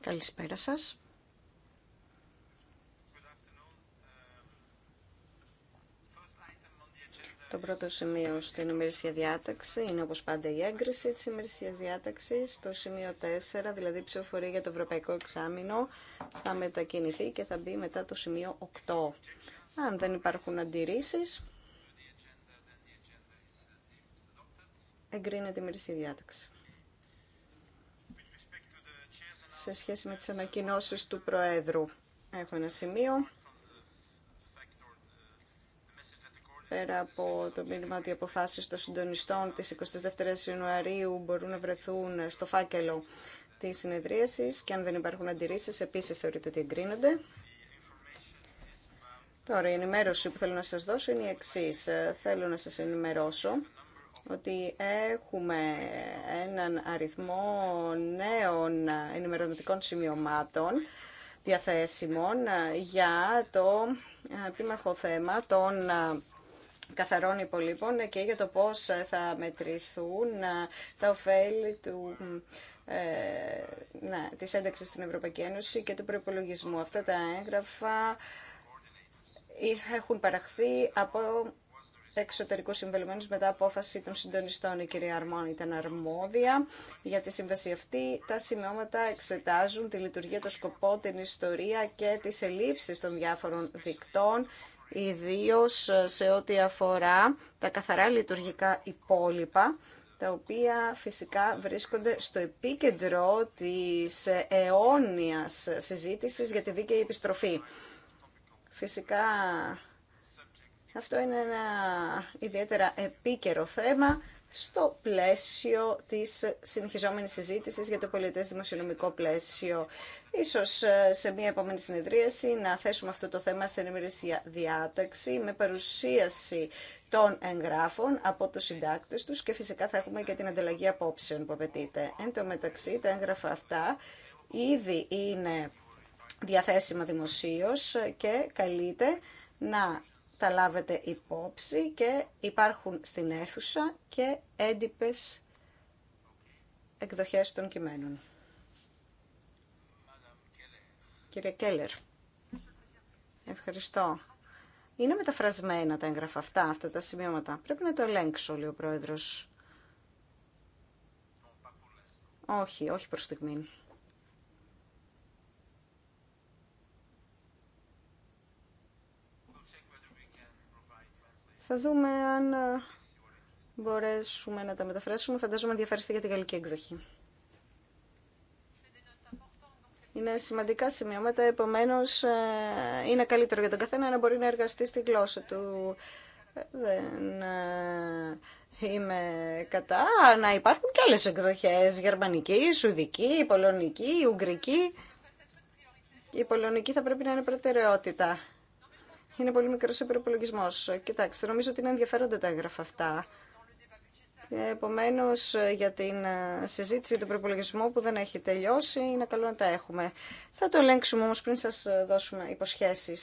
Καλησπέρα σας. Το πρώτο σημείο στην ημερήσια διάταξη είναι όπως πάντα η έγκριση της ημερησία διάταξη. Το σημείο 4, δηλαδή ψηφοφορία για το Ευρωπαϊκό Εξάμεινο, θα μετακινηθεί και θα μπει μετά το σημείο 8. Αν δεν υπάρχουν αντιρρήσεις, εγκρίνεται η ημερήσια διάταξη σε σχέση με τις ανακοινώσεις του Προέδρου. Έχω ένα σημείο. Πέρα από το μήνυμα ότι οι αποφάσεις των συντονιστών της 22ης Ιανουαρίου μπορούν να βρεθούν στο φάκελο της συνεδρίασης και αν δεν υπάρχουν αντιρρήσεις, επίσης θεωρείται ότι εγκρίνονται. Τώρα, η ενημέρωση που θέλω να σας δώσω είναι η εξής. Θέλω να σας ενημερώσω ότι έχουμε έναν αριθμό νέων ενημερωτικών σημειωμάτων διαθέσιμων ε, για το ε, επίμαχο θέμα των ε, καθαρών υπολείπων και για το πώς θα μετρηθούν τα ωφέλη του, ε, ναι, της ένταξης στην Ευρωπαϊκή Ένωση και του προϋπολογισμού. Αυτά τα έγγραφα έχουν παραχθεί από εξωτερικού συμβελμένους μετά απόφαση των συντονιστών. Η κυρία Αρμόν ήταν αρμόδια για τη σύμβαση αυτή. Τα σημειώματα εξετάζουν τη λειτουργία, το σκοπό, την ιστορία και τις ελλείψεις των διάφορων δικτών ιδίως σε ό,τι αφορά τα καθαρά λειτουργικά υπόλοιπα, τα οποία φυσικά βρίσκονται στο επίκεντρο της αιώνιας συζήτησης για τη δίκαιη επιστροφή. Φυσικά αυτό είναι ένα ιδιαίτερα επίκαιρο θέμα στο πλαίσιο της συνεχιζόμενης συζήτησης για το πολιτές δημοσιονομικό πλαίσιο. Ίσως ε, σε μια επόμενη συνεδρίαση να θέσουμε αυτό το θέμα στην ημερησία διάταξη με παρουσίαση των εγγράφων από τους συντάκτες τους και φυσικά θα έχουμε και την ανταλλαγή απόψεων που απαιτείται. Εν τω μεταξύ τα έγγραφα αυτά ήδη είναι διαθέσιμα δημοσίως και καλείται να τα λάβετε υπόψη και υπάρχουν στην αίθουσα και έντυπες εκδοχές των κειμένων. Κύριε Κέλλερ, ευχαριστώ. Είναι μεταφρασμένα τα έγγραφα αυτά, αυτά τα σημείωματα. Πρέπει να το ελέγξω, λέει ο Πρόεδρος. Όχι, όχι προς στιγμή. Θα δούμε αν ε, μπορέσουμε να τα μεταφράσουμε. Φαντάζομαι ενδιαφέρεστε για τη γαλλική εκδοχή. Είναι σημαντικά σημειώματα, επομένω ε, είναι καλύτερο για τον καθένα να μπορεί να εργαστεί στη γλώσσα του. Δεν ε, είμαι κατά να υπάρχουν και άλλες εκδοχές, γερμανική, σουδική, πολωνική, ουγγρική. Η πολωνική θα πρέπει να είναι προτεραιότητα είναι πολύ μικρός ο προπολογισμό. Κοιτάξτε, νομίζω ότι είναι ενδιαφέροντα τα έγγραφα αυτά. Ε, Επομένω, για την ε, συζήτηση του προπολογισμό που δεν έχει τελειώσει, είναι καλό να τα έχουμε. Θα το ελέγξουμε όμω πριν σα ε, δώσουμε υποσχέσει.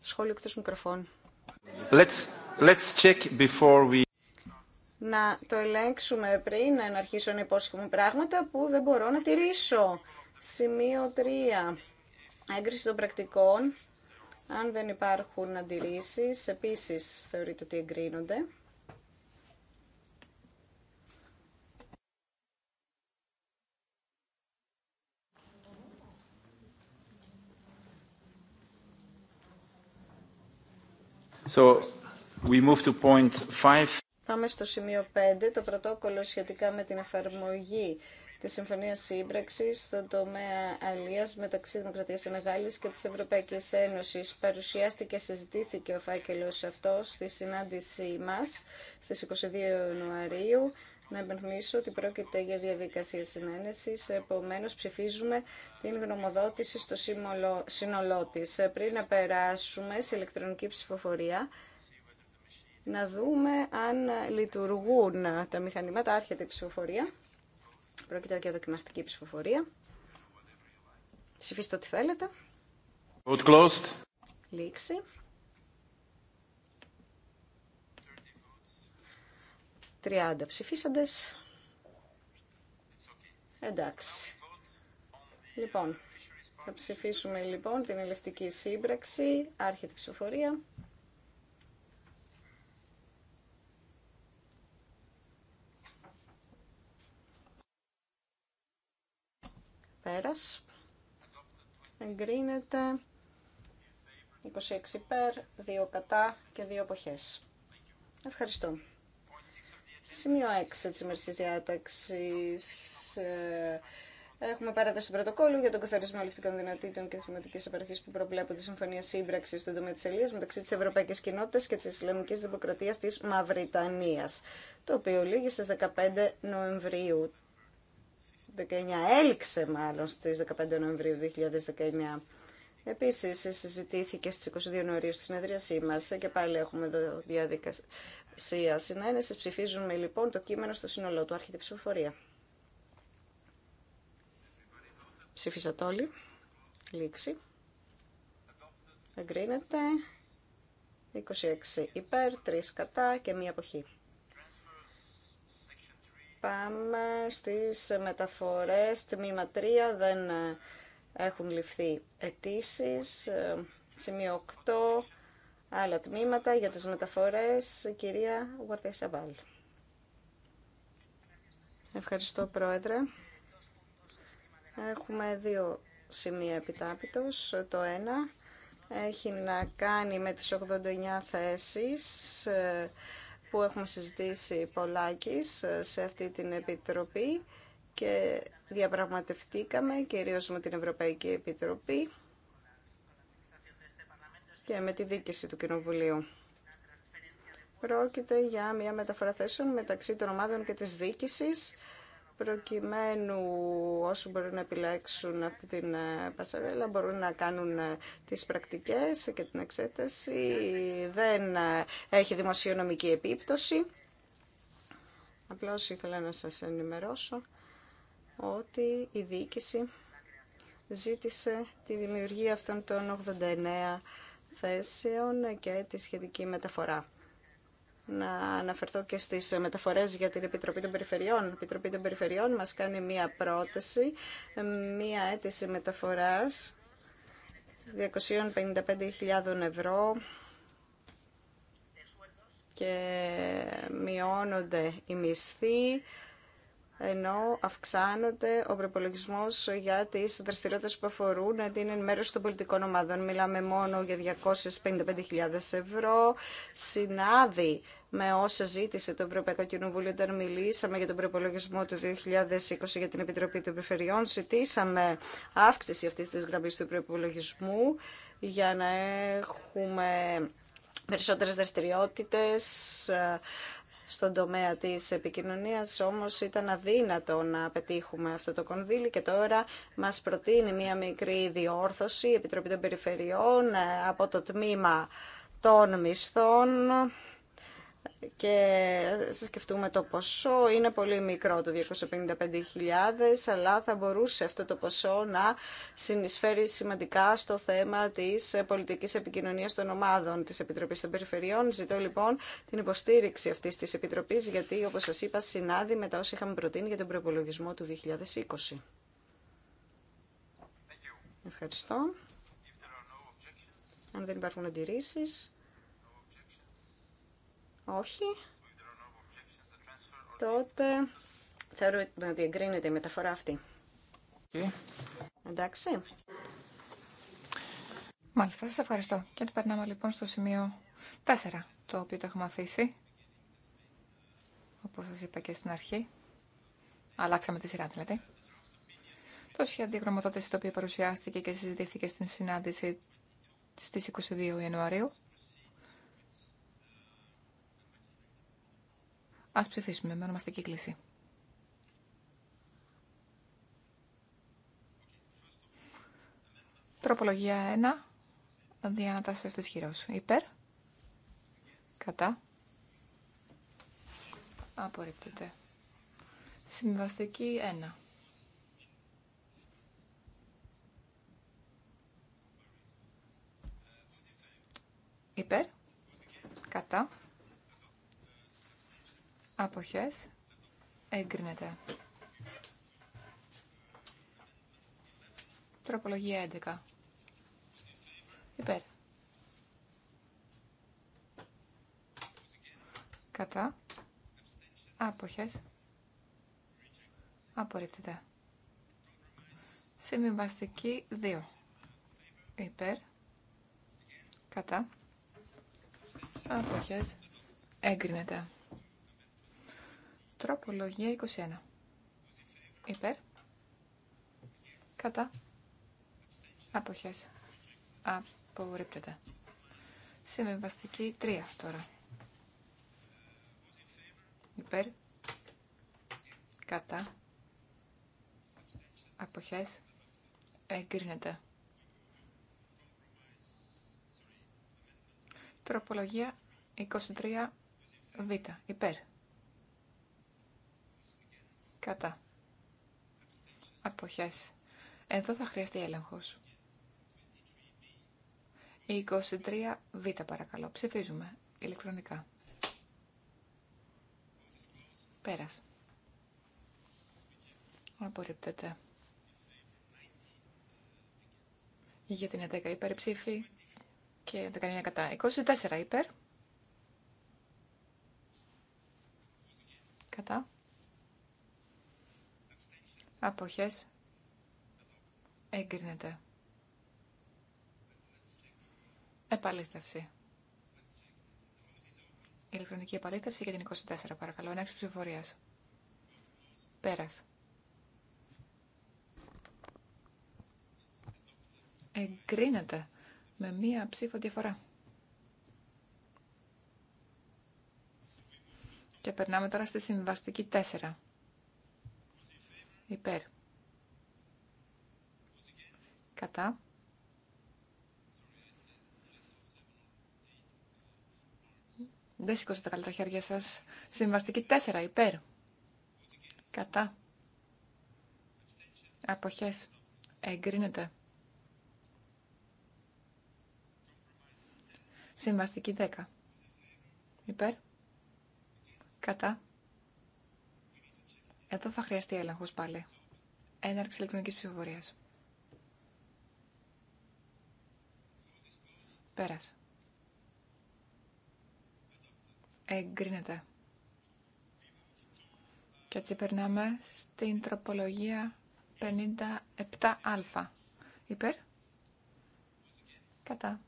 Σχόλιο εκτό μικροφώνου. Let's, let's check before we... Να το ελέγξουμε πριν να αρχίσω να υπόσχομαι πράγματα που δεν μπορώ να τηρήσω. Σημείο 3 έγκριση των πρακτικών, αν δεν υπάρχουν αντιρρήσεις, επίσης θεωρείται ότι εγκρίνονται. So, we move to point five. Πάμε στο σημείο 5, το πρωτόκολλο σχετικά με την εφαρμογή τη Συμφωνία Σύμπραξη στον τομέα αλλία μεταξύ Δημοκρατία Ενεγάλη και τη Ευρωπαϊκή Ένωση. Παρουσιάστηκε και συζητήθηκε ο φάκελο αυτό στη συνάντησή μα στι 22 Ιανουαρίου. Να υπενθυμίσω ότι πρόκειται για διαδικασία συνένεση. Επομένω, ψηφίζουμε την γνωμοδότηση στο σύνολό τη. Πριν να περάσουμε σε ηλεκτρονική ψηφοφορία, να δούμε αν λειτουργούν τα μηχανήματα. Άρχεται η ψηφοφορία. Πρόκειται για δοκιμαστική ψηφοφορία. Ψηφίστε ό,τι θέλετε. Vote closed. Λήξη. 30 ψηφίσαντες. Εντάξει. Λοιπόν, θα ψηφίσουμε λοιπόν την ελευτική σύμπραξη. Άρχεται η ψηφοφορία. Πέρας. Εγκρίνεται 26 υπέρ, 2 κατά και 2 εποχές. Ευχαριστώ. Σημείο 6 της ημερησίας διάταξης. Ε, έχουμε παράταση του πρωτοκόλλου για τον καθορισμό αληθικών δυνατήτων και χρηματική απαρχή που προβλέπουν τη Συμφωνία Σύμπραξη στον τομέα τη Ελία μεταξύ τη Ευρωπαϊκή Κοινότητα και τη Ισλαμική Δημοκρατία τη Μαυριτανία, το οποίο λήγει στι 15 Νοεμβρίου 19, έληξε μάλλον στις 15 Νοεμβρίου 2019. Επίσης, συζητήθηκε στις 22 Νοεμβρίου στη συνεδρίασή μας και πάλι έχουμε εδώ διαδικασία συνένεση. Ψηφίζουμε λοιπόν το κείμενο στο σύνολό του. Άρχεται ψηφοφορία. Ψηφίσατε όλοι. Λήξη. Εγκρίνεται. 26 υπέρ, 3 κατά και μία αποχή. Πάμε στις μεταφορές, τμήμα 3, δεν ε, έχουν ληφθεί αιτήσει. Ε, σημείο 8, άλλα τμήματα για τις μεταφορές, κυρία Γουαρτία Σαμπάλ. Ευχαριστώ, Πρόεδρε. Έχουμε δύο σημεία επιτάπητος. Το ένα έχει να κάνει με τις 89 θέσεις ε, που έχουμε συζητήσει πολλάκις ε, σε αυτή την Επιτροπή και διαπραγματευτήκαμε κυρίως με την Ευρωπαϊκή Επιτροπή και με τη δίκηση του Κοινοβουλίου. Πρόκειται για μια μεταφορά θέσεων μεταξύ των ομάδων και της δίκησης προκειμένου όσοι μπορούν να επιλέξουν αυτή την ε, πασαρέλα μπορούν να κάνουν ε, τις πρακτικές και την εξέταση. Δεν ε, έχει δημοσιονομική επίπτωση. Απλώς ήθελα να σας ενημερώσω ότι η διοίκηση ζήτησε τη δημιουργία αυτών των 89 θέσεων και τη σχετική μεταφορά να αναφερθώ και στις μεταφορές για την Επιτροπή των Περιφερειών. Η Επιτροπή των Περιφερειών μας κάνει μία πρόταση, μία αίτηση μεταφοράς 255.000 ευρώ και μειώνονται οι μισθοί ενώ αυξάνονται ο προπολογισμό για τι δραστηριότητε που αφορούν την ενημέρωση των πολιτικών ομάδων. Μιλάμε μόνο για 255.000 ευρώ. Συνάδει με όσα ζήτησε το Ευρωπαϊκό Κοινοβούλιο όταν μιλήσαμε για τον προπολογισμό του 2020 για την Επιτροπή των Περιφερειών. Ζητήσαμε αύξηση αυτή τη γραμμή του προπολογισμού για να έχουμε περισσότερες δραστηριότητες στον τομέα της επικοινωνίας, όμως ήταν αδύνατο να πετύχουμε αυτό το κονδύλι και τώρα μας προτείνει μία μικρή διόρθωση, η Επιτροπή των Περιφερειών, ε, από το τμήμα των μισθών και σκεφτούμε το ποσό, είναι πολύ μικρό το 255.000, αλλά θα μπορούσε αυτό το ποσό να συνεισφέρει σημαντικά στο θέμα της πολιτικής επικοινωνίας των ομάδων της Επιτροπής των Περιφερειών. Ζητώ λοιπόν την υποστήριξη αυτής της Επιτροπής, γιατί όπως σας είπα συνάδει με τα όσα είχαμε προτείνει για τον προπολογισμό του 2020. Ευχαριστώ. Αν δεν υπάρχουν αντιρρήσεις... Όχι. Τότε θεωρούμε ότι εγκρίνεται η μεταφορά αυτή. Okay. Εντάξει. Μάλιστα, σας ευχαριστώ. Και το περνάμε λοιπόν στο σημείο 4, το οποίο το έχουμε αφήσει. Όπως σας είπα και στην αρχή. Αλλάξαμε τη σειρά δηλαδή. Το σχέδιο γνωμοδότηση το οποίο παρουσιάστηκε και συζητήθηκε στην συνάντηση στις 22 Ιανουαρίου Ας ψηφίσουμε με ονομαστική κλίση. Τροπολογία 1. Διανατάσταση χειρό. Υπέρ. Κατά. Απορρίπτεται. Συμβαστική 1. Υπέρ. Κατά. Αποχές. Εγκρίνεται. Τροπολογία 11. Υπέρ. Κατά. Άποχες. Απορρίπτεται. Συμβιβαστική 2. Υπέρ. Κατά. Άποχες. Έγκρινεται. Τροπολογία 21. Υπέρ. Κατά. Αποχές. Απορρίπτεται. Συμβεβαστική 3 τώρα. Υπέρ. Κατά. Αποχές. Εγκρίνεται. Τροπολογία 23 β. Υπέρ. Κατά. Αποχές. Εδώ θα χρειαστεί έλεγχος. 23 Β παρακαλώ. Ψηφίζουμε ηλεκτρονικά. Πέρας. Απορρίπτεται. Για την 10 υπέρ ψήφι και 19 κατά. 24 υπέρ. Κατά. Αποχές. Εγκρίνεται. Επαλήθευση. Ηλεκτρονική επαλήθευση για την 24, παρακαλώ. Έναξη ψηφοφορίας. Πέρας. Εγκρίνεται με μία ψήφο διαφορά. Και περνάμε τώρα στη συμβαστική 4. Υπέρ. Κατά. Δεν σηκώσετε καλά τα χέρια σας. Συμβαστική 4. Υπέρ. Κατά. Αποχές. Εγκρίνεται. Συμβαστική 10. Υπέρ. Κατά. Εδώ θα χρειαστεί έλεγχο πάλι. Έναρξη ηλεκτρονική ψηφοφορία. Πέρασε. Εγκρίνεται. Και έτσι περνάμε στην τροπολογία 57α. Υπέρ. Κατά.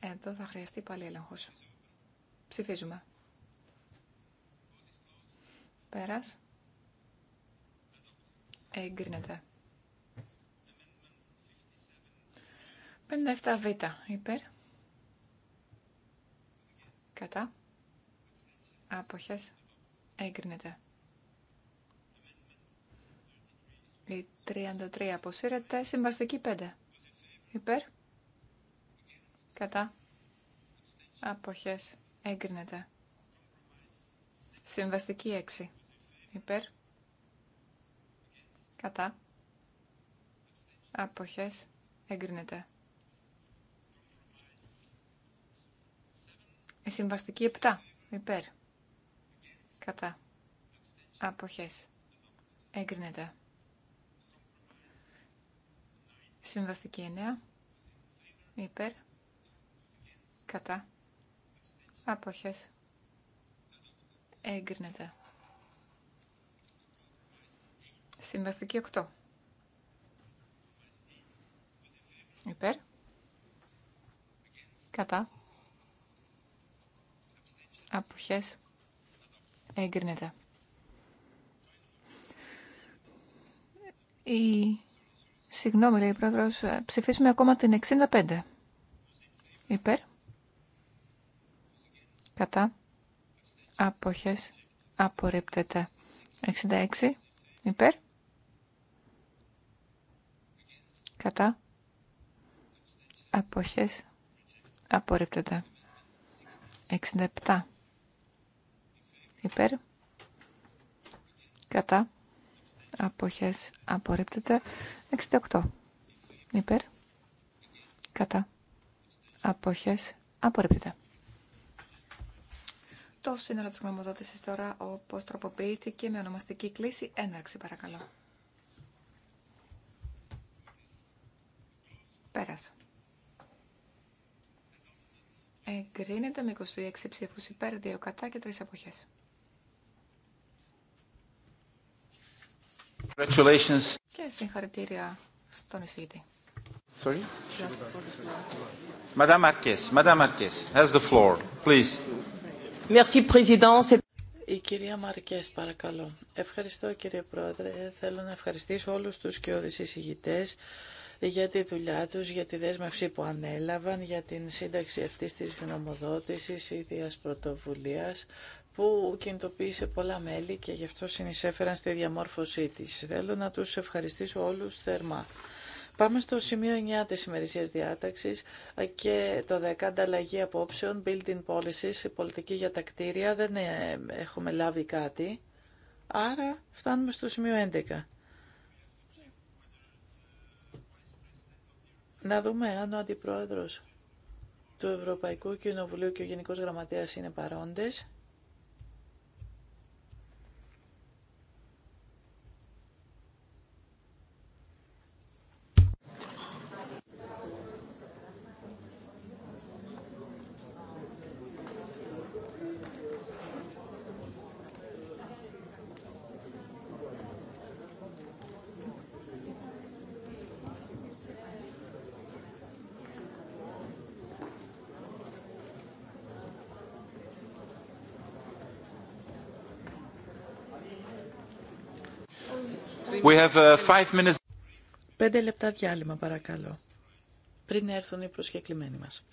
Εδώ θα χρειαστεί πάλι έλεγχος. Ψηφίζουμε. Πέρας. Εγκρίνεται. 57 β. Υπέρ. Κατά. Αποχές. Εγκρίνεται. Η 33 αποσύρεται. Συμβαστική 5. Υπέρ. Κατά. Αποχές. Εγκρίνεται. Συμβαστική 6 υπέρ, κατά, αποχές, εγκρίνεται. Η ε, συμβαστική 7, υπέρ, κατά, αποχές, εγκρίνεται. Συμβαστική 9, υπέρ, κατά, αποχές, εγκρίνεται. Συμβαστική 8. Υπέρ. Κατά. Αποχές. Έγκρινεται. Η... Συγγνώμη, λέει η πρόεδρος, ε, ψηφίσουμε ακόμα την 65. Υπέρ. Κατά. Αποχές. Απορρίπτεται. 66. Υπέρ. Κατά. Αποχές. Απορρίπτεται. 67. Υπέρ. Κατά. Αποχές. Απορρίπτεται. 68. Υπέρ. Κατά. Αποχές. Απορρίπτεται. Το σύνολο της γνωμοδότησης τώρα, όπως τροποποιήθηκε με ονομαστική κλίση, έναρξη παρακαλώ. Πέρας. Εγκρίνεται με 26 ψήφου υπέρ, 2 κατά και 3 αποχέ. Και συγχαρητήρια στον εισηγητή. Sorry? Madame Marquez, Madame Marquez has the floor, please. Merci, Président. Η κυρία Μαρκές, παρακαλώ. Ευχαριστώ, κύριε Πρόεδρε. Θέλω να ευχαριστήσω όλους τους και οδησίες για τη δουλειά τους, για τη δέσμευση που ανέλαβαν, για την σύνταξη αυτής της γνωμοδότησης ίδιας πρωτοβουλίας που κινητοποίησε πολλά μέλη και γι' αυτό συνεισέφεραν στη διαμόρφωσή της. Θέλω να τους ευχαριστήσω όλους θερμά. Πάμε στο σημείο 9 της ημερησίας διάταξης και το 10 ανταλλαγή απόψεων, building policies, η πολιτική για τα κτίρια, δεν ε, έχουμε λάβει κάτι. Άρα φτάνουμε στο σημείο 11. Να δούμε αν ο Αντιπρόεδρος του Ευρωπαϊκού Κοινοβουλίου και ο Γενικός Γραμματέας είναι παρόντες. Uh, Πέντε λεπτά διάλειμμα παρακαλώ, πριν έρθουν οι προσκεκλημένοι μας.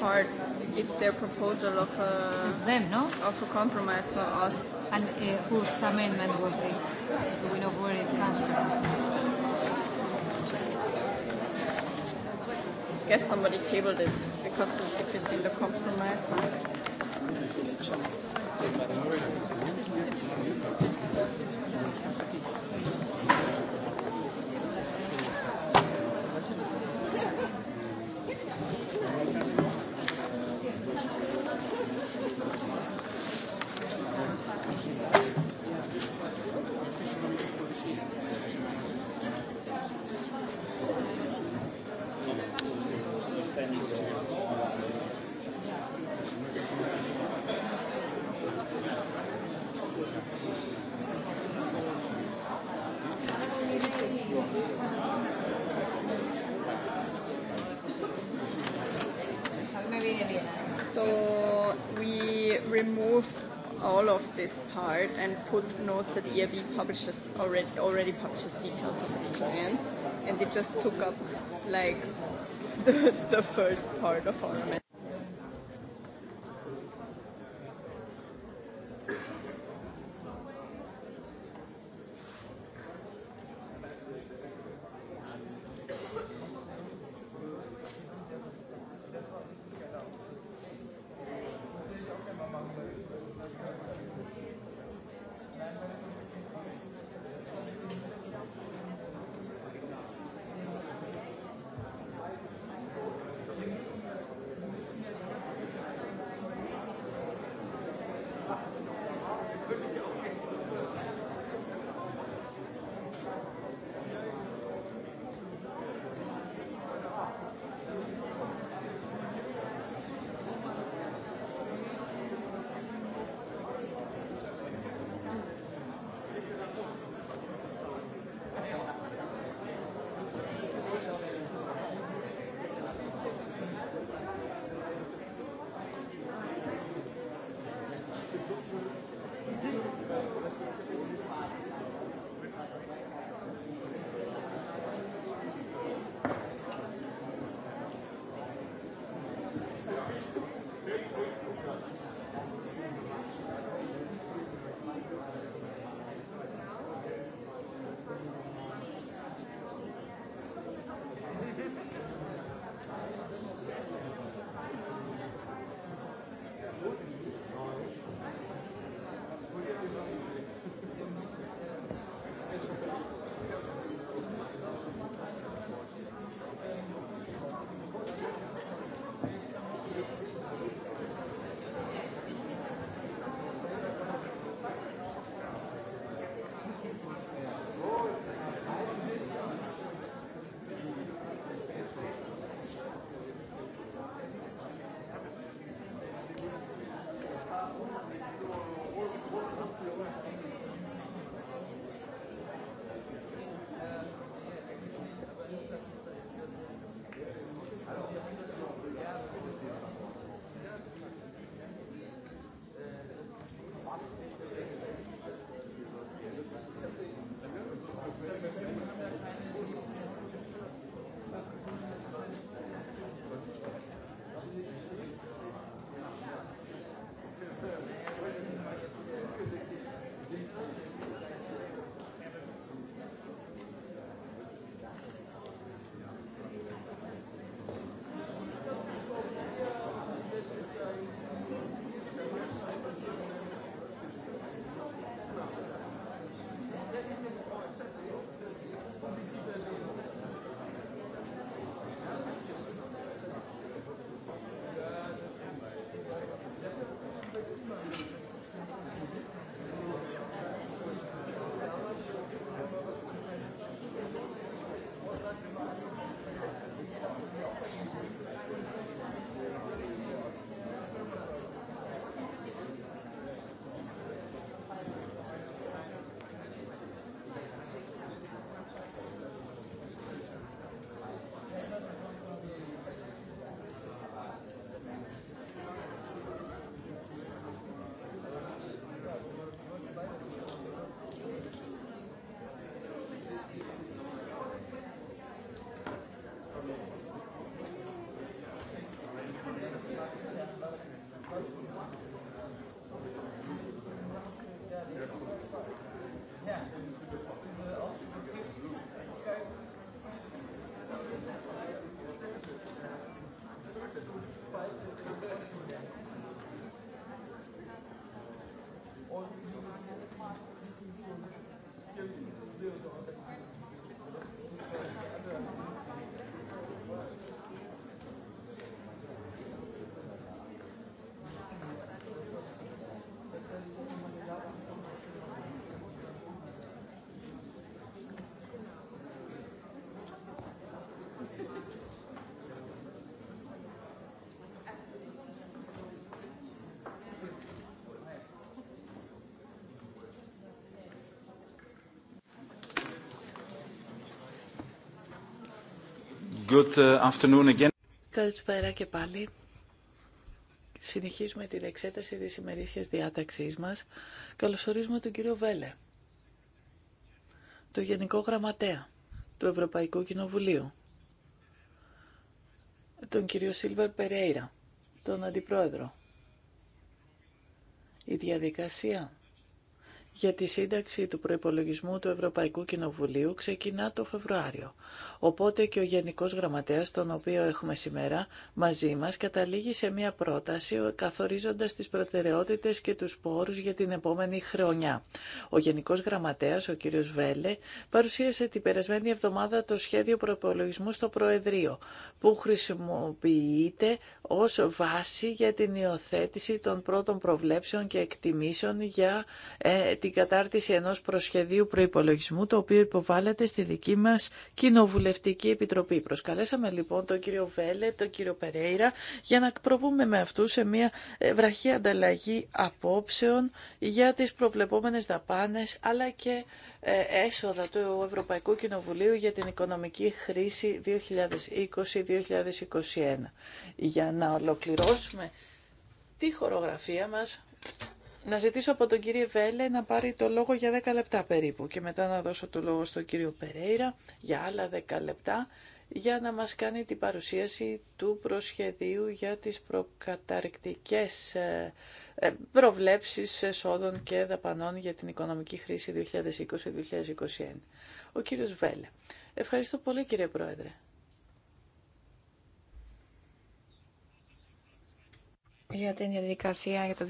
part, it's their proposal of a, them, no? of a compromise for us. And uh, whose amendment was this? Do we know where it comes from? I guess somebody tabled it because of if it's in the compromise. And... put notes that EAB publishes already already publishes details of the clients, and it just took up like the the first part of our. Uh, Καλησπέρα και πάλι. Συνεχίζουμε την εξέταση της ημερήσιας διάταξής μας. Καλωσορίζουμε τον κύριο Βέλε, το Γενικό Γραμματέα του Ευρωπαϊκού Κοινοβουλίου, τον κύριο Σίλβερ Περέιρα, τον Αντιπρόεδρο. Η διαδικασία για τη σύνταξη του προϋπολογισμού του Ευρωπαϊκού Κοινοβουλίου ξεκινά το Φεβρουάριο. Οπότε και ο Γενικός Γραμματέας, τον οποίο έχουμε σήμερα μαζί μας, καταλήγει σε μια πρόταση καθορίζοντας τις προτεραιότητες και τους πόρους για την επόμενη χρονιά. Ο Γενικός Γραμματέας, ο κύριος Βέλε, παρουσίασε την περασμένη εβδομάδα το σχέδιο προϋπολογισμού στο Προεδρείο, που χρησιμοποιείται ως βάση για την υιοθέτηση των πρώτων προβλέψεων και εκτιμήσεων για ε, την κατάρτιση ενός προσχεδίου προϋπολογισμού, το οποίο υποβάλλεται στη δική μας Κοινοβουλευτική Επιτροπή. Προσκαλέσαμε λοιπόν τον κύριο Βέλε, τον κύριο Περέιρα, για να προβούμε με αυτούς σε μια ε, βραχή ανταλλαγή απόψεων για τις προβλεπόμενες δαπάνες, αλλά και ε, έσοδα του Ευρωπαϊκού Κοινοβουλίου για την οικονομική χρήση 2020-2021. Για να ολοκληρώσουμε τη χορογραφία μας να ζητήσω από τον κύριο Βέλε να πάρει το λόγο για 10 λεπτά περίπου και μετά να δώσω το λόγο στον κύριο Περέιρα για άλλα 10 λεπτά για να μας κάνει την παρουσίαση του προσχεδίου για τις προκαταρκτικές ε, ε, προβλέψεις εσόδων και δαπανών για την οικονομική χρήση 2020-2021. Ο κύριος Βέλε. Ευχαριστώ πολύ κύριε Πρόεδρε. για την διαδικασία για το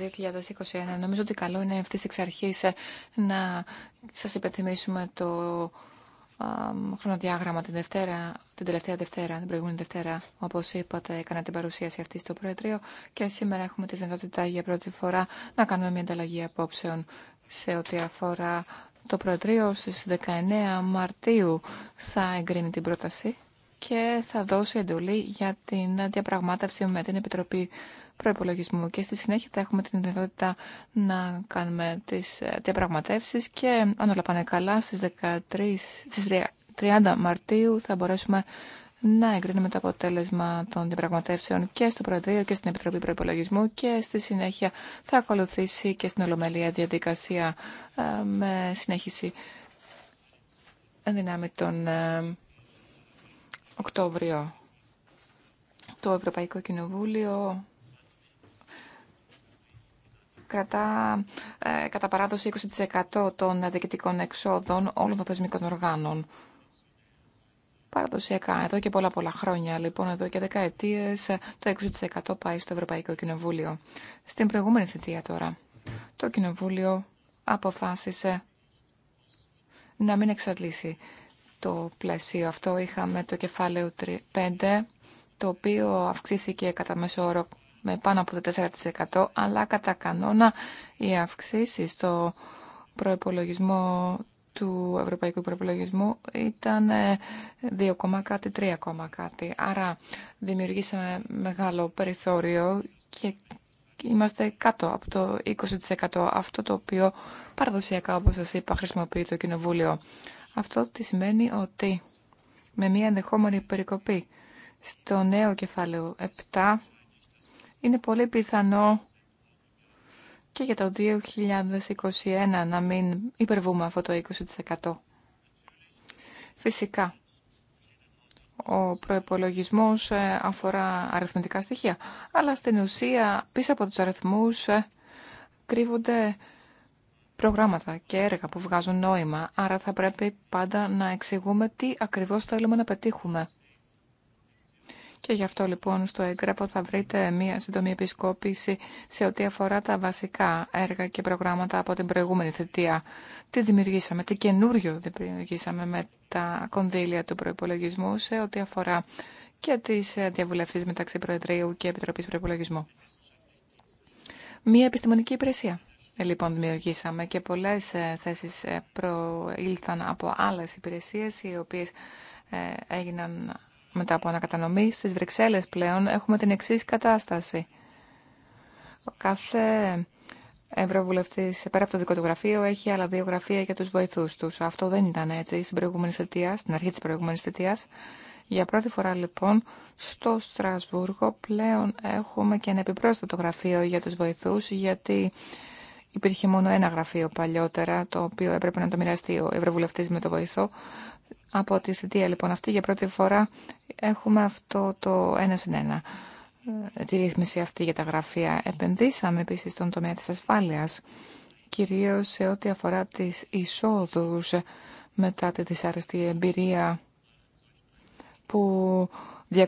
2021. Νομίζω ότι καλό είναι ευθύ εξ αρχή ε, να σας υπενθυμίσουμε το χρονοδιάγραμμα την, Δευτέρα, την τελευταία Δευτέρα, την προηγούμενη Δευτέρα, όπως είπατε, έκανα την παρουσίαση αυτή στο Προεδρείο και σήμερα έχουμε τη δυνατότητα για πρώτη φορά να κάνουμε μια ανταλλαγή απόψεων σε ό,τι αφορά το Προεδρείο στις 19 Μαρτίου θα εγκρίνει την πρόταση και θα δώσει εντολή για την διαπραγμάτευση με την Επιτροπή προπολογισμού και στη συνέχεια θα έχουμε την δυνατότητα να κάνουμε τις ε, διαπραγματεύσεις και αν όλα πάνε καλά στις, 13, στις 30 Μαρτίου θα μπορέσουμε να εγκρίνουμε το αποτέλεσμα των διαπραγματεύσεων και στο Προεδρείο και στην Επιτροπή Προπολογισμού και στη συνέχεια θα ακολουθήσει και στην Ολομελία διαδικασία ε, με συνέχιση δυνάμει τον ε, Οκτώβριο. Το Ευρωπαϊκό Κοινοβούλιο κρατά ε, κατά παράδοση 20% των διοικητικών εξόδων όλων των θεσμικών οργάνων. Παραδοσιακά, εδώ και πολλά πολλά χρόνια, λοιπόν, εδώ και δεκαετίε, το 20% πάει στο Ευρωπαϊκό Κοινοβούλιο. Στην προηγούμενη θητεία τώρα, το Κοινοβούλιο αποφάσισε να μην εξαντλήσει το πλαίσιο αυτό. Είχαμε το κεφάλαιο 5, το οποίο αυξήθηκε κατά μέσο όρο με πάνω από το 4% αλλά κατά κανόνα οι αυξήσει στο προϋπολογισμό του ευρωπαϊκού προπολογισμού ήταν 2, ε, κάτι, 3, κάτι. Άρα δημιουργήσαμε μεγάλο περιθώριο και είμαστε κάτω από το 20% αυτό το οποίο παραδοσιακά όπως σας είπα χρησιμοποιεί το Κοινοβούλιο. Αυτό τι σημαίνει ότι με μια ενδεχόμενη περικοπή στο νέο κεφάλαιο 7 είναι πολύ πιθανό και για το 2021 να μην υπερβούμε αυτό το 20%. Φυσικά, ο προϋπολογισμός ε, αφορά αριθμητικά στοιχεία, αλλά στην ουσία πίσω από τους αριθμούς ε, κρύβονται προγράμματα και έργα που βγάζουν νόημα, άρα θα πρέπει πάντα να εξηγούμε τι ακριβώς θέλουμε να πετύχουμε. Και γι' αυτό λοιπόν στο έγγραφο θα βρείτε μία σύντομη επισκόπηση σε ό,τι αφορά τα βασικά έργα και προγράμματα από την προηγούμενη θητεία. Τι δημιουργήσαμε, τι καινούριο δημιουργήσαμε με τα κονδύλια του προπολογισμού σε ό,τι αφορά και τις ε, διαβουλευτές μεταξύ Προεδρείου και Επιτροπής Προπολογισμού. Μία επιστημονική υπηρεσία. Ε, λοιπόν, δημιουργήσαμε και πολλές ε, θέσεις προήλθαν από άλλες υπηρεσίες οι οποίες έγιναν μετά από ανακατανομή στις Βρυξέλλες πλέον έχουμε την εξή κατάσταση. Ο κάθε Ευρωβουλευτή, πέρα από το δικό του γραφείο, έχει άλλα δύο γραφεία για του βοηθού του. Αυτό δεν ήταν έτσι στην προηγούμενη θητεία, στην αρχή τη προηγούμενη θητεία. Για πρώτη φορά λοιπόν στο Στρασβούργο πλέον έχουμε και ένα επιπρόσθετο γραφείο για τους βοηθούς γιατί υπήρχε μόνο ένα γραφείο παλιότερα το οποίο έπρεπε να το μοιραστεί ο Ευρωβουλευτής με το βοηθό από τη θητεία λοιπόν αυτή για πρώτη φορά έχουμε αυτό το ένα συν ένα, ε, τη ρύθμιση αυτή για τα γραφεία. Επενδύσαμε επίσης στον τομέα της ασφάλειας, κυρίως σε ό,τι αφορά τις εισόδους μετά τη δυσάρεστη εμπειρία που 200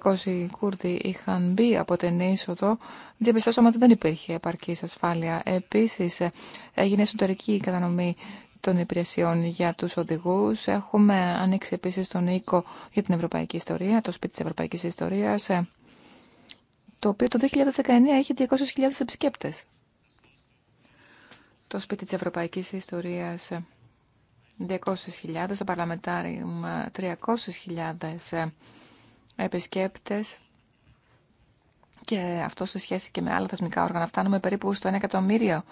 Κούρδοι είχαν μπει από την είσοδο, διαπιστώσαμε ότι δεν υπήρχε επαρκής ασφάλεια. Επίσης, ε, έγινε εσωτερική κατανομή των υπηρεσιών για του οδηγού. Έχουμε ανοίξει επίση τον οίκο για την Ευρωπαϊκή Ιστορία, το σπίτι τη Ευρωπαϊκή Ιστορία, ε, το οποίο το 2019 είχε 200.000 επισκέπτε. Το σπίτι τη Ευρωπαϊκή Ιστορία 200.000, ε, το Παρλαμεντάριουμ 300.000 ε, επισκέπτες και αυτό σε σχέση και με άλλα θεσμικά όργανα φτάνουμε περίπου στο 1 εκατομμύριο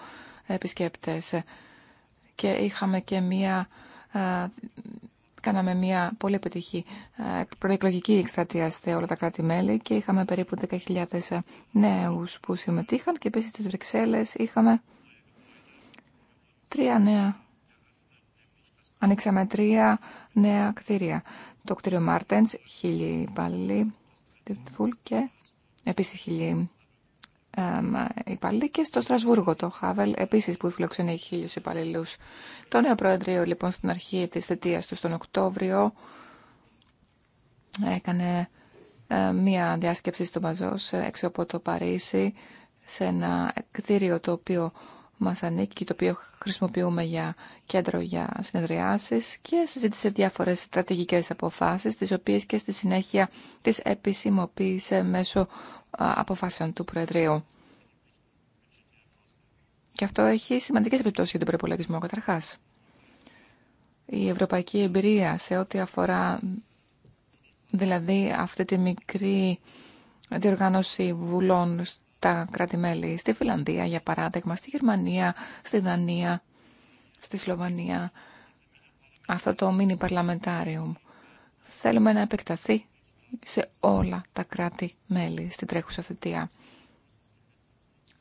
επισκέπτες και είχαμε και μία, ε, κάναμε μία πολύ επιτυχή ε, προεκλογική εκστρατεία σε όλα τα κράτη-μέλη και είχαμε περίπου 10.000 ε, νέους που συμμετείχαν και επίσης στις Βρυξέλλες είχαμε τρία νέα. Ανοίξαμε τρία νέα κτίρια. Το κτίριο Μάρτενς, χίλιοι υπάλληλοι, και επίσης χίλιοι υπαλλήλοι και στο Στρασβούργο το Χάβελ επίσης που φιλοξενεί χίλιους υπαλλήλου. Το νέο Προεδρείο λοιπόν στην αρχή της θετίας του τον Οκτώβριο έκανε ε, μία διάσκεψη στο Μαζός ε, έξω από το Παρίσι σε ένα κτίριο το οποίο μας ανήκει και το οποίο χρησιμοποιούμε για κέντρο για συνεδριάσεις και συζήτησε διάφορες στρατηγικές αποφάσεις τις οποίες και στη συνέχεια τις επισημοποίησε μέσω αποφάσεων του Προεδρείου. Και αυτό έχει σημαντικέ επιπτώσεις για τον προπολογισμό καταρχά. Η ευρωπαϊκή εμπειρία σε ό,τι αφορά δηλαδή αυτή τη μικρή διοργάνωση βουλών στα κράτη-μέλη, στη Φιλανδία για παράδειγμα, στη Γερμανία, στη Δανία, στη Σλοβανία, αυτό το μινι parliamentarium. Θέλουμε να επεκταθεί σε όλα τα κράτη-μέλη στην τρέχουσα θητεία.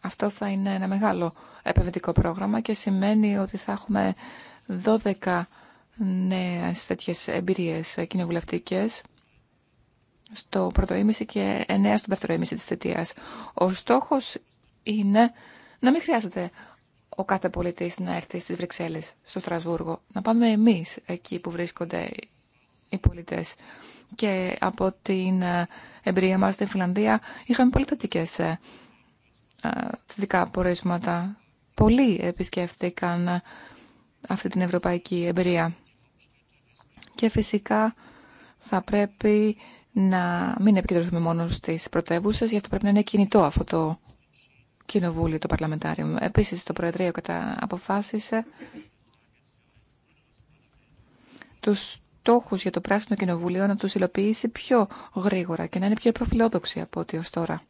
Αυτό θα είναι ένα μεγάλο επενδυτικό πρόγραμμα και σημαίνει ότι θα έχουμε 12 νέες τέτοιες εμπειρίες κοινοβουλευτικές στο πρώτο ήμιση και 9 στο δεύτερο ήμιση της θητείας. Ο στόχος είναι να μην χρειάζεται ο κάθε πολίτης να έρθει στις Βρυξέλλες, στο Στρασβούργο. Να πάμε εμείς εκεί που βρίσκονται οι πολίτες και από την ε, εμπειρία μας στην Φιλανδία είχαμε πολύ θετικέ ε, ε, θετικά πορίσματα. Πολλοί επισκέφθηκαν αυτή την ευρωπαϊκή εμπειρία. Και φυσικά θα πρέπει να μην επικεντρωθούμε μόνο στις πρωτεύουσε, γι' αυτό πρέπει να είναι κινητό αυτό το κοινοβούλιο, το παρλαμεντάριο. Επίσης το Προεδρείο κατά αποφάσισε τους στόχου για το Πράσινο Κοινοβούλιο να του υλοποιήσει πιο γρήγορα και να είναι πιο προφιλόδοξη από ό,τι ω τώρα.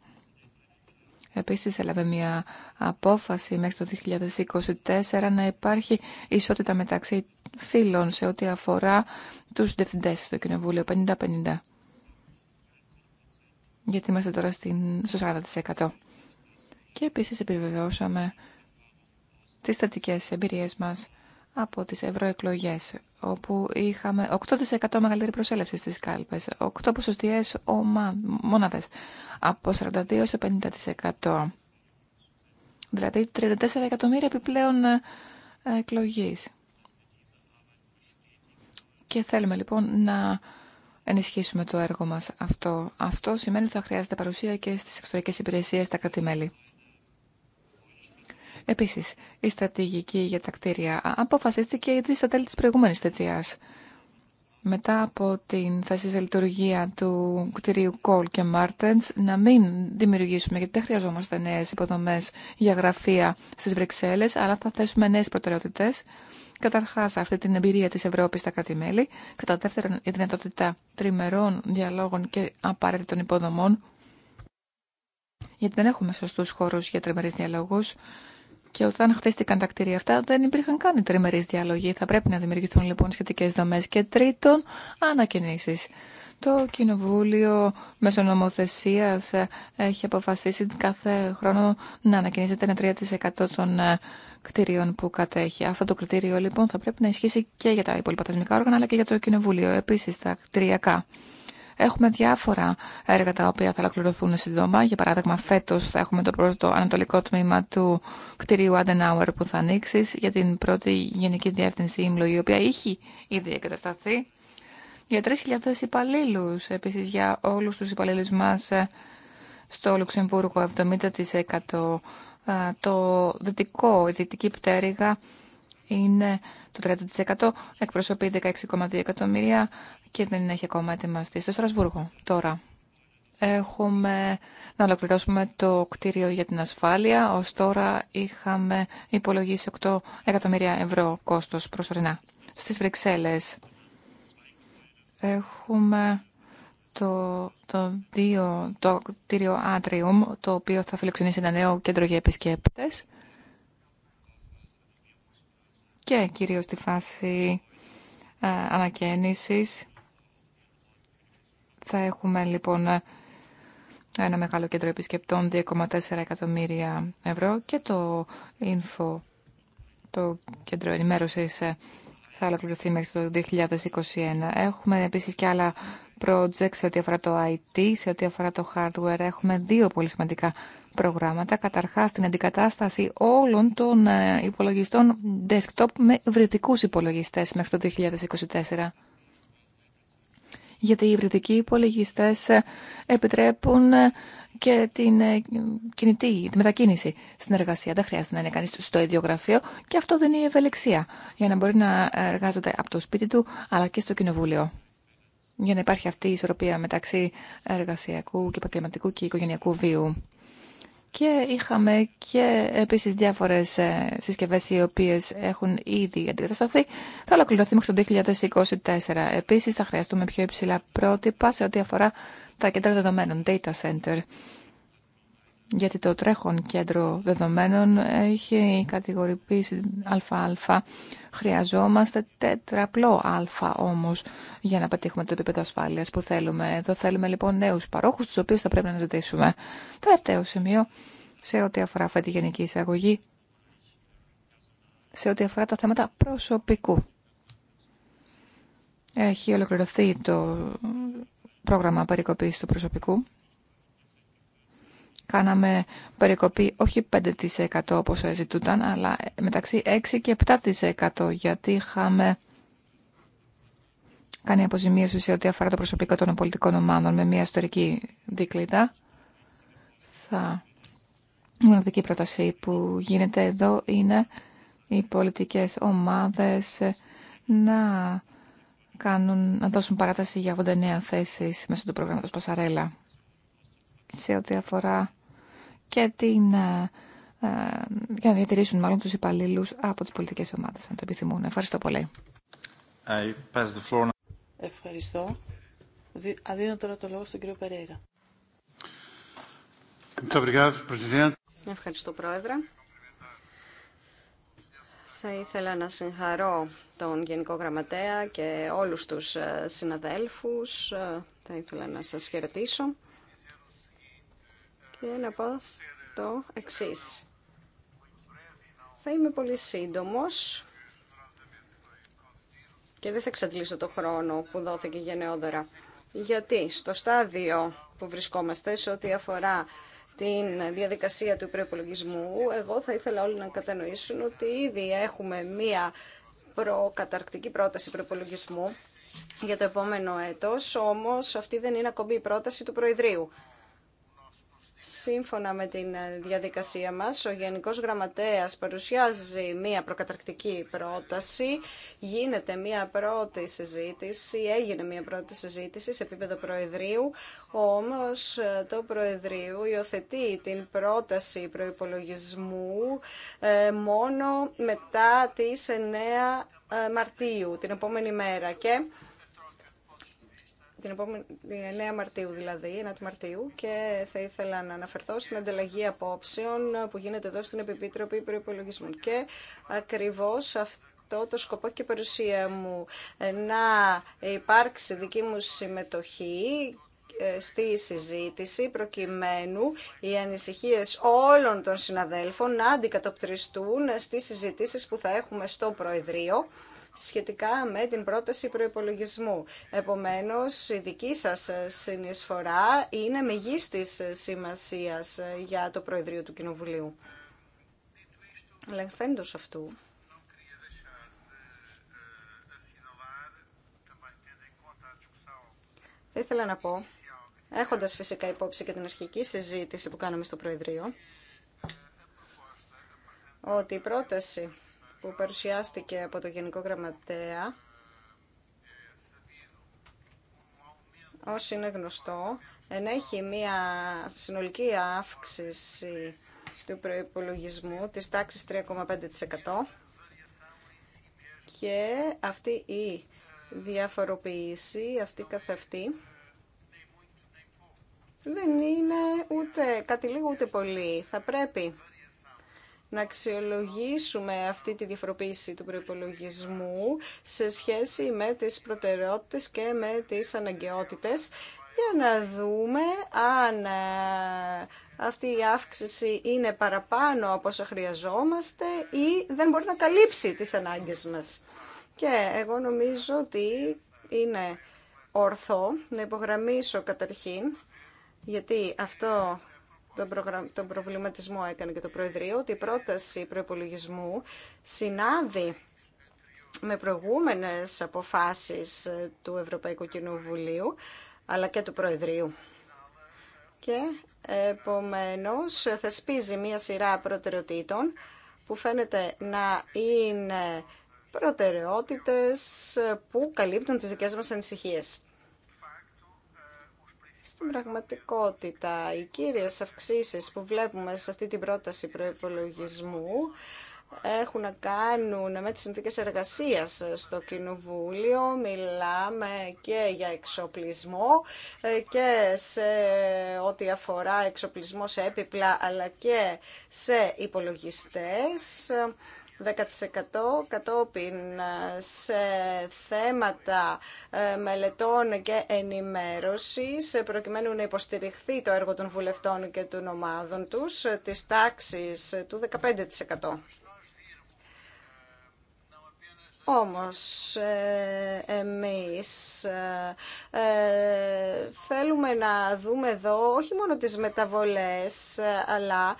Επίση έλαβε μια απόφαση μέχρι το 2024 να υπάρχει ισότητα μεταξύ φίλων σε ό,τι αφορά του διευθυντέ στο Κοινοβούλιο 50-50. Γιατί είμαστε τώρα στην, στο 40%. Και επίσης επιβεβαιώσαμε τις στατικές εμπειρίε μας από τις ευρωεκλογέ, όπου είχαμε 8% μεγαλύτερη προσέλευση στις κάλπες, 8 ποσοστιαίες ομα, μόναδες, από 42% σε 50%. Δηλαδή 34 εκατομμύρια επιπλέον ε, εκλογή. Και θέλουμε λοιπόν να ενισχύσουμε το έργο μας αυτό. Αυτό σημαίνει ότι θα χρειάζεται παρουσία και στις εξωτερικές υπηρεσίες στα κρατη Επίσης, η στρατηγική για τα κτίρια αποφασίστηκε ήδη στα τέλη της προηγούμενης θετίας. Μετά από την θέση σε λειτουργία του κτηρίου Κόλ και Μάρτενς, να μην δημιουργήσουμε, γιατί δεν χρειαζόμαστε νέες υποδομές για γραφεία στις Βρυξέλλες, αλλά θα θέσουμε νέες προτεραιότητες. Καταρχά αυτή την εμπειρία τη Ευρώπη στα κράτη-μέλη. Κατά δεύτερον, η δυνατότητα τριμερών διαλόγων και απαραίτητων υποδομών, γιατί δεν έχουμε σωστού χώρου για τριμερεί διαλόγου. Και όταν χτίστηκαν τα κτίρια αυτά δεν υπήρχαν καν οι τριμερείς διαλογοί. Θα πρέπει να δημιουργηθούν λοιπόν σχετικέ δομές. Και τρίτον, ανακοινήσει. Το Κοινοβούλιο μέσονομοθεσία έχει αποφασίσει κάθε χρόνο να ανακοινήσεται ένα 3% των ε, κτίριων που κατέχει. Αυτό το κριτήριο λοιπόν θα πρέπει να ισχύσει και για τα υπόλοιπα θεσμικά όργανα αλλά και για το Κοινοβούλιο, Επίση, τα κτηριακά. Έχουμε διάφορα έργα τα οποία θα ολοκληρωθούν σύντομα. Για παράδειγμα, φέτο θα έχουμε το πρώτο ανατολικό τμήμα του κτηρίου Adenauer που θα ανοίξει για την πρώτη Γενική Διεύθυνση ΙΜΛΟ, η οποία είχε ήδη εγκατασταθεί. Για 3.000 υπαλλήλου, επίση για όλου του υπαλλήλου μα ε, στο Λουξεμβούργο, 70% ε, το δυτικό, η δυτική πτέρυγα είναι το 30% εκπροσωπεί 16,2 εκατομμύρια και δεν έχει ακόμα ετοιμαστεί στο Στρασβούργο τώρα. Έχουμε να ολοκληρώσουμε το κτίριο για την ασφάλεια. Ως τώρα είχαμε υπολογίσει 8 εκατομμύρια ευρώ κόστος προσωρινά. Στις Βρυξέλλες έχουμε το, το, δύο, το κτίριο Atrium, το οποίο θα φιλοξενήσει ένα νέο κέντρο για επισκέπτες. Και κυρίως στη φάση ε, ανακαίνησης θα έχουμε λοιπόν ε, ένα μεγάλο κέντρο επισκεπτών 2,4 εκατομμύρια ευρώ και το info, το κέντρο ενημέρωσης ε, θα ολοκληρωθεί μέχρι το 2021. Έχουμε επίσης και άλλα projects σε ό,τι αφορά το IT, σε ό,τι αφορά το hardware. Έχουμε δύο πολύ σημαντικά προγράμματα. Καταρχάς την αντικατάσταση όλων των ε, υπολογιστών desktop με βρετικούς υπολογιστές μέχρι το 2024 γιατί οι βρετικοί υπολογιστέ ε, επιτρέπουν ε, και την ε, κινητή, τη μετακίνηση στην εργασία. Δεν χρειάζεται να είναι κανεί στο ίδιο γραφείο και αυτό δεν είναι ευελιξία για να μπορεί να εργάζεται από το σπίτι του αλλά και στο κοινοβούλιο. Για να υπάρχει αυτή η ισορροπία μεταξύ εργασιακού και επαγγελματικού και οικογενειακού βίου. Και είχαμε και επίσης διάφορες ε, συσκευές οι οποίες έχουν ήδη αντικατασταθεί. Θα ολοκληρωθεί μέχρι το 2024. Επίσης θα χρειαστούμε πιο υψηλά πρότυπα σε ό,τι αφορά τα κέντρα δεδομένων, data center γιατί το τρέχον κέντρο δεδομένων έχει κατηγορηποίηση ΑΑ. Χρειαζόμαστε τετραπλό Α όμως για να πετύχουμε το επίπεδο ασφάλειας που θέλουμε. Εδώ θέλουμε λοιπόν νέους παρόχους, τους οποίους θα πρέπει να ζητήσουμε. Τελευταίο σημείο σε ό,τι αφορά αυτή τη γενική εισαγωγή, σε ό,τι αφορά τα θέματα προσωπικού. Έχει ολοκληρωθεί το πρόγραμμα περικοπής του προσωπικού κάναμε περικοπή όχι 5% όπως ζητούταν, αλλά μεταξύ 6 και 7% γιατί είχαμε κάνει αποζημίωση σε ό,τι αφορά το προσωπικό των πολιτικών ομάδων με μια ιστορική δίκλυτα. Θα... Η μοναδική πρόταση που γίνεται εδώ είναι οι πολιτικές ομάδες να, κάνουν, να δώσουν παράταση για 89 θέσεις μέσω του προγράμματος Πασαρέλα. Σε ό,τι αφορά και την, για ε, ε, να διατηρήσουν μάλλον τους υπαλλήλου από τις πολιτικές ομάδες, αν το επιθυμούν. Ευχαριστώ πολύ. Ευχαριστώ. Αδίνω τώρα το λόγο στον κύριο Περέιρα. Ευχαριστώ, Πρόεδρε. Θα ήθελα να συγχαρώ τον Γενικό Γραμματέα και όλους τους ε, συναδέλφους. Θα ήθελα να σας χαιρετήσω και ε, να πω το εξή. Θα είμαι πολύ σύντομος και δεν θα εξαντλήσω το χρόνο που δόθηκε γενναιόδωρα. Γιατί στο στάδιο που βρισκόμαστε σε ό,τι αφορά την διαδικασία του προπολογισμού, εγώ θα ήθελα όλοι να κατανοήσουν ότι ήδη έχουμε μία προκαταρκτική πρόταση προπολογισμού για το επόμενο έτος, όμως αυτή δεν είναι ακόμη η πρόταση του Προεδρείου. Σύμφωνα με την ε, διαδικασία μας, ο Γενικός Γραμματέας παρουσιάζει μία προκαταρκτική πρόταση, γίνεται μία πρώτη συζήτηση, έγινε μία πρώτη συζήτηση σε επίπεδο Προεδρίου, όμως ε, το Προεδρείο υιοθετεί την πρόταση προϋπολογισμού ε, μόνο μετά τις 9 Μαρτίου, την επόμενη μέρα και την επόμενη 9 Μαρτίου δηλαδή, 9 Μαρτίου και θα ήθελα να αναφερθώ στην ανταλλαγή απόψεων που γίνεται εδώ στην Επιτροπή Προϋπολογισμών και ακριβώς αυτό το σκοπό και παρουσία μου να υπάρξει δική μου συμμετοχή ε, στη συζήτηση προκειμένου οι ανησυχίες όλων των συναδέλφων να αντικατοπτριστούν στις συζητήσεις που θα έχουμε στο Προεδρείο σχετικά με την πρόταση προϋπολογισμού. Επομένως, η δική σας συνεισφορά είναι μεγίστης σημασίας για το Προεδρείο του Κοινοβουλίου. Λεγθέντος αυτού. Θα ήθελα να πω, έχοντας φυσικά υπόψη και την αρχική συζήτηση που κάναμε στο Προεδρείο, ότι η πρόταση που παρουσιάστηκε από το Γενικό Γραμματέα. Όσοι είναι γνωστό, ενέχει μία συνολική αύξηση του προϋπολογισμού της τάξης 3,5% και αυτή η διαφοροποίηση, αυτή καθ' αυτή, δεν είναι ούτε κάτι λίγο ούτε πολύ. Θα πρέπει να αξιολογήσουμε αυτή τη διαφοροποίηση του προπολογισμού σε σχέση με τις προτεραιότητες και με τις αναγκαιότητες για να δούμε αν ε, αυτή η αύξηση είναι παραπάνω από όσα χρειαζόμαστε ή δεν μπορεί να καλύψει τις ανάγκες μας. Και εγώ νομίζω ότι είναι ορθό να υπογραμμίσω καταρχήν, γιατί αυτό τον, προβληματισμό έκανε και το Προεδρείο ότι η πρόταση προπολογισμού συνάδει με προηγούμενες αποφάσεις του Ευρωπαϊκού Κοινοβουλίου αλλά και του Προεδρείου. Και επομένως θεσπίζει μία σειρά προτεραιοτήτων που φαίνεται να είναι προτεραιότητες που καλύπτουν τις δικές μας ανησυχίες. Στην πραγματικότητα, οι κύριες αυξήσεις που βλέπουμε σε αυτή την πρόταση προϋπολογισμού έχουν να κάνουν με τις συνθήκες εργασίας στο Κοινοβούλιο. Μιλάμε και για εξοπλισμό ε, και σε ό,τι αφορά εξοπλισμό σε έπιπλα αλλά και σε υπολογιστές. 10% κατόπιν ε, σε θέματα ε, μελετών και ενημέρωσης ε, προκειμένου να υποστηριχθεί το έργο των βουλευτών και των ομάδων τους της τάξης του 15%. Όμως εμείς θέλουμε να δούμε εδώ όχι μόνο τις μεταβολές αλλά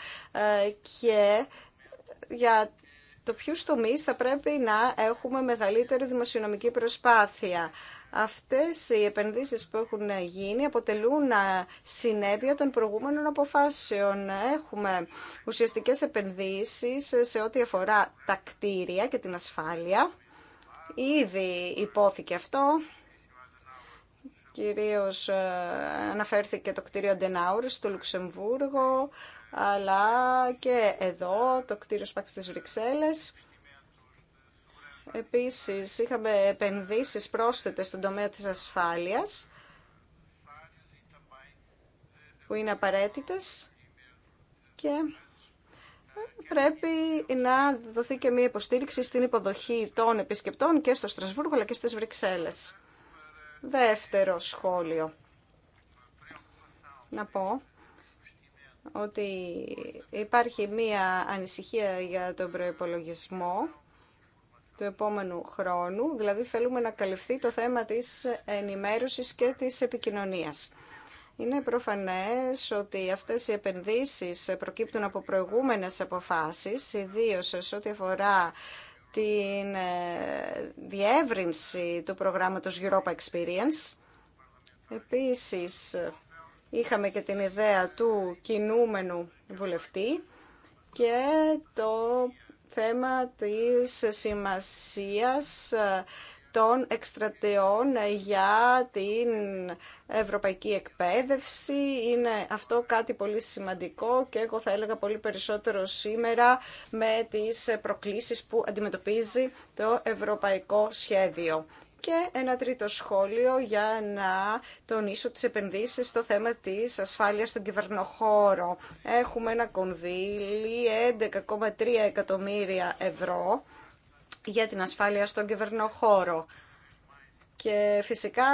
και για το ποιου τομεί θα πρέπει να έχουμε μεγαλύτερη δημοσιονομική προσπάθεια. Αυτές οι επενδύσεις που έχουν γίνει αποτελούν συνέπεια των προηγούμενων αποφάσεων. Έχουμε ουσιαστικές επενδύσεις σε ό,τι αφορά τα κτίρια και την ασφάλεια. Ήδη υπόθηκε αυτό. Κυρίως αναφέρθηκε το κτίριο Αντενάουρ στο Λουξεμβούργο αλλά και εδώ το κτίριο ΣΠΑΚ της Βρυξέλλες. Επίσης, είχαμε επενδύσεις πρόσθετες στον τομέα της ασφάλειας, που είναι απαραίτητες και πρέπει να δοθεί και μια υποστήριξη στην υποδοχή των επισκεπτών και στο Στρασβούργο αλλά και στις Βρυξέλλες. Δεύτερο σχόλιο. Να πω ότι υπάρχει μία ανησυχία για τον προϋπολογισμό του επόμενου χρόνου, δηλαδή θέλουμε να καλυφθεί το θέμα της ενημέρωσης και της επικοινωνίας. Είναι προφανές ότι αυτές οι επενδύσεις προκύπτουν από προηγούμενες αποφάσεις, ιδίως σε ό,τι αφορά την ε, διεύρυνση του προγράμματος Europa Experience. Επίσης, είχαμε και την ιδέα του κινούμενου βουλευτή και το θέμα της σημασίας ε, των εκστρατεών ε, για την ευρωπαϊκή εκπαίδευση. Είναι αυτό κάτι πολύ σημαντικό και εγώ θα έλεγα πολύ περισσότερο σήμερα με τις προκλήσεις που αντιμετωπίζει το ευρωπαϊκό σχέδιο. Και ένα τρίτο σχόλιο για να τονίσω τις επενδύσεις στο θέμα της ασφάλειας στον κυβερνοχώρο. Έχουμε ένα κονδύλι 11,3 εκατομμύρια ευρώ για την ασφάλεια στον κυβερνοχώρο. Και φυσικά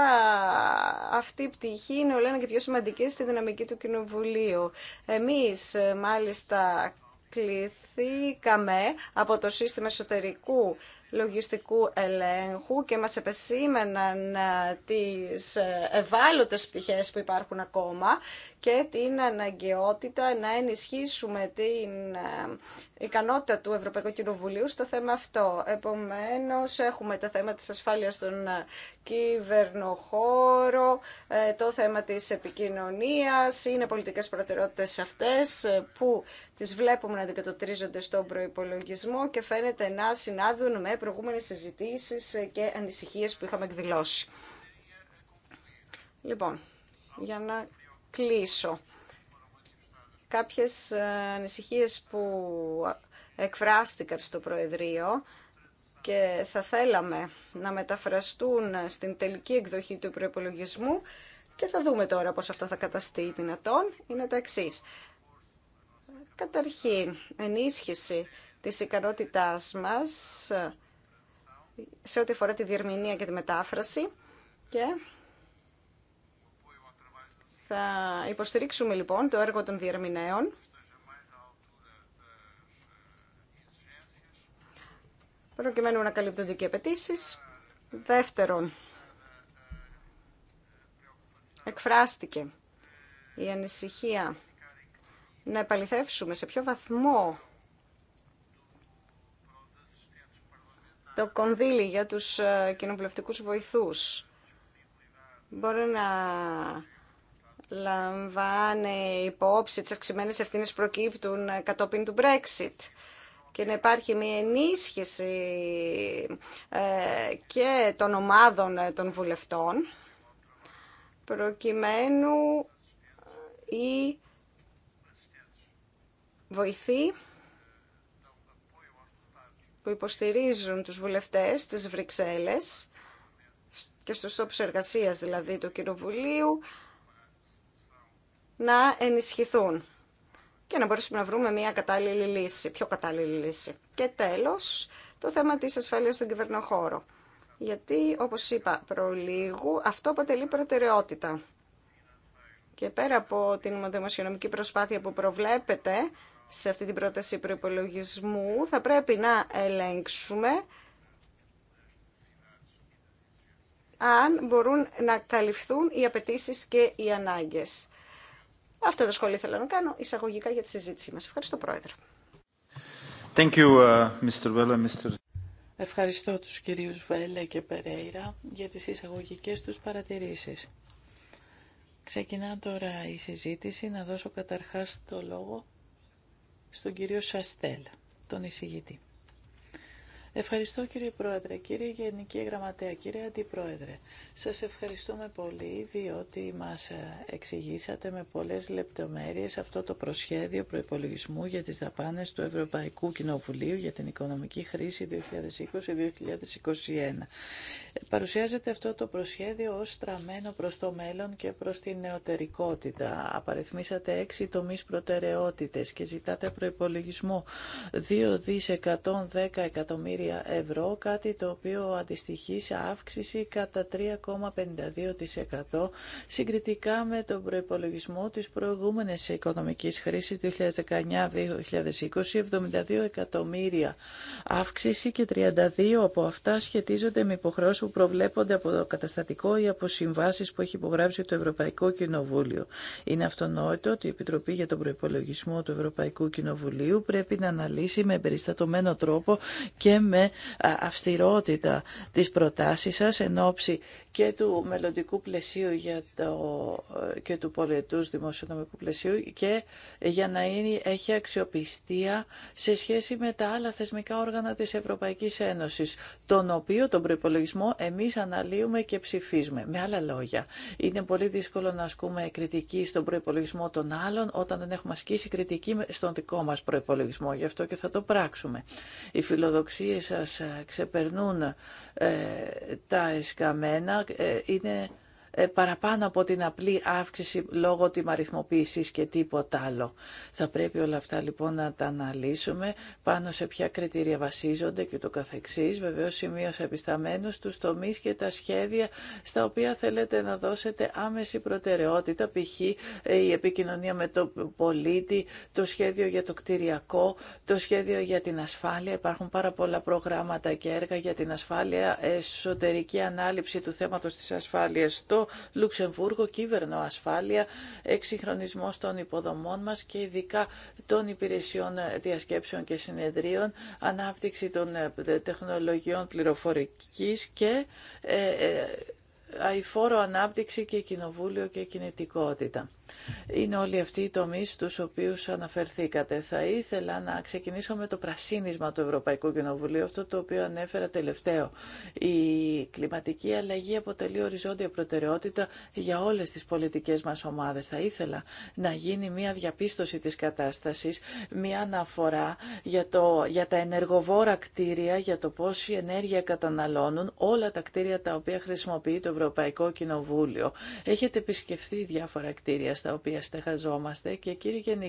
αυτή η πτυχή είναι όλα και πιο σημαντική στη δυναμική του Κοινοβουλίου. Εμείς μάλιστα κληθήκαμε από το σύστημα εσωτερικού λογιστικού ελέγχου και μας επεσήμεναν ε, τις ε, ευάλωτες πτυχές που υπάρχουν ακόμα και την αναγκαιότητα να ενισχύσουμε την ε, ικανότητα του Ευρωπαϊκού Κοινοβουλίου στο θέμα αυτό. Επομένως, έχουμε τα θέματα της ασφάλειας στον ε, κυβερνοχώρο, ε, το θέμα της επικοινωνίας, είναι πολιτικές προτεραιότητες αυτές που τις βλέπουμε να αντικατοπτρίζονται στον προϋπολογισμό και φαίνεται να συνάδουν με προηγούμενες συζητήσεις και ανησυχίες που είχαμε εκδηλώσει. Λοιπόν, για να κλείσω. Κάποιες ε, ανησυχίες που εκφράστηκαν στο Προεδρείο και θα θέλαμε να μεταφραστούν στην τελική εκδοχή του προπολογισμού και θα δούμε τώρα πώς αυτό θα καταστεί δυνατόν, είναι τα εξή. Καταρχήν, ενίσχυση της ικανότητάς μας σε ό,τι αφορά τη διερμηνία και τη μετάφραση και θα υποστηρίξουμε λοιπόν το έργο των διερμηνέων προκειμένου να καλύπτονται και απαιτήσει. Δεύτερον, εκφράστηκε η ανησυχία να επαληθεύσουμε σε ποιο βαθμό το κονδύλι για τους ε, κοινοβουλευτικούς βοηθούς μπορεί να λαμβάνει υπόψη τις αυξημένες ευθύνες που προκύπτουν ε, κατόπιν του Brexit και να υπάρχει μια ενίσχυση ε, και των ομάδων ε, των βουλευτών προκειμένου η βοηθή που υποστηρίζουν τους βουλευτές της Βρυξέλλες και στους τόπους εργασίας δηλαδή του Κοινοβουλίου να ενισχυθούν και να μπορέσουμε να βρούμε μια κατάλληλη λύση, πιο κατάλληλη λύση. Και τέλος, το θέμα της ασφάλειας στον κυβερνοχώρο. Γιατί, όπως είπα προλίγου, αυτό αποτελεί προτεραιότητα. Και πέρα από την δημοσιονομική προσπάθεια που προβλέπεται σε αυτή την πρόταση προϋπολογισμού, θα πρέπει να ελέγξουμε αν μπορούν να καλυφθούν οι απαιτήσει και οι ανάγκες. Αυτά τα σχόλια θέλω να κάνω εισαγωγικά για τη συζήτησή μας. Ευχαριστώ Πρόεδρε. Thank you, uh, Mr. Ευχαριστώ τους κυρίους Βέλε και Περέιρα για τις εισαγωγικές τους παρατηρήσεις. Ξεκινά τώρα η συζήτηση. Να δώσω καταρχάς το λόγο στον κύριο Σαστέλ, τον εισηγητή. Ευχαριστώ κύριε Πρόεδρε, κύριε Γενική Γραμματέα, κύριε Αντιπρόεδρε. Σας ευχαριστούμε πολύ διότι μας εξηγήσατε με πολλές λεπτομέρειες αυτό το προσχέδιο προϋπολογισμού για τις δαπάνες του Ευρωπαϊκού Κοινοβουλίου για την οικονομική χρήση 2020-2021. Παρουσιάζεται αυτό το προσχέδιο ως στραμμένο προς το μέλλον και προς την νεωτερικότητα. Απαριθμίσατε έξι τομείς προτεραιότητες και ζητάτε προϋπολογισμό 2 δις 110 εκατομμύρια εκατομμύρια ευρώ, κάτι το οποίο αντιστοιχεί σε αύξηση κατά 3,52% συγκριτικά με τον προϋπολογισμό της προηγούμενης οικονομικής χρήσης 2019-2020, 72 εκατομμύρια αύξηση και 32 από αυτά σχετίζονται με υποχρεώσεις που προβλέπονται από το καταστατικό ή από συμβάσεις που έχει υπογράψει το Ευρωπαϊκό Κοινοβούλιο. Είναι αυτονόητο ότι η Επιτροπή για τον Προϋπολογισμό του Ευρωπαϊκού Κοινοβουλίου πρέπει να αναλύσει με εμπεριστατωμένο τρόπο και με με αυστηρότητα τις προτάσεις σας εν ώψη και του μελλοντικού πλαισίου για το, ε, και του πολιετούς δημοσιονομικού πλαισίου και για να είναι, έχει αξιοπιστία σε σχέση με τα άλλα θεσμικά όργανα της Ευρωπαϊκής Ένωσης, τον οποίο τον προπολογισμό εμείς αναλύουμε και ψηφίζουμε. Με άλλα λόγια, είναι πολύ δύσκολο να ασκούμε κριτική στον προπολογισμό των άλλων όταν δεν έχουμε ασκήσει κριτική στον δικό μας προπολογισμό. Γι' αυτό και θα το πράξουμε. Οι φιλοδοξίε σας ε, ξεπερνούν ε, τα εσκαμένα ε, είναι ε, παραπάνω από την απλή αύξηση λόγω αριθμοποίηση και τίποτα άλλο. Θα πρέπει όλα αυτά λοιπόν να τα αναλύσουμε πάνω σε ποια κριτήρια βασίζονται και το καθεξής. Βεβαίως σημείωσα επισταμένους του τομείς και τα σχέδια στα οποία θέλετε να δώσετε άμεση προτεραιότητα, π.χ. Ε, η επικοινωνία με το πολίτη, το σχέδιο για το κτηριακό, το σχέδιο για την ασφάλεια. Υπάρχουν πάρα πολλά προγράμματα και έργα για την ασφάλεια, εσωτερική ανάληψη του θέματος της ασφάλειας Λουξεμβούργο, κύβερνο ασφάλεια, εξυγχρονισμό των υποδομών μας και ειδικά των υπηρεσιών διασκέψεων και συνεδρίων, ανάπτυξη των ε, τεχνολογιών πληροφορικής και ε, ε, αηφόρο ανάπτυξη και κοινοβούλιο και κινητικότητα. Είναι όλοι αυτοί οι τομεί στου οποίου αναφερθήκατε. Θα ήθελα να ξεκινήσω με το πρασίνισμα του Ευρωπαϊκού Κοινοβουλίου, αυτό το οποίο ανέφερα τελευταίο. Η κλιματική αλλαγή αποτελεί οριζόντια προτεραιότητα για όλε τι πολιτικέ μα ομάδε. Θα ήθελα να γίνει μια διαπίστωση τη κατάσταση, μια αναφορά για, για τα ενεργοβόρα κτίρια, για το η ενέργεια καταναλώνουν όλα τα κτίρια τα οποία χρησιμοποιεί το Ευρωπαϊκό Κοινοβούλιο. Έχετε επισκεφθεί διάφορα κτίρια στα οποία στεγαζόμαστε και κύριε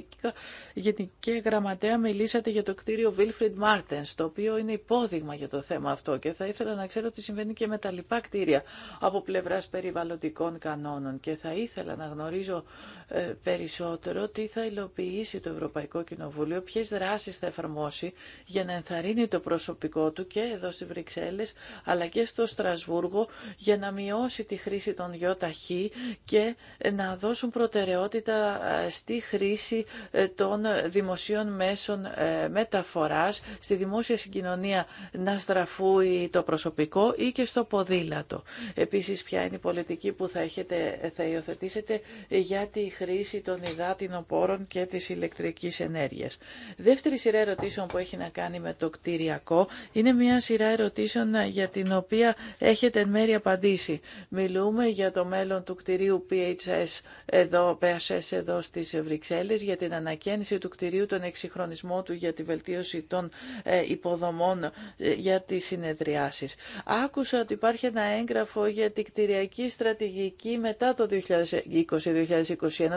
Γενική, Γραμματέα μιλήσατε για το κτίριο Wilfried Martens, το οποίο είναι υπόδειγμα για το θέμα αυτό και θα ήθελα να ξέρω τι συμβαίνει και με τα λοιπά κτίρια από πλευράς περιβαλλοντικών κανόνων και θα ήθελα να γνωρίζω ε, περισσότερο τι θα υλοποιήσει το Ευρωπαϊκό Κοινοβούλιο, ποιε δράσει θα εφαρμόσει για να ενθαρρύνει το προσωπικό του και εδώ στη Βρυξέλλες αλλά και στο Στρασβούργο για να μειώσει τη χρήση των ΙΟΤΑΧΗ και να δώσουν προτεραιότητα προτεραιότητα ε, στη χρήση ε, των δημοσίων μέσων ε, μεταφοράς, στη δημόσια συγκοινωνία να στραφούει το προσωπικό ή και στο ποδήλατο. Επίσης, ποια είναι η πολιτική που θα, έχετε, θα υιοθετήσετε για τη χρήση των υδάτινων πόρων και της ηλεκτρικής ενέργειας. Δεύτερη σειρά ερωτήσεων που έχει να κάνει με το κτηριακό είναι μια σειρά ερωτήσεων για την οποία έχετε εν μέρει απαντήσει. Μιλούμε για το μέλλον του κτηρίου PHS εδώ ΠΕΑΣΕΣ εδώ στι Βρυξέλλες για την ανακαίνιση του κτηρίου, τον εξυγχρονισμό του για τη βελτίωση των ε, υποδομών ε, για τι συνεδριάσεις. Άκουσα ότι υπάρχει ένα έγγραφο για την κτηριακή στρατηγική μετά το 2020-2021.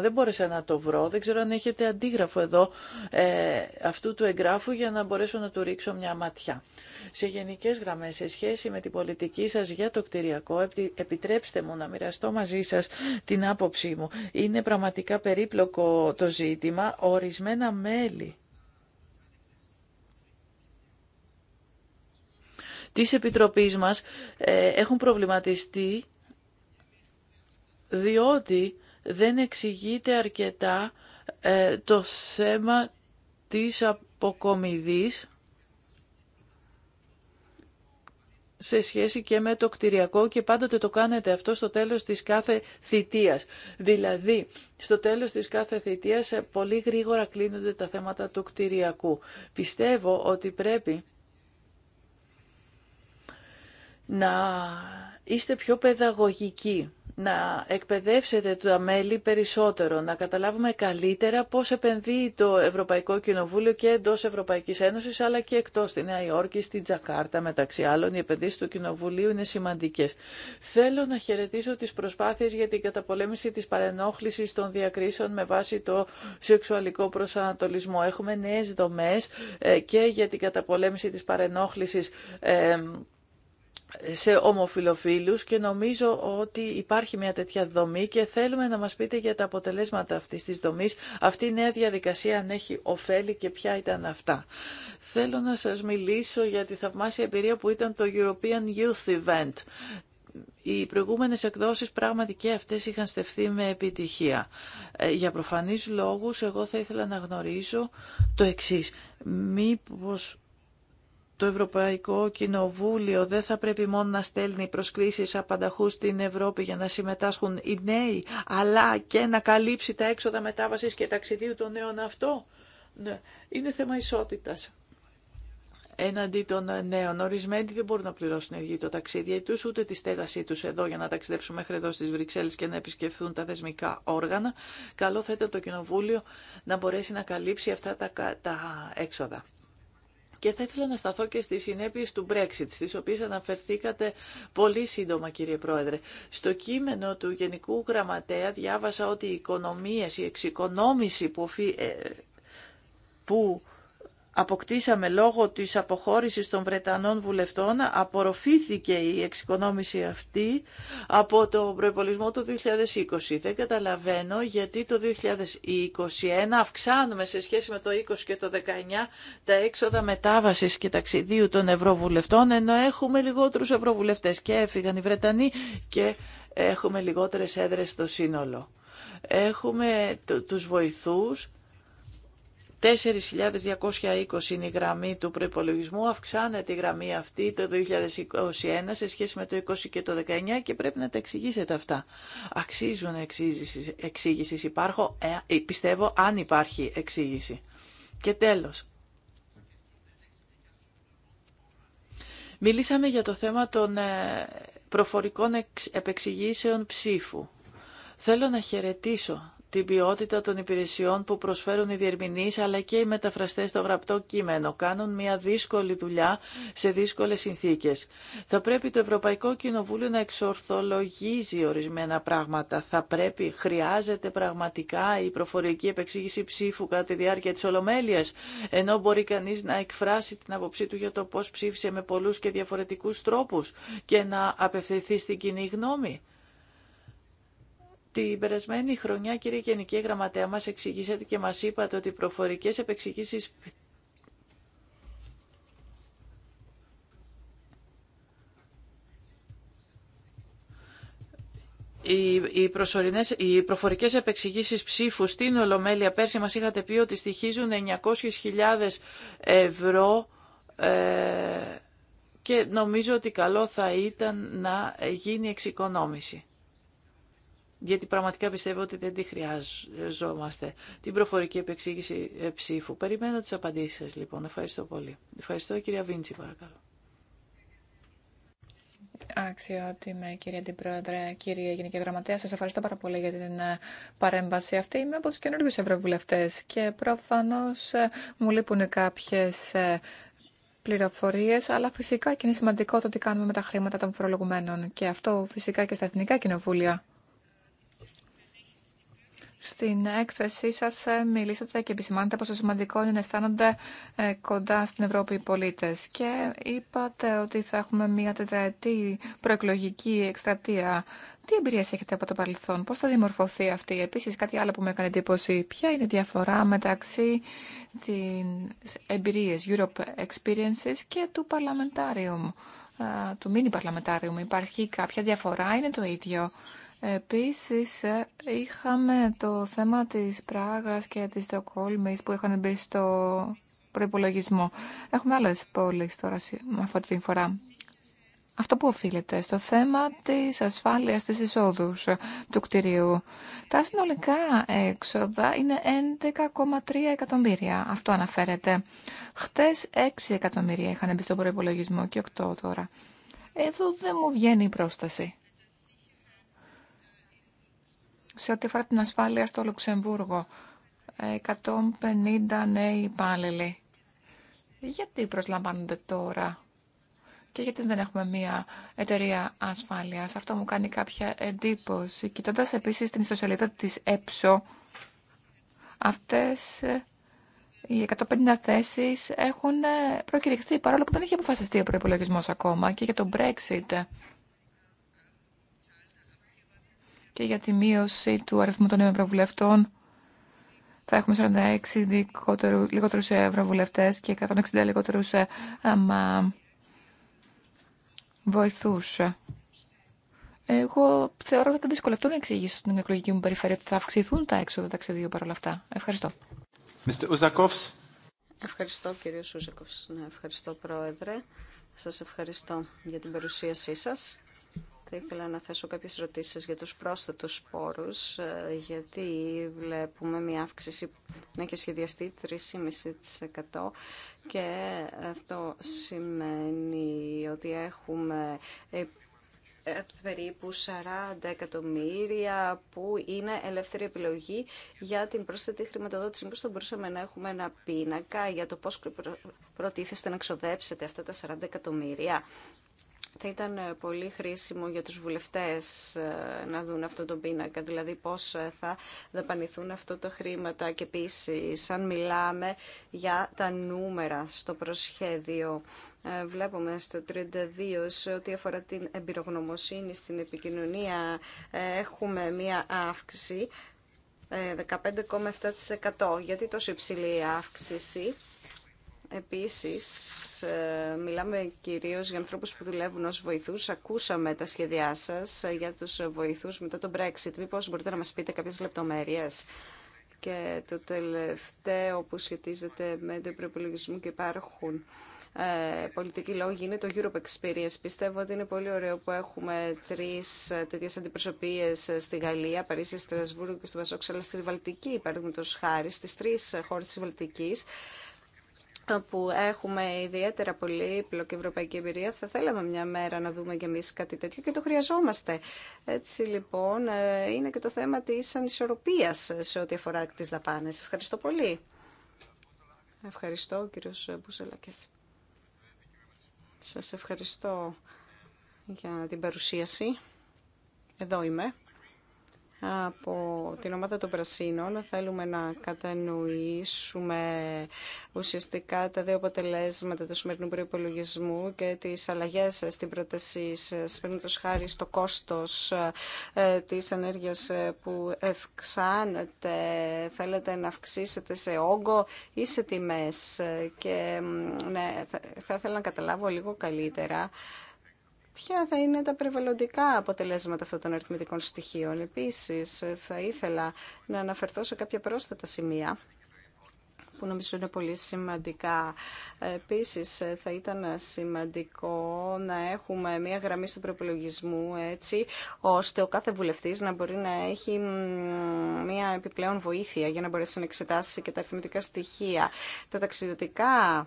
Δεν μπόρεσα να το βρω. Δεν ξέρω αν έχετε αντίγραφο εδώ ε, αυτού του εγγράφου για να μπορέσω να του ρίξω μια ματιά. Σε γενικέ γραμμέ, σε σχέση με την πολιτική σα για το κτηριακό, επιτρέψτε μου να μοιραστώ μαζί σα την άποψή μου είναι πραγματικά περίπλοκο το ζήτημα. Ορισμένα μέλη της Επιτροπής μας ε, έχουν προβληματιστεί διότι δεν εξηγείται αρκετά ε, το θέμα της αποκομιδής σε σχέση και με το κτηριακό και πάντοτε το κάνετε αυτό στο τέλος της κάθε θητείας. Δηλαδή, στο τέλος της κάθε θητείας ε, πολύ γρήγορα κλείνονται τα θέματα του κτηριακού. Πιστεύω ότι πρέπει να είστε πιο παιδαγωγικοί να εκπαιδεύσετε τα μέλη περισσότερο, να καταλάβουμε καλύτερα πώς επενδύει το Ευρωπαϊκό Κοινοβούλιο και εντός Ευρωπαϊκής Ένωσης αλλά και εκτός στη Νέα Υόρκη, στη Τζακάρτα μεταξύ άλλων. Οι επενδύσεις του Κοινοβουλίου είναι σημαντικές. Θέλω να χαιρετήσω τις προσπάθειες για την καταπολέμηση της παρενόχλησης των διακρίσεων με βάση το σεξουαλικό προσανατολισμό. Έχουμε νέες δομές ε, και για την καταπολέμηση της παρενόχλησης ε, σε ομοφιλοφίλους και νομίζω ότι υπάρχει μια τέτοια δομή και θέλουμε να μας πείτε για τα αποτελέσματα αυτής της δομής, αυτή η νέα διαδικασία αν έχει ωφέλη και ποια ήταν αυτά. Θέλω να σας μιλήσω για τη θαυμάσια εμπειρία που ήταν το European Youth Event. Οι προηγούμενες εκδόσεις πράγματι και αυτές είχαν στεφθεί με επιτυχία. Ε, για προφανείς λόγους εγώ θα ήθελα να γνωρίζω το εξής. Μήπως το Ευρωπαϊκό Κοινοβούλιο δεν θα πρέπει μόνο να στέλνει προσκλήσεις απανταχού στην Ευρώπη για να συμμετάσχουν οι νέοι, αλλά και να καλύψει τα έξοδα μετάβασης και ταξιδίου των νέων αυτό. Ναι. Είναι θέμα ισότητας εναντί των νέων. Ορισμένοι δεν μπορούν να πληρώσουν οι το ταξίδι του, ούτε τη στέγασή του εδώ για να ταξιδέψουν μέχρι εδώ στι Βρυξέλλε και να επισκεφθούν τα θεσμικά όργανα. Καλό θα ήταν το Κοινοβούλιο να μπορέσει να καλύψει αυτά τα, τα έξοδα. Και θα ήθελα να σταθώ και στις συνέπειες του Brexit, στις οποίες αναφερθήκατε πολύ σύντομα κύριε Πρόεδρε. Στο κείμενο του Γενικού Γραμματέα διάβασα ότι οι οικονομίες, η εξοικονόμηση που ε, που αποκτήσαμε λόγω της αποχώρησης των Βρετανών βουλευτών απορροφήθηκε η εξοικονόμηση αυτή από το προϋπολισμό του 2020. Δεν καταλαβαίνω γιατί το 2021 αυξάνουμε σε σχέση με το 20 και το 2019 τα έξοδα μετάβασης και ταξιδίου των ευρωβουλευτών ενώ έχουμε λιγότερους ευρωβουλευτές και έφυγαν οι Βρετανοί και έχουμε λιγότερες έδρες στο σύνολο. Έχουμε τους βοηθούς 4.220 είναι η γραμμή του προϋπολογισμού, αυξάνεται η γραμμή αυτή το 2021 σε σχέση με το 20 και το 19 και πρέπει να τα εξηγήσετε αυτά. Αξίζουν εξήγηση, υπάρχω, ε, ε, πιστεύω, αν υπάρχει εξήγηση. Και τέλος. Μιλήσαμε για το θέμα των ε, προφορικών επεξηγήσεων ψήφου. Θέλω να χαιρετήσω την ποιότητα των υπηρεσιών που προσφέρουν οι διερμηνείς αλλά και οι μεταφραστές στο γραπτό κείμενο. Κάνουν μια δύσκολη δουλειά σε δύσκολες συνθήκες. Θα πρέπει το Ευρωπαϊκό Κοινοβούλιο να εξορθολογίζει ορισμένα πράγματα. Θα πρέπει, χρειάζεται πραγματικά η προφορική επεξήγηση ψήφου κατά τη διάρκεια της Ολομέλειας, ενώ μπορεί κανείς να εκφράσει την άποψή του για το πώς ψήφισε με πολλούς και διαφορετικούς τρόπους και να απευθυνθεί στην κοινή γνώμη. Την περασμένη χρονιά, κύριε Γενική Γραμματέα, μας εξηγήσατε και μας είπατε ότι οι προφορικές επεξηγήσεις οι, προσωρινές, οι ψήφου στην Ολομέλεια πέρσι μας είχατε πει ότι στοιχίζουν 900.000 ευρώ ε, και νομίζω ότι καλό θα ήταν να γίνει εξοικονόμηση γιατί πραγματικά πιστεύω ότι δεν τη χρειαζόμαστε. Την προφορική επεξήγηση ε, ψήφου. Περιμένω τις απαντήσεις σας λοιπόν. Ευχαριστώ πολύ. Ευχαριστώ κυρία Βίντσι παρακαλώ. Αξιότιμη κύριε Αντιπρόεδρε, κύριε Γενική Γραμματέα, σα ευχαριστώ πάρα πολύ για την ε, παρέμβαση αυτή. Είμαι από του καινούργιου Ευρωβουλευτέ και προφανώ ε, μου λείπουν κάποιε πληροφορίε, αλλά φυσικά και είναι σημαντικό το τι κάνουμε με τα χρήματα των φορολογουμένων. Και αυτό φυσικά και στα εθνικά κοινοβούλια. Στην έκθεσή σα ε, μιλήσατε και επισημάνετε πόσο σημαντικό είναι να αισθάνονται ε, κοντά στην Ευρώπη οι πολίτε. και είπατε ότι θα έχουμε μια τετραετή προεκλογική εκστρατεία. Τι εμπειρίες έχετε από το παρελθόν, Πώ θα δημορφωθεί αυτή. επίση κάτι άλλο που με έκανε εντύπωση, ποια είναι η διαφορά μεταξύ τη εμπειρία Europe Experiences και του Parliamentarium, ε, του μίνι Parliamentarium. Υπάρχει κάποια διαφορά, είναι το ίδιο. Επίσης είχαμε το θέμα της Πράγας και της Στοκόλμης που είχαν μπει στο προϋπολογισμό. Έχουμε άλλες πόλεις τώρα αυτή τη φορά. Αυτό που οφείλεται στο θέμα της ασφάλειας της εισόδου του κτηρίου. Τα συνολικά έξοδα είναι 11,3 εκατομμύρια. Αυτό αναφέρεται. Χτες 6 εκατομμύρια είχαν μπει στο προϋπολογισμό και 8 τώρα. Εδώ δεν μου βγαίνει η πρόσταση σε ό,τι αφορά την ασφάλεια στο Λουξεμβούργο. 150 νέοι υπάλληλοι. Γιατί προσλαμβάνονται τώρα και γιατί δεν έχουμε μία εταιρεία ασφάλειας. Αυτό μου κάνει κάποια εντύπωση. Κοιτώντα επίσης την ιστοσελίδα της ΕΠΣΟ, αυτές ε, οι 150 θέσεις έχουν ε, προκηρυχθεί παρόλο που δεν έχει αποφασιστεί ο προϋπολογισμός ακόμα και για το Brexit. και για τη μείωση του αριθμού των ευρωβουλευτών θα έχουμε 46 λιγότερους ε, ευρωβουλευτές και 160 λιγότερους ε, αμα, βοηθούς. Εγώ θεωρώ ότι θα δυσκολευτούν να εξηγήσω στην εκλογική μου περιφέρεια ότι θα αυξηθούν τα έξοδα ταξιδίου παρόλα αυτά. Ευχαριστώ. Mr. Ευχαριστώ κύριε Ουζακοφς. Ναι, ευχαριστώ πρόεδρε. Σας ευχαριστώ για την παρουσίασή σας. Θα ήθελα να θέσω κάποιες ερωτήσεις για τους πρόσθετους πόρους, ε, γιατί βλέπουμε μια αύξηση να έχει σχεδιαστεί 3,5% και αυτό σημαίνει ότι έχουμε ε, ε, περίπου 40 εκατομμύρια που είναι ελεύθερη επιλογή για την πρόσθετη χρηματοδότηση. Μήπως θα μπορούσαμε να έχουμε ένα πίνακα για το πώς προτίθεστε να ξοδέψετε αυτά τα 40 εκατομμύρια θα ήταν ε, πολύ χρήσιμο για τους βουλευτές ε, να δουν αυτό το πίνακα, δηλαδή πώς ε, θα δαπανηθούν αυτό τα χρήματα και επίση αν μιλάμε για τα νούμερα στο προσχέδιο. Βλέπουμε στο 32 σε ό,τι αφορά την εμπειρογνωμοσύνη στην επικοινωνία έχουμε μία αύξηση 15,7%. Γιατί τόσο υψηλή η αύξηση Επίσης, ε, μιλάμε κυρίως για ανθρώπους που δουλεύουν ως βοηθούς. Ακούσαμε τα σχέδιά σας ε, για τους βοηθούς μετά τον Brexit. Μήπως μπορείτε να μας πείτε κάποιες λεπτομέρειες. Και το τελευταίο που σχετίζεται με το προπολογισμό και υπάρχουν ε, πολιτικοί λόγοι είναι το Europe Experience. Πιστεύω ότι είναι πολύ ωραίο που έχουμε τρεις ε, τέτοιε αντιπροσωπείες στη Γαλλία, Παρίσι, Στρασβούργο και στο Βασόξ, αλλά στη Βαλτική, παραδείγματο χάρη, στις τρεις χώρε τη Βαλτική που έχουμε ιδιαίτερα πολύ πλοκή ευρωπαϊκή εμπειρία, θα θέλαμε μια μέρα να δούμε κι εμείς κάτι τέτοιο και το χρειαζόμαστε. Έτσι λοιπόν ε, είναι και το θέμα της ανισορροπίας σε ό,τι αφορά τις δαπάνες. Ευχαριστώ πολύ. Ευχαριστώ κύριος Μπουζελακές. Σας ευχαριστώ για την παρουσίαση. Εδώ είμαι από την ομάδα των Πρασίνων θέλουμε να κατανοήσουμε ουσιαστικά τα δύο αποτελέσματα του σημερινού προπολογισμού και τις αλλαγές στην πρότασή σας, το χάρη στο κόστος ε, της ενέργειας ε, που ευξάνεται. Θέλετε να αυξήσετε σε όγκο ή σε τιμές ε, και ναι, θα ήθελα να καταλάβω λίγο καλύτερα ποια θα είναι τα περιβαλλοντικά αποτελέσματα αυτών των αριθμητικών στοιχείων. Επίσης, θα ήθελα να αναφερθώ σε κάποια πρόσθετα σημεία που νομίζω είναι πολύ σημαντικά. Επίσης, θα ήταν σημαντικό να έχουμε μια γραμμή στο προπολογισμού, έτσι, ώστε ο κάθε βουλευτής να μπορεί να έχει μια επιπλέον βοήθεια για να μπορέσει να εξετάσει και τα αριθμητικά στοιχεία. Τα ταξιδιωτικά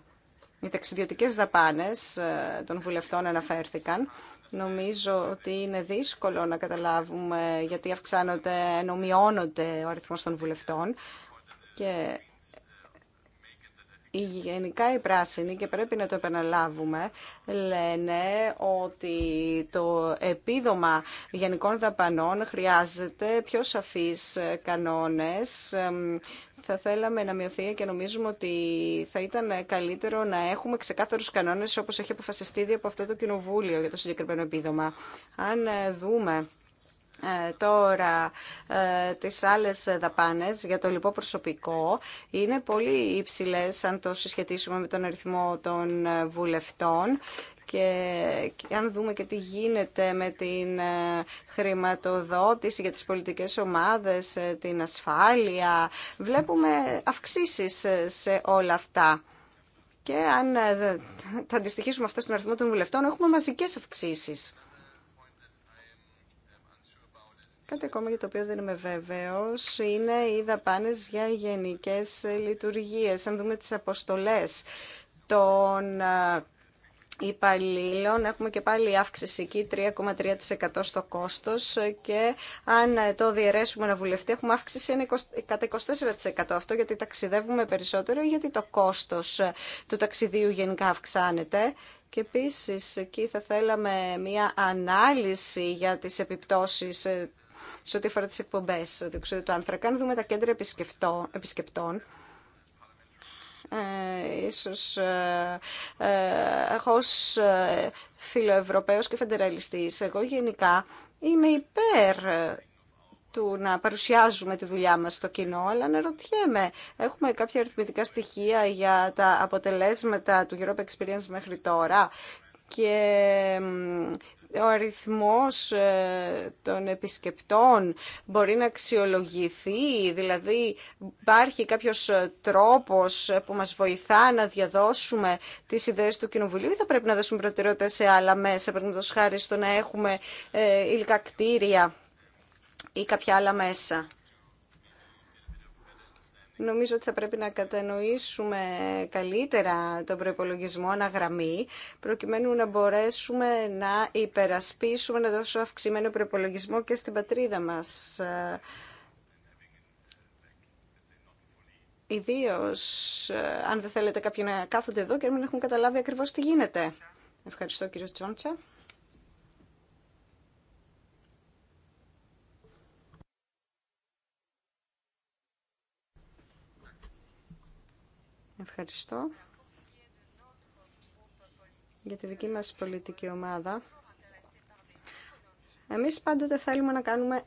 οι ταξιδιωτικές δαπάνες ε, των βουλευτών αναφέρθηκαν. Νομίζω ότι είναι δύσκολο να καταλάβουμε γιατί αυξάνονται, νομιώνονται ο αριθμός των βουλευτών και Γενικά οι πράσινοι, και πρέπει να το επαναλάβουμε, λένε ότι το επίδομα γενικών δαπανών χρειάζεται πιο σαφείς κανόνες, θα θέλαμε να μειωθεί και νομίζουμε ότι θα ήταν καλύτερο να έχουμε ξεκάθαρους κανόνες όπως έχει αποφασιστεί από αυτό το Κοινοβούλιο για το συγκεκριμένο επίδομα. Αν ε, δούμε ε, τώρα ε, τις άλλες δαπάνες για το λοιπό προσωπικό είναι πολύ υψηλές αν το συσχετίσουμε με τον αριθμό των ε, βουλευτών και αν δούμε και τι γίνεται με την χρηματοδότηση για τις πολιτικές ομάδες, την ασφάλεια, βλέπουμε αυξήσεις σε όλα αυτά. Και αν τα αντιστοιχίσουμε αυτό στον αριθμό των βουλευτών, έχουμε μαζικές αυξήσεις. Κάτι ακόμα για το οποίο δεν είμαι βέβαιο είναι οι δαπάνε για γενικέ λειτουργίες. Αν δούμε τι αποστολέ των ε, υπαλλήλων έχουμε και πάλι αύξηση εκεί 3,3% στο κόστος και αν ε, το διαιρέσουμε να βουλευτεί έχουμε αύξηση κατά 24% αυτό γιατί ταξιδεύουμε περισσότερο ή γιατί το κόστος ε, του ταξιδίου γενικά αυξάνεται και επίσης εκεί θα θέλαμε μια ανάλυση για τις επιπτώσεις σε ό,τι αφορά τις εκπομπές του εξωτερικού του άνθρακα. Αν δούμε τα κέντρα επισκεπτών, ε, ίσως ε, εγώ ως ε, φιλοευρωπαίος και φεντεραλιστής, εγώ γενικά είμαι υπέρ ε, του να παρουσιάζουμε τη δουλειά μας στο κοινό, αλλά να ρωτιέμαι, έχουμε κάποια αριθμητικά στοιχεία για τα αποτελέσματα του Europe Experience μέχρι τώρα και ο αριθμός ε, των επισκεπτών μπορεί να αξιολογηθεί, δηλαδή υπάρχει κάποιος ε, τρόπος ε, που μας βοηθά να διαδώσουμε τις ιδέες του Κοινοβουλίου ή θα πρέπει να δώσουμε προτεραιότητα σε άλλα μέσα, παραδείγματος χάρη στο να έχουμε υλικά κτίρια ή κάποια άλλα μέσα. Νομίζω ότι θα πρέπει να κατανοήσουμε καλύτερα τον προπολογισμό αναγραμμή, προκειμένου να μπορέσουμε να υπερασπίσουμε, να δώσουμε αυξημένο προπολογισμό και στην πατρίδα μας. Ιδίω ε, αν δεν θέλετε κάποιοι να κάθονται εδώ και να μην έχουν καταλάβει ακριβώς τι γίνεται. Ευχαριστώ κύριο Τσόντσα. Ευχαριστώ. Για τη δική μας πολιτική ομάδα. Εμείς πάντοτε θέλουμε να κάνουμε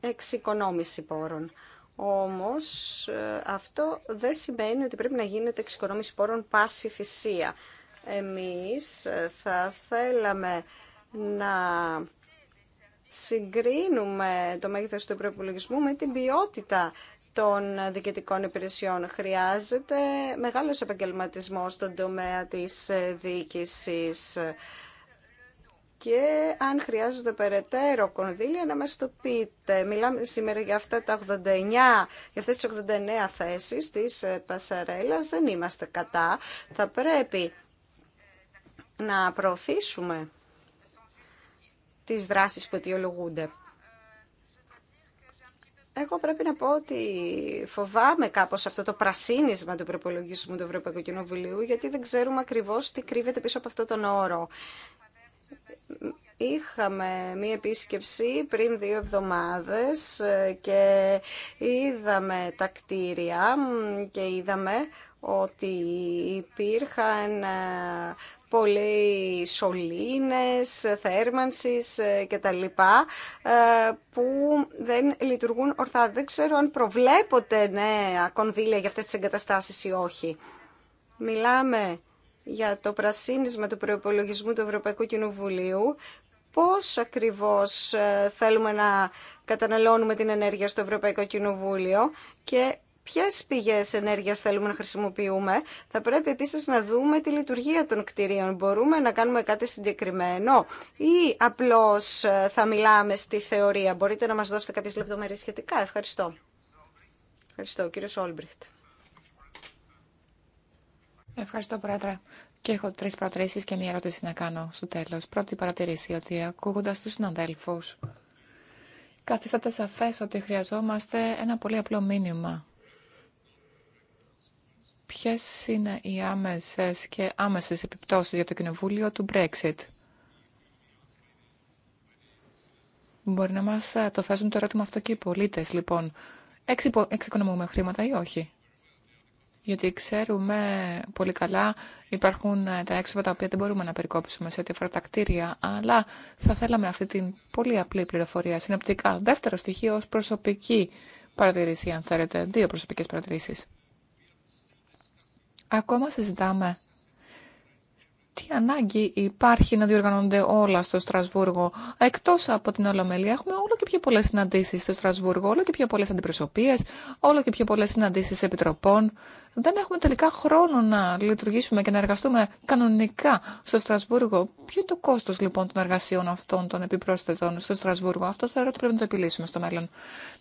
εξοικονόμηση πόρων. Όμως ε, αυτό δεν σημαίνει ότι πρέπει να γίνεται εξοικονόμηση πόρων πάση θυσία. Εμείς ε, θα θέλαμε να συγκρίνουμε το μέγεθος του προπολογισμού με την ποιότητα των διοικητικών υπηρεσιών. Χρειάζεται μεγάλος επαγγελματισμό στον τομέα της διοίκησης και αν χρειάζεται περαιτέρω κονδύλια να μας το πείτε. Μιλάμε σήμερα για αυτά τα 89, για αυτές τις 89 θέσεις της ε, Πασαρέλας, δεν είμαστε κατά. Θα πρέπει να προωθήσουμε τις δράσεις που αιτιολογούνται. Εγώ πρέπει να πω ότι φοβάμαι κάπως αυτό το πρασίνισμα του προπολογισμού του Ευρωπαϊκού Κοινοβουλίου, γιατί δεν ξέρουμε ακριβώς τι κρύβεται πίσω από αυτό τον όρο. Είχαμε μία επίσκεψη πριν δύο εβδομάδες ε, και είδαμε τα κτίρια και είδαμε ότι υπήρχαν ε, πολλοί σωλήνες, θέρμανσης ε, λοιπά ε, που δεν λειτουργούν ορθά. Δεν ξέρω αν προβλέπονται νέα κονδύλια για αυτές τις εγκαταστάσεις ή όχι. Μιλάμε για το πρασίνισμα του προϋπολογισμού του Ευρωπαϊκού Κοινοβουλίου πώς ακριβώς ε, θέλουμε να καταναλώνουμε την ενέργεια στο Ευρωπαϊκό Κοινοβούλιο και Ποιε πηγέ ενέργεια θέλουμε να χρησιμοποιούμε. Θα πρέπει επίση να δούμε τη λειτουργία των κτηρίων. Μπορούμε να κάνουμε κάτι συγκεκριμένο ή απλώ ε, θα μιλάμε στη θεωρία. Μπορείτε να μα δώσετε κάποιε λεπτομέρειε σχετικά. Ευχαριστώ. Ευχαριστώ, κύριο Όλμπριχτ. Ευχαριστώ, Πρόεδρε. Και έχω τρει παρατηρήσει και μία ερώτηση να κάνω στο τέλο. Πρώτη παρατηρήση, ότι ακούγοντα του συναδέλφου, καθίσατε σαφές ότι χρειαζόμαστε ένα πολύ απλό μήνυμα Ποιε είναι οι άμεσε και άμεσε επιπτώσει για το Κοινοβούλιο του Brexit. Μπορεί να μα ε, το θέσουν το ερώτημα αυτό και οι πολίτε, λοιπόν. Εξοικονομούμε χρήματα ή όχι. Γιατί ξέρουμε πολύ καλά υπάρχουν ε, τα έξοδα τα οποία δεν μπορούμε να περικόψουμε σε ό,τι αφορά τα κτίρια, αλλά θα θέλαμε αυτή την πολύ απλή πληροφορία συνοπτικά. Δεύτερο στοιχείο ως προσωπική παρατηρήση, αν θέλετε, δύο προσωπικές παρατηρήσεις ακόμα συζητάμε τι ανάγκη υπάρχει να διοργανώνονται όλα στο Στρασβούργο. Εκτό από την Ολομέλεια, έχουμε όλο και πιο πολλέ συναντήσει στο Στρασβούργο, όλο και πιο πολλέ αντιπροσωπείε, όλο και πιο πολλέ συναντήσει επιτροπών. Δεν έχουμε τελικά χρόνο να λειτουργήσουμε και να εργαστούμε κανονικά στο Στρασβούργο. Ποιο είναι το κόστο λοιπόν των εργασιών αυτών των επιπρόσθετων στο Στρασβούργο. Αυτό θεωρώ ότι πρέπει να το επιλύσουμε στο μέλλον.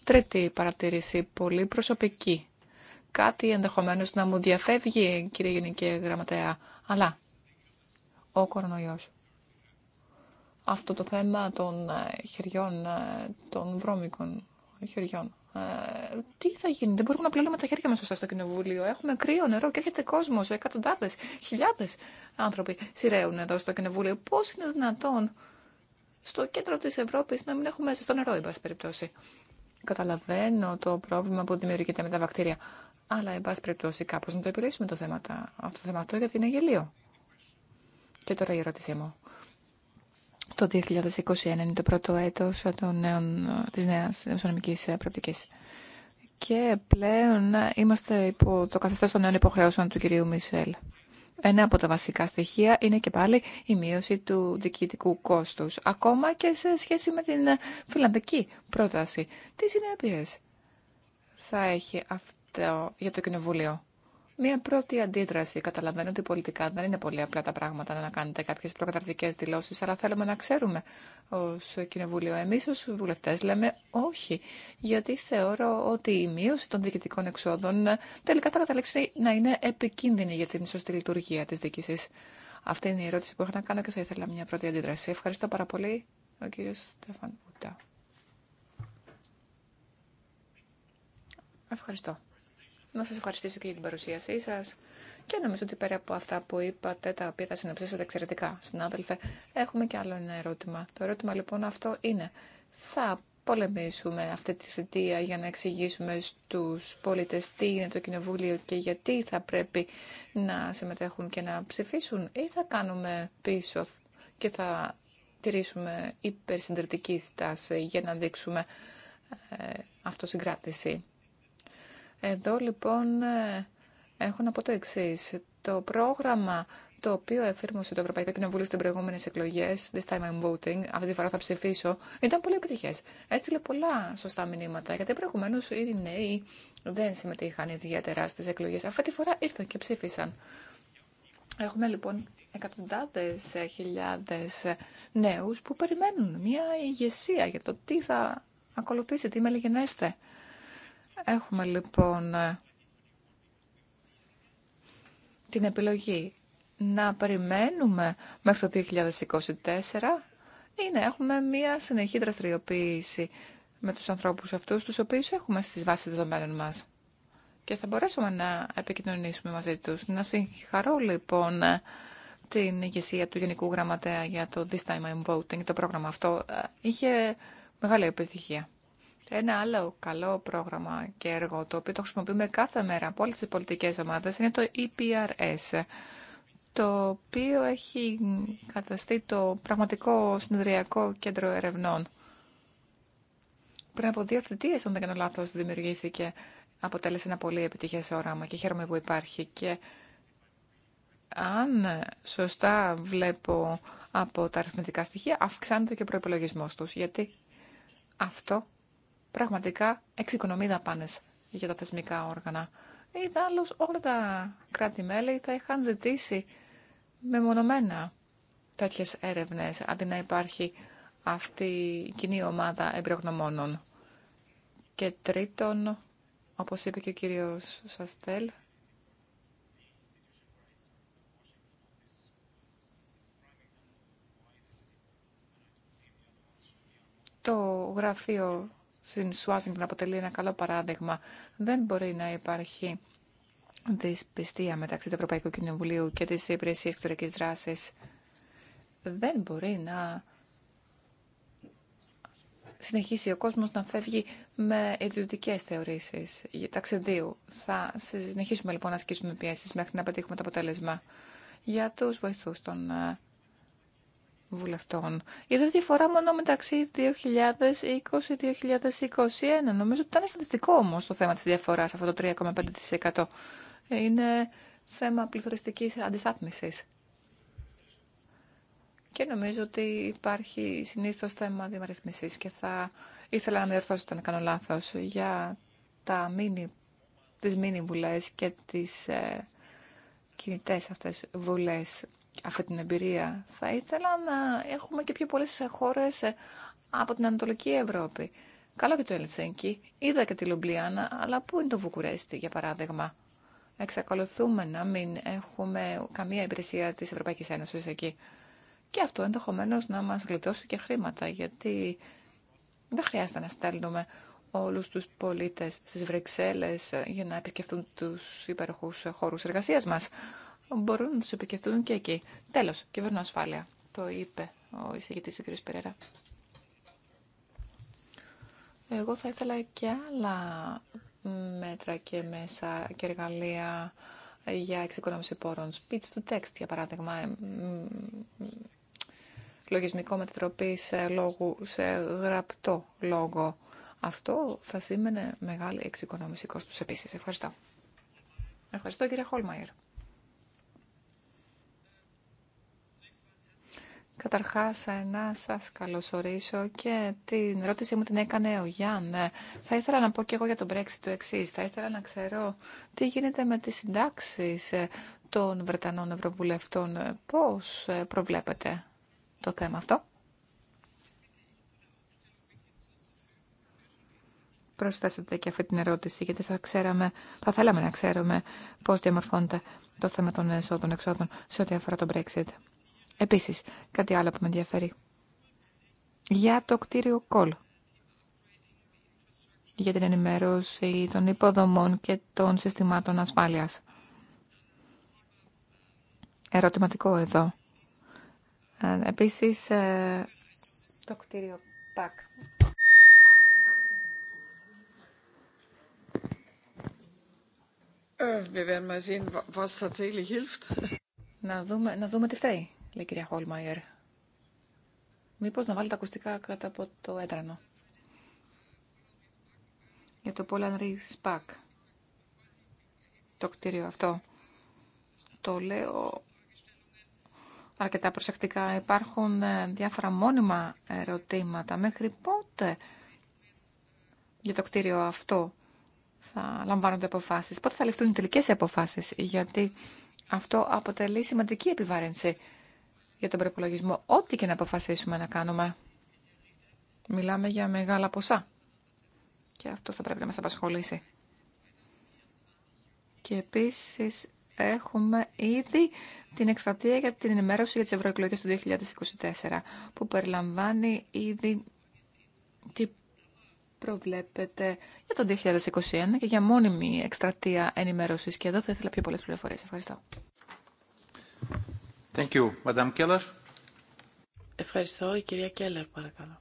Τρίτη παρατήρηση, πολύ προσωπική κάτι ενδεχομένως να μου διαφεύγει, κύριε Γενική Γραμματέα, αλλά ο κορονοϊός. Αυτό το θέμα των ε, χεριών, ε, των βρώμικων χεριών. Ε, τι θα γίνει, δεν μπορούμε να πλένουμε τα χέρια μας στο κοινοβούλιο. Έχουμε κρύο νερό και έρχεται κόσμος, εκατοντάδες, χιλιάδες άνθρωποι σειραίουν εδώ στο κοινοβούλιο. Πώ είναι δυνατόν στο κέντρο τη Ευρώπη να μην έχουμε στο νερό, εν πάση περιπτώσει. Καταλαβαίνω το πρόβλημα που δημιουργείται με τα βακτήρια. Αλλά, εν πάση περιπτώσει, κάπως να το επιλύσουμε το θέμα, αυτό το θέμα αυτό, γιατί είναι γελίο. Και τώρα η ερώτησή μου. Το 2021 είναι το πρώτο έτος τη νέα της νέας Και πλέον είμαστε υπό το καθεστώς των νέων υποχρεώσεων του κυρίου Μισελ. Ένα από τα βασικά στοιχεία είναι και πάλι η μείωση του διοικητικού κόστους, ακόμα και σε σχέση με την φιλανδική πρόταση. Τι συνέπειες θα έχει αυτή το, για το Κοινοβούλιο. Μία πρώτη αντίδραση. Καταλαβαίνω ότι πολιτικά δεν είναι πολύ απλά τα πράγματα να κάνετε κάποιε προκαταρτικέ δηλώσει, αλλά θέλουμε να ξέρουμε ω Κοινοβούλιο. Εμεί ω βουλευτέ λέμε όχι, γιατί θεωρώ ότι η μείωση των διοικητικών εξόδων τελικά θα καταλήξει να είναι επικίνδυνη για την σωστή λειτουργία τη διοίκηση. Αυτή είναι η ερώτηση που έχω να κάνω και θα ήθελα μια πρώτη αντίδραση. Ευχαριστώ πάρα πολύ, ο κύριο Στέφαν Ευχαριστώ. Να σας ευχαριστήσω και για την παρουσίασή σας και νομίζω ότι πέρα από αυτά που είπατε, τα οποία τα συνοψίσατε εξαιρετικά, συνάδελφε, έχουμε και άλλο ένα ερώτημα. Το ερώτημα λοιπόν αυτό είναι, θα πολεμήσουμε αυτή τη θητεία για να εξηγήσουμε στους πολίτες τι είναι το Κοινοβούλιο και γιατί θα πρέπει να συμμετέχουν και να ψηφίσουν ή θα κάνουμε πίσω και θα τηρήσουμε υπερσυντηρητική στάση για να δείξουμε ε, αυτοσυγκράτηση. Εδώ λοιπόν ε, έχω να πω το εξή. Το πρόγραμμα το οποίο εφήρμοσε το Ευρωπαϊκό Κοινοβούλιο στι προηγούμενε εκλογέ, this time I'm voting, αυτή τη φορά θα ψηφίσω, ήταν πολύ επιτυχέ. Έστειλε πολλά σωστά μηνύματα, γιατί προηγουμένω οι νέοι δεν συμμετείχαν ιδιαίτερα στι εκλογέ. Αυτή τη φορά ήρθαν και ψήφισαν. Έχουμε λοιπόν εκατοντάδες ε, χιλιάδες ε, νέους που περιμένουν μια ηγεσία για το τι θα ακολουθήσει, τι μελεγενέστε. Έχουμε λοιπόν ε, την επιλογή να περιμένουμε μέχρι το 2024 ή να έχουμε μία συνεχή δραστηριοποίηση με τους ανθρώπους αυτούς, τους οποίους έχουμε στις βάσεις δεδομένων μας. Και θα μπορέσουμε να επικοινωνήσουμε μαζί τους. Να συγχαρώ λοιπόν ε, την ηγεσία του Γενικού Γραμματέα για το This Time I'm Voting, το πρόγραμμα αυτό, ε, είχε μεγάλη επιτυχία. Ένα άλλο καλό πρόγραμμα και έργο, το οποίο το χρησιμοποιούμε κάθε μέρα από όλες τις πολιτικές ομάδες, είναι το EPRS, το οποίο έχει καταστεί το πραγματικό συνεδριακό κέντρο ερευνών. Πριν από δύο θητείες, αν δεν κάνω λάθος, δημιουργήθηκε. Αποτέλεσε ένα πολύ επιτυχές όραμα και χαίρομαι που υπάρχει. Και αν σωστά βλέπω από τα αριθμητικά στοιχεία, αυξάνεται και ο προπολογισμό τους, γιατί αυτό πραγματικά εξοικονομεί δαπάνε για τα θεσμικά όργανα. η Ιδάλω όλα τα κράτη-μέλη θα είχαν ζητήσει μεμονωμένα τέτοιε έρευνε αντί να υπάρχει αυτή η κοινή ομάδα εμπειρογνωμόνων. Και τρίτον, όπως είπε και ο κύριος Σαστέλ, το γραφείο στην να αποτελεί ένα καλό παράδειγμα. Δεν μπορεί να υπάρχει δυσπιστία μεταξύ του Ευρωπαϊκού Κοινοβουλίου και της Υπηρεσίας εξωτερική δράση. Δεν μπορεί να συνεχίσει ο κόσμος να φεύγει με ιδιωτικέ θεωρήσεις ταξιδίου. Θα συνεχίσουμε λοιπόν να ασκήσουμε πιέσεις μέχρι να πετύχουμε το αποτέλεσμα για τους βοηθούς των ε, βουλευτών. Η διαφορά μόνο μεταξύ 2020-2021. Νομίζω ότι ήταν στατιστικό όμω το θέμα τη διαφορά αυτό το 3,5%. Είναι θέμα πληθωριστική αντιστάθμισης. Και νομίζω ότι υπάρχει συνήθω θέμα διαμαρρύθμιση και θα ήθελα να με διορθώσετε να κάνω λάθο για τα μίνι τις μίνι και τις ε, κινητές αυτές βουλές αυτή την εμπειρία. Θα ήθελα να έχουμε και πιο πολλές χώρες ε, από την Ανατολική Ευρώπη. Καλό και το Ελτσένκι, είδα και τη Λουμπλιάνα, αλλά πού είναι το Βουκουρέστι, για παράδειγμα. Εξακολουθούμε να μην έχουμε καμία υπηρεσία της Ευρωπαϊκής Ένωσης εκεί. Και αυτό ενδεχομένω να μας γλιτώσει και χρήματα, γιατί δεν χρειάζεται να στέλνουμε όλους τους πολίτες στις Βρυξέλλες ε, για να επισκεφτούν τους υπέροχους ε, χώρους εργασίας μας μπορούν να του επικεφτούν και εκεί. Τέλο, ασφάλεια. Το είπε ο εισηγητή ο κ. Περέρα. Εγώ θα ήθελα και άλλα μέτρα και μέσα και εργαλεία για εξοικονόμηση πόρων. Speech to text, για παράδειγμα, λογισμικό μετατροπή σε, σε γραπτό λόγο. Αυτό θα σήμαινε μεγάλη εξοικονόμηση κόστου επίση. Ευχαριστώ. Ευχαριστώ κύριε Χόλμαϊρ. Καταρχάς, να σας καλωσορίσω και την ερώτησή μου την έκανε ο Γιάνν. Θα ήθελα να πω και εγώ για τον Brexit το εξή. Θα ήθελα να ξέρω τι γίνεται με τις συντάξεις των Βρετανών Ευρωβουλευτών. Πώς προβλέπετε το θέμα αυτό. Προσθέσατε και αυτή την ερώτηση, γιατί θα, ξέραμε, θα θέλαμε να ξέρουμε πώς διαμορφώνεται το θέμα των εσόδων-εξόδων σε ό,τι αφορά τον Brexit. Επίσης, κάτι άλλο που με ενδιαφέρει. Για το κτίριο Κόλ. Για την ενημέρωση των υποδομών και των συστημάτων ασφάλειας. Ερωτηματικό εδώ. Ε, επίσης, ε, το κτίριο ΠΑΚ. Ε, να να δούμε τι φταίει λέει η κυρία Χόλμαϊερ. Μήπως να βάλει τα ακουστικά κάτω από το έντρανο. Για το Poland Ring Το κτίριο αυτό. Το λέω αρκετά προσεκτικά. Υπάρχουν ε, διάφορα μόνιμα ερωτήματα. Μέχρι πότε για το κτίριο αυτό θα λαμβάνονται αποφάσεις. Πότε θα ληφθούν οι τελικέ αποφάσει, γιατί αυτό αποτελεί σημαντική επιβάρυνση για τον προπολογισμό, ό,τι και να αποφασίσουμε να κάνουμε. Μιλάμε για μεγάλα ποσά. Και αυτό θα πρέπει να μας απασχολήσει. Και επίσης έχουμε ήδη την εκστρατεία για την ενημέρωση για τις ευρωεκλογέ του 2024, που περιλαμβάνει ήδη τι προβλέπεται για το 2021 και για μόνιμη εκστρατεία ενημέρωσης. Και εδώ θα ήθελα πιο πολλές πληροφορίες. Ευχαριστώ. Ευχαριστώ. Η κυρία Κέλλερ, παρακαλώ.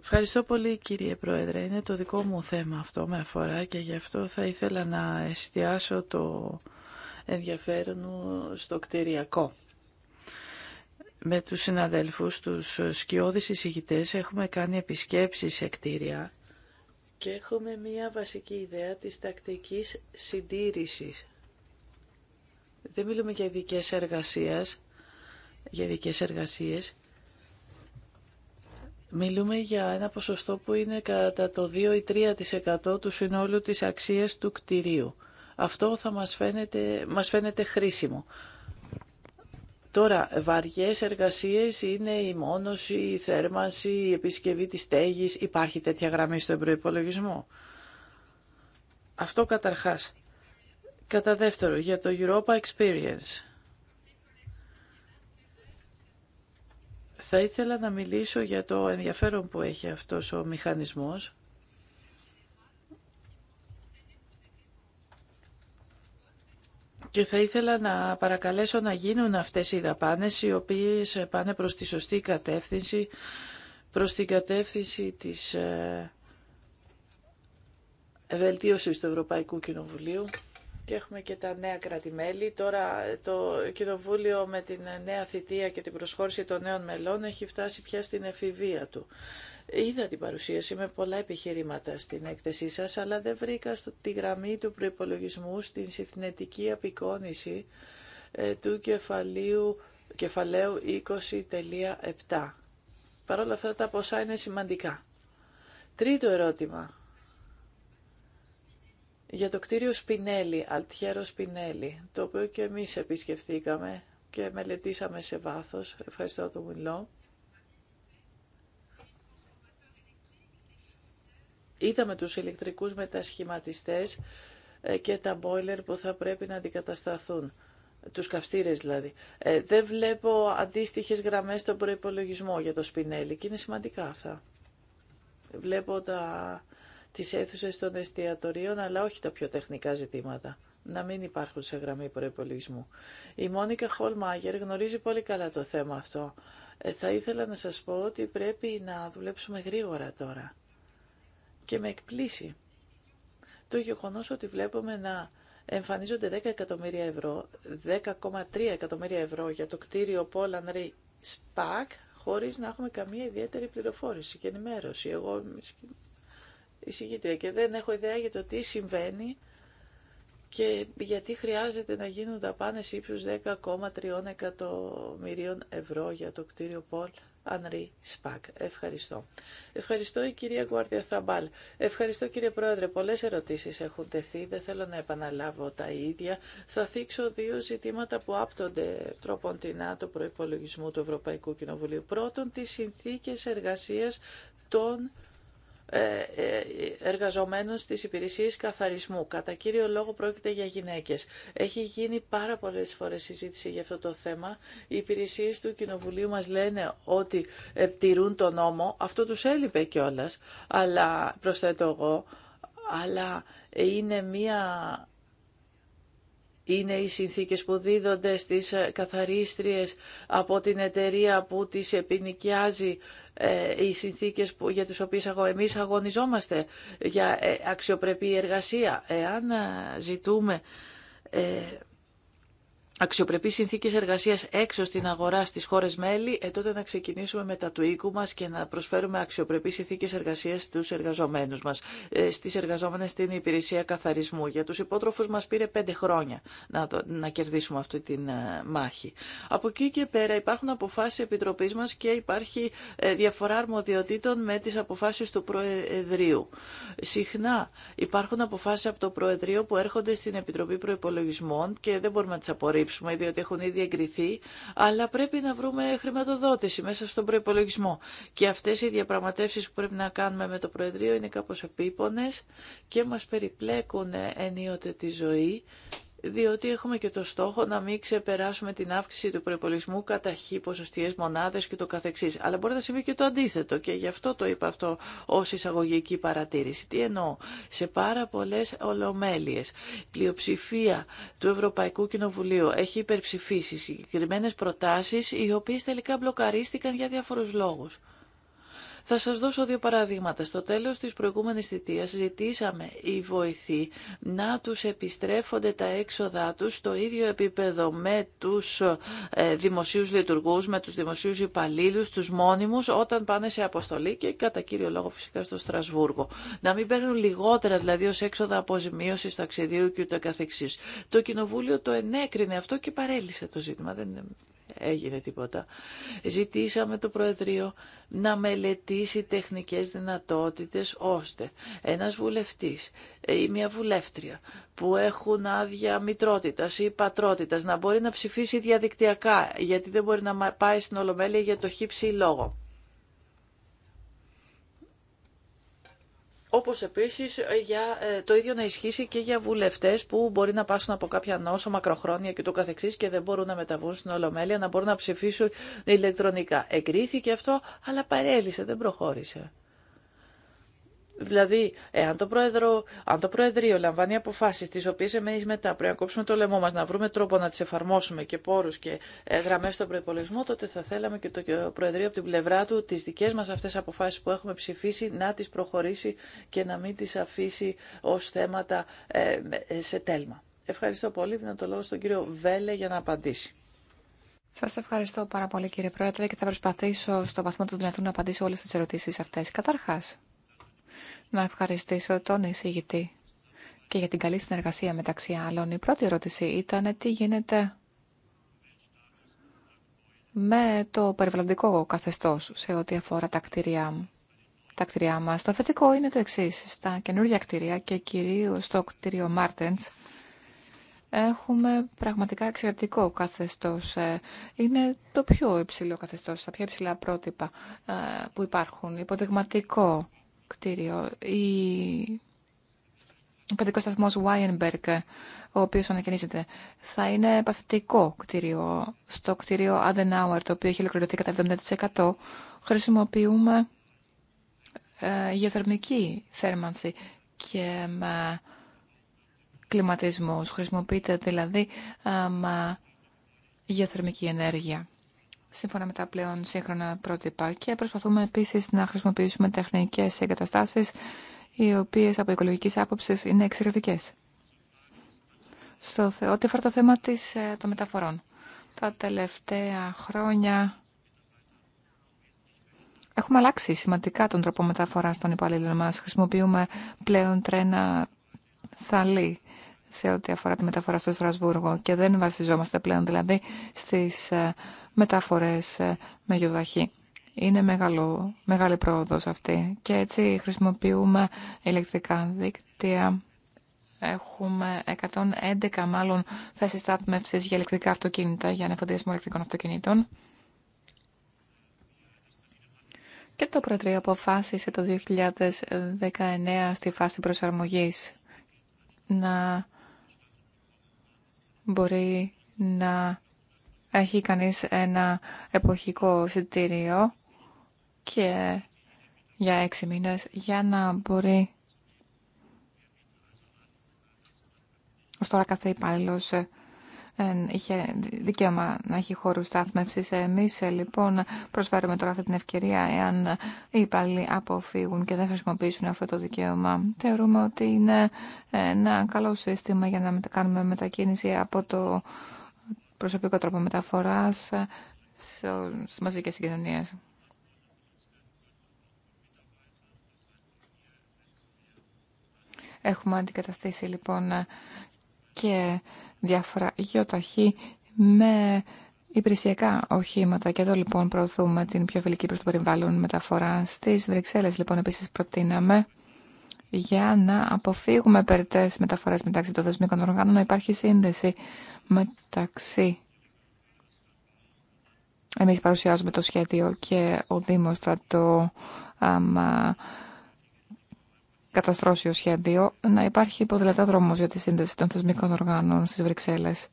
Ευχαριστώ πολύ κύριε Πρόεδρε. Είναι το δικό μου θέμα αυτό με αφορά και γι' αυτό θα ήθελα να εστιάσω το ενδιαφέρον μου στο κτηριακό. Με τους συναδέλφους, τους σκιώδεις εισηγητές, έχουμε κάνει επισκέψεις σε κτίρια και έχουμε μία βασική ιδέα της τακτικής συντήρησης δεν μιλούμε για ειδικέ εργασίες, για δικές εργασίες. Μιλούμε για ένα ποσοστό που είναι κατά το 2 ή 3% του συνόλου της αξίας του κτηρίου. Αυτό θα μας φαίνεται, μας χρήσιμο. Τώρα, βαριές εργασίες είναι η μόνωση, η θέρμανση, η επισκευή της στέγης. Υπάρχει τέτοια γραμμή στον προϋπολογισμό. Αυτό καταρχάς. Κατά δεύτερο, για το Europa Experience. Θα ήθελα να μιλήσω για το ενδιαφέρον που έχει αυτός ο μηχανισμός. Και θα ήθελα να παρακαλέσω να γίνουν αυτές οι δαπάνες οι οποίες πάνε προς τη σωστή κατεύθυνση, προς την κατεύθυνση της ε, βελτίωσης του Ευρωπαϊκού Κοινοβουλίου και έχουμε και τα νέα κρατημέλη. Τώρα το Κοινοβούλιο με την νέα θητεία και την προσχώρηση των νέων μελών έχει φτάσει πια στην εφηβεία του. Είδα την παρουσίαση με πολλά επιχειρήματα στην έκθεσή σας, αλλά δεν βρήκα στο, τη γραμμή του προϋπολογισμού στην συθνετική απεικόνηση ε, του κεφαλαίου, κεφαλαίου 20.7. Παρ' όλα αυτά τα ποσά είναι σημαντικά. Τρίτο ερώτημα για το κτίριο Σπινέλη, Αλτιέρο Σπινέλη, το οποίο και εμείς επισκεφθήκαμε και μελετήσαμε σε βάθος. Ευχαριστώ τον μιλό. Είδαμε τους ηλεκτρικούς μετασχηματιστές ε, και τα μπόιλερ που θα πρέπει να αντικατασταθούν. Τους καυστήρες δηλαδή. Ε, δεν βλέπω αντίστοιχες γραμμές στον προϋπολογισμό για το Σπινέλι. και είναι σημαντικά αυτά. Βλέπω τα τις αίθουσες των εστιατορίων, αλλά όχι τα πιο τεχνικά ζητήματα να μην υπάρχουν σε γραμμή προεπολισμού. Η Μόνικα Χολμάγερ γνωρίζει πολύ καλά το θέμα αυτό. Ε, θα ήθελα να σας πω ότι πρέπει να δουλέψουμε γρήγορα τώρα. Και με εκπλήσει το γεγονό ότι βλέπουμε να εμφανίζονται 10 εκατομμύρια ευρώ, 10,3 εκατομμύρια ευρώ για το κτίριο Πόλαν Ρι Σπακ, χωρίς να έχουμε καμία ιδιαίτερη πληροφόρηση και ενημέρωση. Εγώ εισηγήτρια και δεν έχω ιδέα για το τι συμβαίνει και γιατί χρειάζεται να γίνουν δαπάνες ύψους 10,3 εκατομμυρίων ευρώ για το κτίριο Πολ Ανρί Σπακ. Ευχαριστώ. Ευχαριστώ η κυρία Γκουάρδια Θαμπάλ. Ευχαριστώ κύριε Πρόεδρε. Πολλές ερωτήσεις έχουν τεθεί. Δεν θέλω να επαναλάβω τα ίδια. Θα θίξω δύο ζητήματα που άπτονται τρόπον την άτο προϋπολογισμού του Ευρωπαϊκού Κοινοβουλίου. Πρώτον, τις συνθήκες εργασίας των ε, ε, εργαζομένων στις υπηρεσίες καθαρισμού. Κατά κύριο λόγο πρόκειται για γυναίκες. Έχει γίνει πάρα πολλές φορές συζήτηση για αυτό το θέμα. Οι υπηρεσίες του Κοινοβουλίου μας λένε ότι τηρούν τον νόμο. Αυτό τους έλειπε κιόλα, αλλά προσθέτω εγώ, αλλά είναι μία είναι οι συνθήκες που δίδονται στις καθαρίστριες από την εταιρεία που τις επινοικιάζει ε, οι συνθήκες που, για τις οποίες αγω, εμείς αγωνιζόμαστε για ε, αξιοπρεπή εργασία. Εάν ε, ζητούμε αξιοπρεπείς συνθήκε εργασίας έξω στην αγορά στις χώρες μέλη, ε, τότε να ξεκινήσουμε μετά του οίκου μας και να προσφέρουμε αξιοπρεπείς συνθήκε εργασίας στους εργαζομένους μας, ε, στις εργαζόμενες στην υπηρεσία καθαρισμού. Για τους υπότροφους μας πήρε πέντε χρόνια να, να κερδίσουμε αυτή τη ε, μάχη. Από εκεί και πέρα υπάρχουν αποφάσεις επιτροπής μας και υπάρχει ε, διαφορά αρμοδιοτήτων με τις αποφάσεις του Προεδρείου. Συχνά υπάρχουν αποφάσεις από το Προεδρείο που έρχονται στην Επιτροπή Προϋπολογισμών και δεν μπορούμε να απορρίψουμε καλύψουμε διότι έχουν ήδη εγκριθεί, αλλά πρέπει να βρούμε χρηματοδότηση μέσα στον προπολογισμό. Και αυτές οι διαπραγματεύσεις που πρέπει να κάνουμε με το Προεδρείο είναι κάπως επίπονες και μας περιπλέκουν ενίοτε τη ζωή διότι έχουμε και το στόχο να μην ξεπεράσουμε την αύξηση του προπολισμού κατά χ ποσοστιαίε μονάδες και το καθεξής. Αλλά μπορεί να συμβεί και το αντίθετο και γι' αυτό το είπα αυτό ω εισαγωγική παρατήρηση. Τι εννοώ, σε πάρα πολλές ολομέλειες πλειοψηφία του Ευρωπαϊκού Κοινοβουλίου έχει υπερψηφίσει συγκεκριμένε προτάσει, οι οποίε τελικά μπλοκαρίστηκαν για διάφορου λόγου. Θα σας δώσω δύο παραδείγματα. Στο τέλος της προηγούμενης θητείας ζητήσαμε οι βοηθοί να τους επιστρέφονται τα έξοδά τους στο ίδιο επίπεδο με τους ε, δημοσίους λειτουργούς, με τους δημοσίους υπαλλήλους, τους μόνιμους όταν πάνε σε αποστολή και κατά κύριο λόγο φυσικά στο Στρασβούργο. Να μην παίρνουν λιγότερα δηλαδή ως έξοδα αποζημίωσης ταξιδίου και ούτε καθεξής. Το Κοινοβούλιο το ενέκρινε αυτό και παρέλυσε το ζήτημα. Δεν έγινε τίποτα. Ζητήσαμε το Προεδρείο να μελετήσει τεχνικές δυνατότητες ώστε ένας βουλευτής ή μια βουλεύτρια που έχουν άδεια μητρότητας ή πατρότητας να μπορεί να ψηφίσει διαδικτυακά γιατί δεν μπορεί να πάει στην Ολομέλεια για το χύψη λόγο. Όπως επίσης ε, για, ε, το ίδιο να ισχύσει και για βουλευτές που μπορεί να πάσουν από κάποια νόσο, μακροχρόνια και το καθεξής και δεν μπορούν να μεταβούν στην Ολομέλεια, να μπορούν να ψηφίσουν ηλεκτρονικά. Εγκρίθηκε αυτό, αλλά παρέλυσε, δεν προχώρησε. Δηλαδή, ε, το, πρόεδρο, αν το Προεδρείο λαμβάνει αποφάσει τι οποίε εμεί μετά πρέπει να κόψουμε το λαιμό μα, να βρούμε τρόπο να τι εφαρμόσουμε και πόρου και ε, γραμμέ στον προπολογισμό, τότε θα θέλαμε και το Προεδρείο από την πλευρά του τι δικέ μα αυτέ αποφάσει που έχουμε ψηφίσει να τι προχωρήσει και να μην τι αφήσει ω θέματα ε, σε τέλμα. Ευχαριστώ πολύ. Δίνω το λόγο στον κύριο Βέλε για να απαντήσει. Σα ευχαριστώ πάρα πολύ, κύριε Πρόεδρε, και θα προσπαθήσω στο βαθμό του δυνατού να απαντήσω όλε τι ερωτήσει αυτέ. Καταρχά, να ευχαριστήσω τον εισηγητή και για την καλή συνεργασία μεταξύ άλλων. Η πρώτη ερώτηση ήταν τι γίνεται με το περιβαλλοντικό καθεστώς σε ό,τι αφορά τα κτίρια τα μας. Το θετικό είναι το εξή. Στα καινούργια κτίρια και κυρίως στο κτίριο Μάρτενς, έχουμε πραγματικά εξαιρετικό καθεστώς. Ε, είναι το πιο υψηλό καθεστώ, τα πιο υψηλά πρότυπα ε, που υπάρχουν. Υποδειγματικό κτίριο. Η... Ο παιδικό σταθμό Weinberg, ο οποίο ανακαινίζεται, θα είναι παθητικό κτίριο. Στο κτίριο Adenauer, το οποίο έχει ολοκληρωθεί κατά 70%, χρησιμοποιούμε ε, γεωθερμική θέρμανση και με κλιματισμούς. Χρησιμοποιείται δηλαδή ε, γεωθερμική ενέργεια σύμφωνα με τα πλέον σύγχρονα πρότυπα και προσπαθούμε επίσης να χρησιμοποιήσουμε τεχνικές εγκαταστάσεις οι οποίες από οικολογικής άποψη είναι εξαιρετικέ. Στο ό,τι αφορά το θέμα ε, των μεταφορών. Τα τελευταία χρόνια έχουμε αλλάξει σημαντικά τον τρόπο μεταφορά των υπαλλήλων μας. Χρησιμοποιούμε πλέον τρένα θαλή σε ό,τι αφορά τη μεταφορά στο Στρασβούργο και δεν βασιζόμαστε πλέον δηλαδή στις ε, μεταφορές ε, με γιοδαχή. Είναι μεγάλο, μεγάλη πρόοδος αυτή και έτσι χρησιμοποιούμε ηλεκτρικά δίκτυα. Έχουμε 111 μάλλον θέσεις στάθμευσης για ηλεκτρικά αυτοκίνητα, για ανεφοδιασμό ηλεκτρικών αυτοκινήτων. Και το Προεδρείο αποφάσισε το 2019 στη φάση προσαρμογής να μπορεί να έχει κανείς ένα εποχικό συντηρίο και για έξι μήνες για να μπορεί ως τώρα κάθε υπάλληλο ε, είχε δικαίωμα να έχει χώρου στάθμευσης. Εμείς ε, λοιπόν προσφέρουμε τώρα αυτή την ευκαιρία εάν οι υπάλληλοι αποφύγουν και δεν χρησιμοποιήσουν αυτό το δικαίωμα. Θεωρούμε ότι είναι ένα καλό σύστημα για να κάνουμε μετακίνηση από το προσωπικό τρόπο μεταφοράς ε, στις μαζικές συγκοινωνίες. Έχουμε αντικαταστήσει λοιπόν ε, και διάφορα γεωταχή με υπηρεσιακά οχήματα. Και εδώ λοιπόν προωθούμε την πιο φιλική προς το περιβάλλον μεταφορά. Στις Βρυξέλλες λοιπόν επίσης προτείναμε για να αποφύγουμε περιττές μεταφορές μεταξύ των δοσμικών οργάνων, να υπάρχει σύνδεση μεταξύ. Εμείς παρουσιάζουμε το σχέδιο και ο Δήμος θα το αμα, ο σχέδιο, να υπάρχει υποδηλατά δρόμος για τη σύνδεση των θεσμικών οργάνων στις Βρυξέλλες.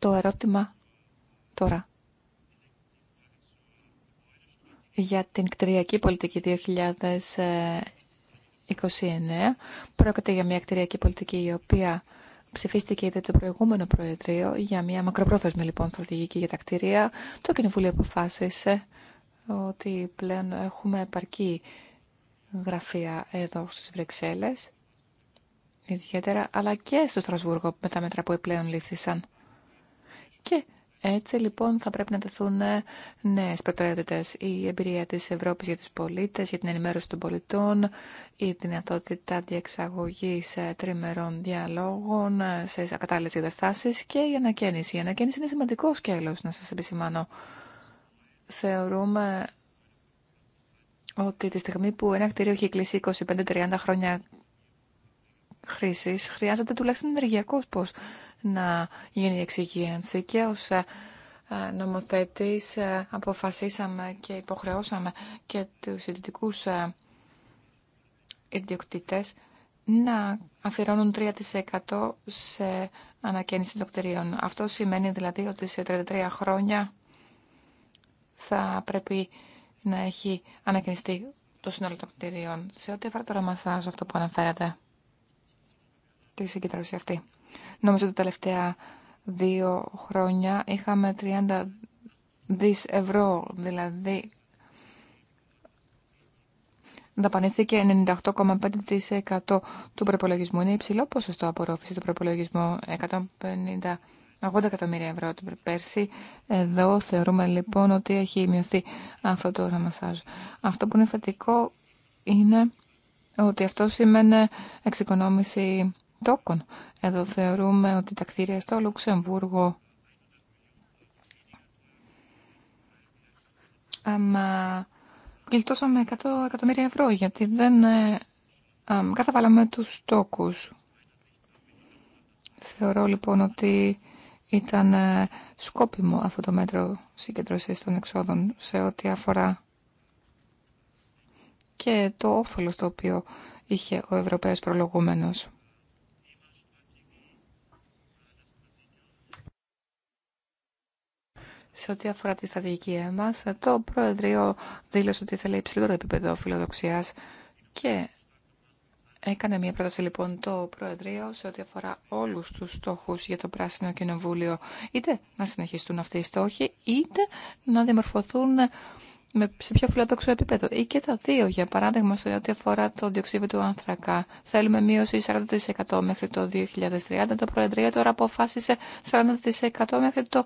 Το ερώτημα τώρα για την κτηριακή πολιτική 2029 πρόκειται για μια κτηριακή πολιτική η οποία ψηφίστηκε ήδη το προηγούμενο Προεδρείο για μια μακροπρόθεσμη λοιπόν στρατηγική για τα κτηρία. Το Κοινοβούλιο αποφάσισε ότι πλέον έχουμε επαρκή γραφεία εδώ στις Βρυξέλλες ιδιαίτερα αλλά και στο Στρασβούργο με τα μέτρα που επλέον λήφθησαν. Και έτσι λοιπόν θα πρέπει να τεθούν ε, νέε προτεραιότητε. Η εμπειρία τη Ευρώπη για του πολίτε, για την ενημέρωση των πολιτών, η δυνατότητα διεξαγωγή ε, τριμερών διαλόγων ε, σε κατάλληλε καταστάσει και η ανακαίνιση. Η ανακαίνιση είναι σημαντικό σκέλο, να σα επισημάνω. Θεωρούμε ότι τη στιγμή που ένα κτίριο έχει κλείσει 25-30 χρόνια χρήση, χρειάζεται τουλάχιστον ενεργειακό πώ να γίνει η εξυγίανση και ως ε, ε, νομοθέτης ε, αποφασίσαμε και υποχρεώσαμε και τους ιδιωτικούς ιδιοκτήτες να αφιερώνουν 3% σε ανακαίνιση των Αυτό σημαίνει δηλαδή ότι σε 33 χρόνια θα πρέπει να έχει ανακαινιστεί το σύνολο των κτηρίων. Σε ό,τι αφορά το αυτό που αναφέρατε, τη συγκεντρώση αυτή. Νομίζω ότι τα τελευταία δύο χρόνια είχαμε 30 δις ευρώ, δηλαδή δαπανήθηκε 98,5% του προπολογισμού. Είναι υψηλό ποσοστό απορρόφηση του προπολογισμού, 150 80 εκατομμύρια ευρώ την πέρσι. Εδώ θεωρούμε λοιπόν ότι έχει μειωθεί αυτό το όραμα Αυτό που είναι θετικό είναι ότι αυτό σημαίνει εξοικονόμηση τόκων. Εδώ θεωρούμε ότι τα κτίρια στο Λουξεμβούργο αμα, γλιτώσαμε 100 εκατομμύρια ευρώ γιατί δεν ε, αμ, καταβάλαμε τους τόκους. Θεωρώ λοιπόν ότι ήταν ε, σκόπιμο αυτό το μέτρο συγκέντρωσης των εξόδων σε ό,τι αφορά και το όφελος το οποίο είχε ο Ευρωπαίος προλογούμενος. Σε ό,τι αφορά τη στρατηγική μας, το Προεδρείο δήλωσε ότι ήθελε υψηλότερο επίπεδο φιλοδοξία και έκανε μια πρόταση λοιπόν το Προεδρείο σε ό,τι αφορά όλους του στόχους για το Πράσινο Κοινοβούλιο. Είτε να συνεχιστούν αυτοί οι στόχοι, είτε να διαμορφωθούν με, σε πιο φιλόδοξο επίπεδο ή και τα δύο. Για παράδειγμα, σε ό,τι αφορά το διοξείδιο του άνθρακα, θέλουμε μείωση 40% μέχρι το 2030. Το Προεδρείο τώρα αποφάσισε 40% μέχρι το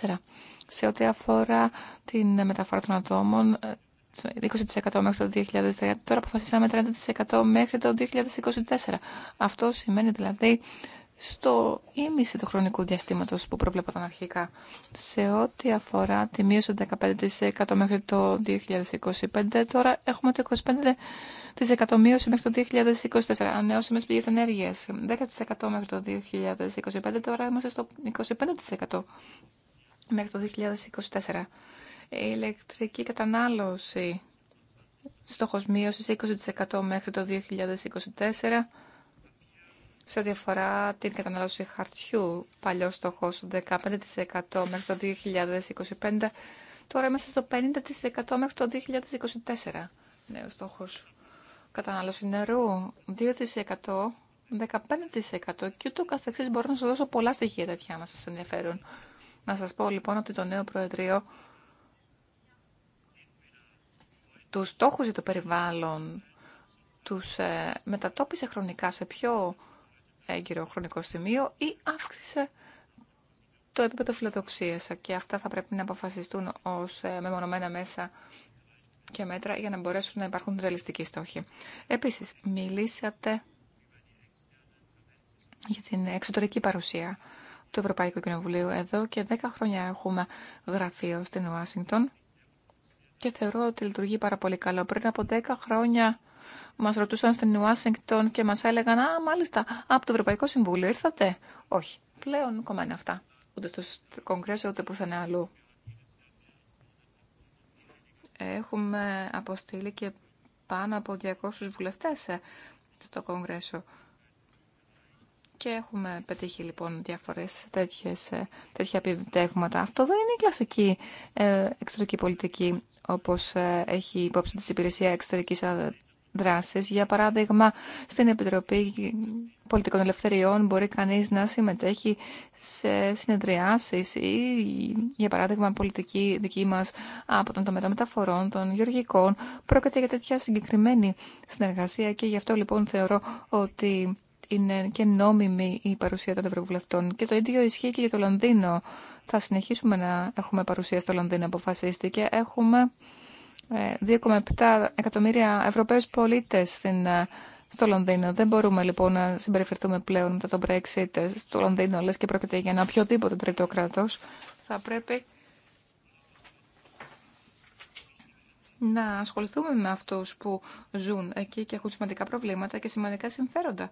2024. Σε ό,τι αφορά την μεταφορά των ατόμων, 20% ε, μέχρι το 2030, τώρα αποφασίσαμε 30% μέχρι το 2024. Αυτό σημαίνει δηλαδή στο ίμιση του χρονικού διαστήματος που προβλέπονταν αρχικά. Σε ό,τι αφορά τη μείωση 15% μέχρι το 2025, τώρα έχουμε το 25% μείωση μέχρι το 2024. Ανεώσιμες πηγέ ενέργεια. 10% μέχρι το 2025, τώρα είμαστε στο 25% μέχρι το 2024. Η ηλεκτρική κατανάλωση, στόχος μείωσης 20% μέχρι το 2024 σε ό,τι αφορά την κατανάλωση χαρτιού. Παλιό στόχο 15% μέχρι το 2025. Τώρα είμαστε στο 50% μέχρι το 2024. Νέο στόχο. Κατανάλωση νερού 2%. 15% και ούτω καθεξή μπορώ να σα δώσω πολλά στοιχεία τέτοια να σα ενδιαφέρουν. Να σας πω λοιπόν ότι το νέο Προεδρείο τους στόχου για το περιβάλλον τους ε, μετατόπισε χρονικά σε πιο έγκυρο χρονικό σημείο ή αύξησε το επίπεδο φιλοδοξία. και αυτά θα πρέπει να αποφασιστούν ως ε, μεμονωμένα μέσα και μέτρα για να μπορέσουν να υπάρχουν ρεαλιστικοί στόχοι. Επίσης, μιλήσατε για την εξωτερική παρουσία του Ευρωπαϊκού Κοινοβουλίου. Εδώ και 10 χρόνια έχουμε γραφείο στην Ουάσιγκτον και θεωρώ ότι λειτουργεί πάρα πολύ καλό. Πριν από 10 χρόνια Μα ρωτούσαν στην Ουάσιγκτον και μα έλεγαν «Α, μάλιστα, από το Ευρωπαϊκό Συμβούλιο ήρθατε». Όχι, πλέον κομμάτια αυτά. Ούτε στο Κογκρέσο, ούτε πουθενά αλλού. Έχουμε αποστείλει και πάνω από 200 βουλευτέ ε, στο Κογκρέσο. Και έχουμε πετύχει λοιπόν διαφορέ τέτοιες, ε, τέτοια επιτεύγματα. Αυτό δεν είναι η κλασική ε, εξωτερική πολιτική όπως έχει υπόψη της υπηρεσία εξωτερικής δράσεις. Για παράδειγμα, στην Επιτροπή Πολιτικών Ελευθεριών μπορεί κανείς να συμμετέχει σε συνεδριάσεις ή, για παράδειγμα, πολιτική δική μας από τον τομέα μεταφορών, των γεωργικών. Πρόκειται για τέτοια συγκεκριμένη συνεργασία και γι' αυτό, λοιπόν, θεωρώ ότι είναι και νόμιμη η παρουσία των Ευρωβουλευτών. Και το ίδιο ισχύει και για το Λονδίνο. Θα συνεχίσουμε να έχουμε παρουσία στο Λονδίνο, αποφασίστηκε. Έχουμε 2,7 ε, εκατομμύρια Ευρωπαίους πολίτες στην, ε, στο Λονδίνο. Δεν μπορούμε λοιπόν να συμπεριφερθούμε πλέον μετά το Brexit στο Λονδίνο, λες και πρόκειται για ένα οποιοδήποτε τρίτο κράτος. Θα πρέπει να ασχοληθούμε με αυτούς που ζουν εκεί και έχουν σημαντικά προβλήματα και σημαντικά συμφέροντα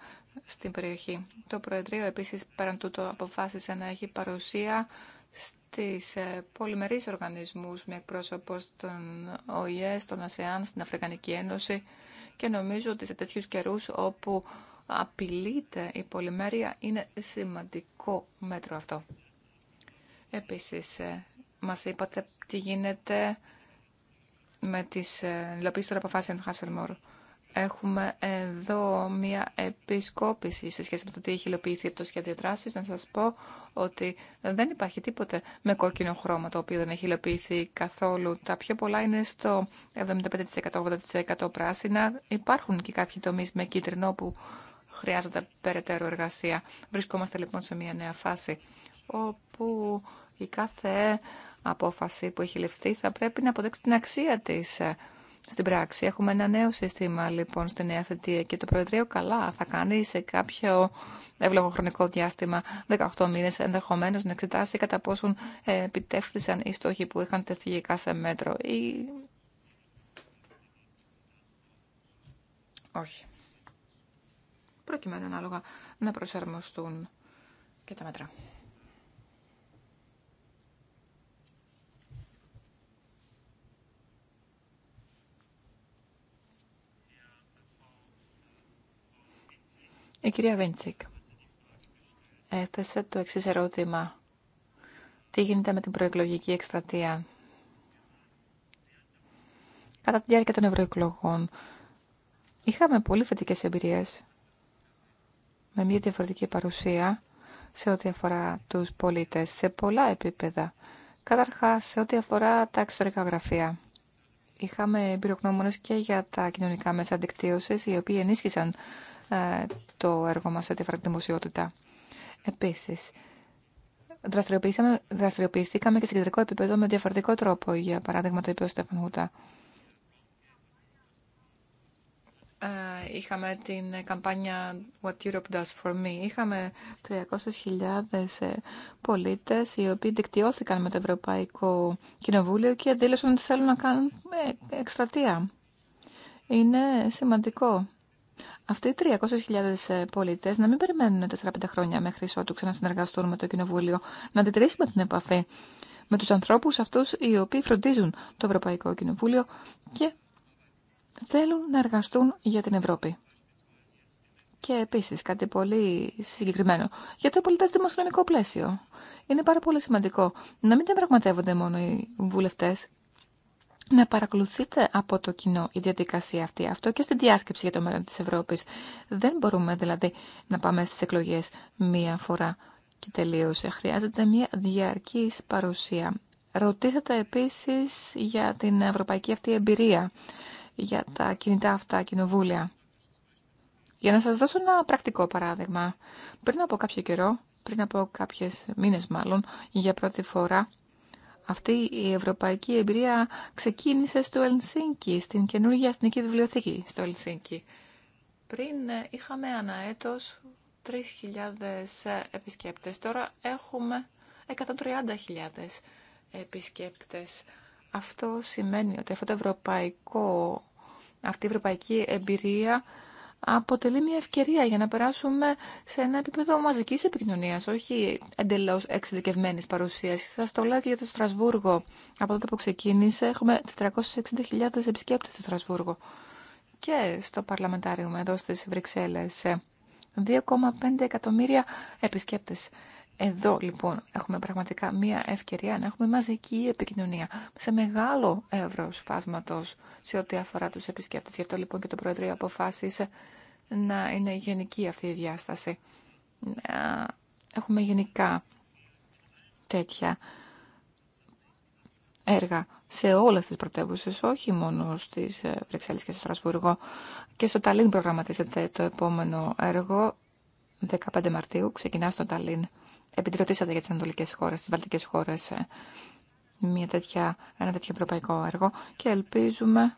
στην περιοχή. Το Προεδρείο επίσης πέραν τούτο αποφάσισε να έχει παρουσία στις ε, πολυμερείς οργανισμούς με εκπρόσωπο των ΟΗΕ, των ΑΣΕΑΝ, στην Αφρικανική Ένωση και νομίζω ότι σε τέτοιους καιρούς όπου απειλείται η πολυμέρεια είναι σημαντικό μέτρο αυτό. Επίσης, ε, μας είπατε τι γίνεται με τις ε, υλοποίησεις των αποφάσεων Χάσελμορ. Έχουμε εδώ μια επισκόπηση σε σχέση με το τι έχει υλοποιηθεί από το σχέδιο δράση. Να σας πω ότι δεν υπάρχει τίποτε με κόκκινο χρώμα το οποίο δεν έχει υλοποιηθεί καθόλου. Τα πιο πολλά είναι στο 75%-80% πράσινα. Υπάρχουν και κάποιοι τομεί με κίτρινο που χρειάζονται περαιτέρω εργασία. Βρισκόμαστε λοιπόν σε μια νέα φάση όπου η κάθε απόφαση που έχει ληφθεί θα πρέπει να αποδέξει την αξία της στην πράξη. Έχουμε ένα νέο σύστημα λοιπόν στη νέα θετία και το Προεδρείο καλά θα κάνει σε κάποιο εύλογο χρονικό διάστημα 18 μήνες ενδεχομένως να εξετάσει κατά πόσον ε, επιτεύχθησαν οι στόχοι που είχαν τεθεί για κάθε μέτρο ή... Όχι. Προκειμένου ανάλογα να προσαρμοστούν και τα μέτρα. Η ε, κυρία Βίντσικ έθεσε το εξής ερώτημα. Τι γίνεται με την προεκλογική εκστρατεία. Κατά τη διάρκεια των ευρωεκλογών είχαμε πολύ θετικέ εμπειρίες με μια διαφορετική παρουσία σε ό,τι αφορά τους πολίτες σε πολλά επίπεδα. Καταρχάς, σε ό,τι αφορά τα εξωτερικά γραφεία. Είχαμε εμπειρογνώμονες και για τα κοινωνικά μέσα δικτύωσης, οι οποίοι ενίσχυσαν ε, το έργο μας ό,τι αφορά τη δημοσιότητα. Επίσης, δραστηριοποιηθήκαμε και σε κεντρικό επίπεδο με διαφορετικό τρόπο, για παράδειγμα το είπε ο Στέφαν Χούτα. Ε, είχαμε την καμπάνια What Europe Does For Me. Είχαμε 300.000 ε, πολίτες οι οποίοι δικτυώθηκαν με το Ευρωπαϊκό Κοινοβούλιο και δήλωσαν ότι θέλουν να κάνουν εκστρατεία. Είναι σημαντικό αυτοί οι 300.000 ε, πολίτες να μην περιμένουν 4-5 χρόνια μέχρι ότου ξανασυνεργαστούν με το Κοινοβούλιο, να αντιτρήσουμε την επαφή με τους ανθρώπους αυτούς οι οποίοι φροντίζουν το Ευρωπαϊκό Κοινοβούλιο και θέλουν να εργαστούν για την Ευρώπη. Και επίσης κάτι πολύ συγκεκριμένο για το πολιτές δημοσιονομικό πλαίσιο. Είναι πάρα πολύ σημαντικό να μην διαπραγματεύονται μόνο οι βουλευτέ να παρακολουθείτε από το κοινό η διαδικασία αυτή. Αυτό και στην διάσκεψη για το μέλλον της Ευρώπης. Δεν μπορούμε δηλαδή να πάμε στις εκλογές μία φορά και τελείωσε. Χρειάζεται μία διαρκής παρουσία. Ρωτήσατε επίσης για την ευρωπαϊκή αυτή εμπειρία, για τα κινητά αυτά κοινοβούλια. Για να σας δώσω ένα πρακτικό παράδειγμα. Πριν από κάποιο καιρό, πριν από κάποιες μήνες μάλλον, για πρώτη φορά αυτή η ευρωπαϊκή εμπειρία ξεκίνησε στο Ελσίνκι, στην καινούργια Εθνική Βιβλιοθήκη στο Ελσίνκι. Πριν ε, είχαμε ένα έτος 3.000 επισκέπτες, τώρα έχουμε 130.000 επισκέπτες. Αυτό σημαίνει ότι αυτό το ευρωπαϊκό, αυτή η ευρωπαϊκή εμπειρία αποτελεί μια ευκαιρία για να περάσουμε σε ένα επίπεδο μαζικής επικοινωνίας, όχι εντελώ εξειδικευμένη παρουσία. Σα το λέω και για το Στρασβούργο. Από τότε που ξεκίνησε έχουμε 460.000 επισκέπτες στο Στρασβούργο και στο Παρλαμεντάριο εδώ στι Βρυξέλλε. 2,5 εκατομμύρια επισκέπτες εδώ λοιπόν έχουμε πραγματικά μία ευκαιρία να έχουμε μαζική επικοινωνία σε μεγάλο εύρο φάσματο σε ό,τι αφορά του επισκέπτε. Γι' αυτό λοιπόν και το Προεδρείο αποφάσισε να είναι γενική αυτή η διάσταση. έχουμε γενικά τέτοια έργα σε όλες τις πρωτεύουσες, όχι μόνο στις ε, Βρυξέλλες και στο Στρασβούργο. Και στο Ταλίν προγραμματίζεται το επόμενο έργο, 15 Μαρτίου, ξεκινά στο Ταλίν επειδή για τι ανατολικέ χώρες, τι βαλτικέ χώρες, ε, ένα τέτοιο ευρωπαϊκό έργο και ελπίζουμε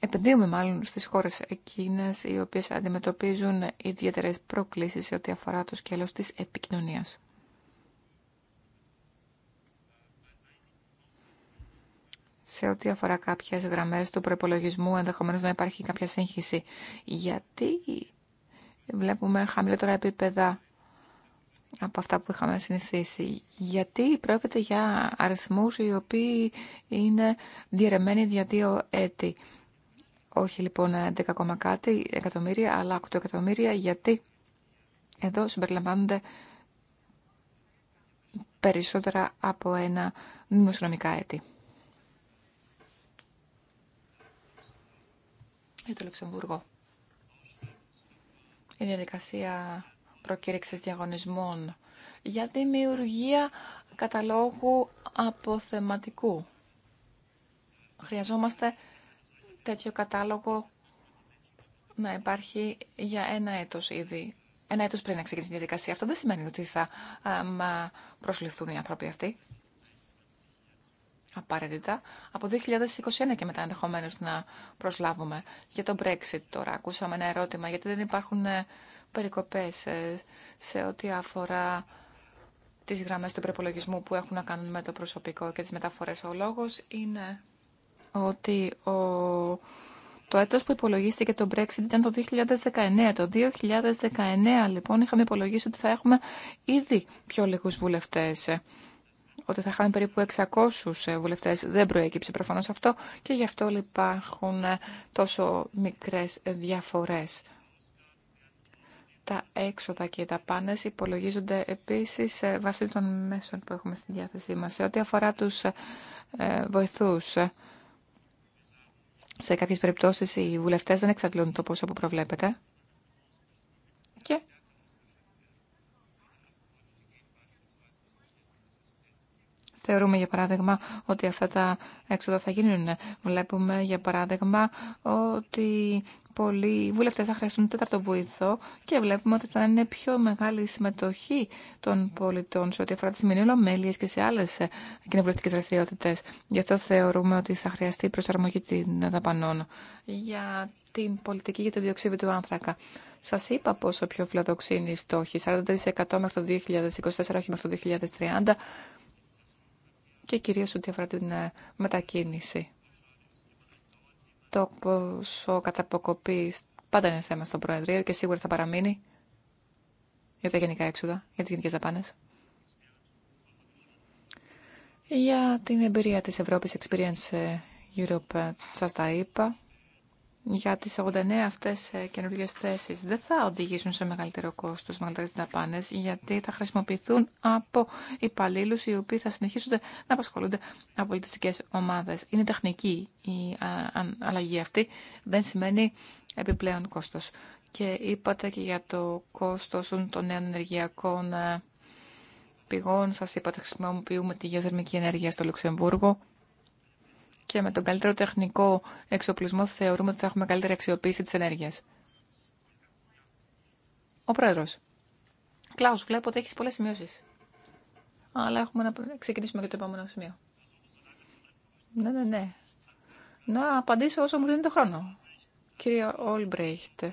επενδύουμε μάλλον στις χώρες εκείνες οι οποίες αντιμετωπίζουν ιδιαίτερες προκλήσεις σε ό,τι αφορά το σκέλος της επικοινωνίας. σε ό,τι αφορά κάποιες γραμμές του προπολογισμού, ενδεχομένως να υπάρχει κάποια σύγχυση. Γιατί βλέπουμε χαμηλότερα επίπεδα από αυτά που είχαμε συνηθίσει. Γιατί πρόκειται για αριθμούς οι οποίοι είναι διαιρεμένοι για δύο έτη. Όχι λοιπόν 11, κάτι εκατομμύρια, αλλά 8 εκατομμύρια, γιατί εδώ συμπεριλαμβάνονται περισσότερα από ένα νομοσυνομικά έτη. για το Λουξεμβούργο. Η διαδικασία προκήρυξη διαγωνισμών για δημιουργία καταλόγου αποθεματικού. Χρειαζόμαστε τέτοιο κατάλογο να υπάρχει για ένα έτος ήδη. Ένα έτος πριν να ξεκινήσει η διαδικασία. Αυτό δεν σημαίνει ότι θα ε, προσληφθούν οι άνθρωποι αυτοί απαραίτητα από 2021 και μετά ενδεχομένω να προσλάβουμε. Για το Brexit τώρα ακούσαμε ένα ερώτημα γιατί δεν υπάρχουν ε, περικοπές ε, σε ό,τι αφορά τις γραμμές του προπολογισμού που έχουν να κάνουν με το προσωπικό και τις μεταφορές. Ο λόγος είναι ότι ο... το έτος που υπολογίστηκε το Brexit ήταν το 2019. Το 2019 λοιπόν είχαμε υπολογίσει ότι θα έχουμε ήδη πιο λίγους βουλευτές ότι θα χάνουν περίπου 600 ε, βουλευτέ, Δεν προέκυψε προφανώ αυτό και γι' αυτό υπάρχουν ε, τόσο μικρές διαφορές. Τα έξοδα και τα πάνες υπολογίζονται επίσης ε, βάσει των μέσων που έχουμε στη διάθεσή μας. Σε ό,τι αφορά τους βοηθούς, σε κάποιε περιπτώσει οι βουλευτέ δεν εξαντλούν το πόσο που προβλέπετε. Και Θεωρούμε, για παράδειγμα, ότι αυτά τα έξοδα θα γίνουν. Βλέπουμε, για παράδειγμα, ότι πολλοί βουλευτέ θα χρειαστούν τέταρτο βοηθό και βλέπουμε ότι θα είναι πιο μεγάλη η συμμετοχή των πολιτών σε ό,τι αφορά τι και σε άλλε κοινοβουλευτικέ δραστηριότητε. Γι' αυτό θεωρούμε ότι θα χρειαστεί προσαρμογή των δαπανών για την πολιτική για το διοξείδιο του άνθρακα. Σα είπα πόσο πιο φιλοδοξή είναι η στόχη. 43% μέχρι το 2024, όχι μέχρι το 2030 και κυρίως ό,τι αφορά την ε, μετακίνηση. Το ποσό καταποκοπής πάντα είναι θέμα στο Προεδρείο και σίγουρα θα παραμείνει για τα γενικά έξοδα, για τις γενικές δαπάνες. Για την εμπειρία της Ευρώπης Experience ε, Europe ε, σας τα είπα για τις 89 αυτές ε, καινούργιε θέσεις δεν θα οδηγήσουν σε μεγαλύτερο κόστος, μεγαλύτερες δαπάνες, γιατί θα χρησιμοποιηθούν από υπαλλήλους οι οποίοι θα συνεχίσουν να απασχολούνται από πολιτιστικές ομάδες. Είναι τεχνική η αλλαγή αυτή, δεν σημαίνει επιπλέον κόστος. Και είπατε και για το κόστος των νέων ενεργειακών ε, πηγών. Σας είπατε χρησιμοποιούμε τη γεωθερμική ενέργεια στο Λουξεμβούργο και με τον καλύτερο τεχνικό εξοπλισμό θεωρούμε ότι θα έχουμε καλύτερη αξιοποίηση της ενέργειας. Ο πρόεδρος. Κλάους, βλέπω ότι έχεις πολλές σημειώσεις. Αλλά έχουμε να ξεκινήσουμε και το επόμενο σημείο. Ναι, ναι, ναι. Να απαντήσω όσο μου δίνετε χρόνο. Κύριε Ολμπρέχτ,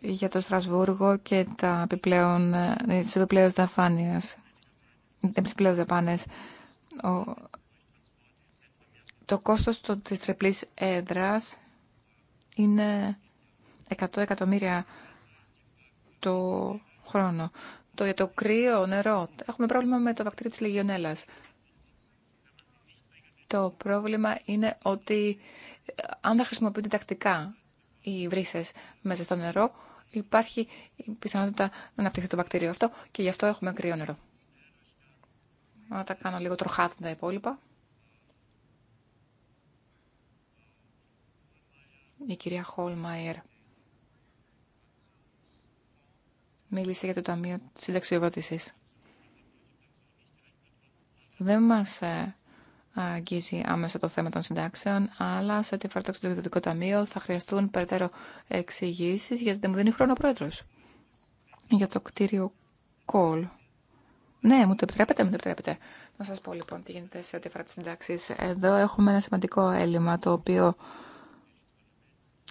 για το Στρασβούργο και τα επιπλέον, ε, τις επιπλέον Επιπλέον Ο, το κόστος της τριπλής έδρας είναι 100 εκατομμύρια το χρόνο. Το το κρύο νερό. Έχουμε πρόβλημα με το βακτήριο της λεγιονέλας. Το πρόβλημα είναι ότι ε, αν δεν χρησιμοποιούνται τακτικά οι βρύσες μέσα στο νερό, υπάρχει η πιθανότητα να αναπτυχθεί το βακτήριο αυτό και γι' αυτό έχουμε κρύο νερό. Να τα κάνω λίγο τροχάτα τα υπόλοιπα. η κυρία Χόλμαϊρ μίλησε για το Ταμείο Συνταξιοδότησης. Δεν μας ε, αγγίζει άμεσα το θέμα των συντάξεων, αλλά σε ό,τι αφορά το εξωτερικό Ταμείο θα χρειαστούν περαιτέρω εξηγήσει γιατί δεν μου δίνει χρόνο ο πρόεδρο. Για το κτίριο Κόλ. Ναι, μου το επιτρέπετε, μου το επιτρέπετε. Να σα πω λοιπόν τι γίνεται σε ό,τι αφορά τι συντάξει. Εδώ έχουμε ένα σημαντικό έλλειμμα το οποίο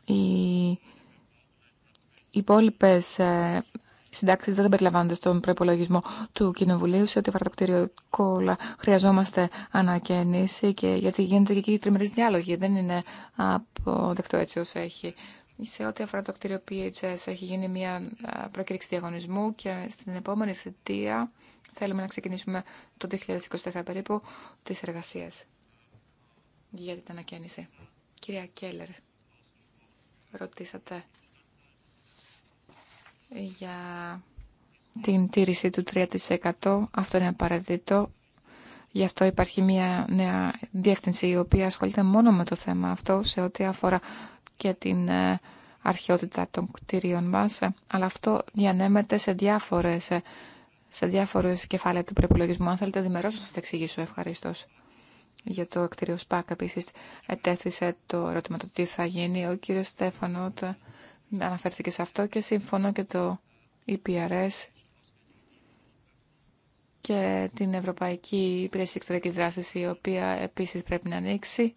οι υπόλοιπε συντάξει δεν περιλαμβάνονται στον προπολογισμό του Κοινοβουλίου. Σε ό,τι αφορά το κτίριο Κόλλα, χρειαζόμαστε ανακαίνιση και γιατί γίνονται και εκεί τριμερεί διάλογοι. Δεν είναι αποδεκτό έτσι όσο έχει. Σε ό,τι αφορά το κτίριο PHS, έχει γίνει μια ε, προκήρυξη διαγωνισμού και στην επόμενη θητεία θέλουμε να ξεκινήσουμε το 2024 περίπου τις εργασίες για την ανακαίνιση. Κυρία Κέλλερ ρωτήσατε για την τήρηση του 3%. Αυτό είναι απαραίτητο. Γι' αυτό υπάρχει μια νέα διεύθυνση η οποία ασχολείται μόνο με το θέμα αυτό σε ό,τι αφορά και την ε, αρχαιότητα των κτηρίων μας. Αλλά αυτό διανέμεται σε διάφορες, ε, σε διάφορες κεφάλαια του προπολογισμού. Αν θέλετε δημερώσω να σας τα εξηγήσω. Ευχαριστώ για το κτίριο ΣΠΑΚ επίση ετέθησε το ερώτημα το τι θα γίνει. Ο κύριος Στέφανο αναφέρθηκε σε αυτό και συμφωνώ και το EPRS και την Ευρωπαϊκή Υπηρεσία Εξωτερική Δράση, η οποία επίσης πρέπει να ανοίξει.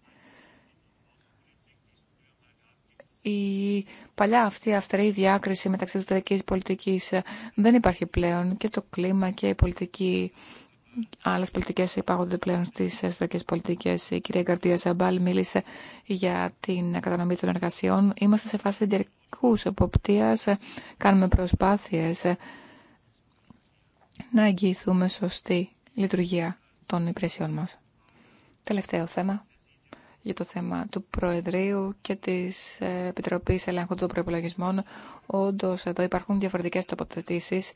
Η παλιά αυτή αυστηρή διάκριση μεταξύ των πολιτική, δεν υπάρχει πλέον και το κλίμα και η πολιτική άλλες πολιτικές υπάγονται πλέον στις εσωτερικές πολιτικές. Η κυρία Γκαρδία Ζαμπάλ μίλησε για την κατανομή των εργασιών. Είμαστε σε φάση διαρκούς εποπτείας, κάνουμε προσπάθειες να εγγυηθούμε σωστή λειτουργία των υπηρεσιών μας. Τελευταίο θέμα για το θέμα του Προεδρείου και της Επιτροπής Ελέγχου των Προϋπολογισμών. Όντως, εδώ υπάρχουν διαφορετικές τοποθετήσεις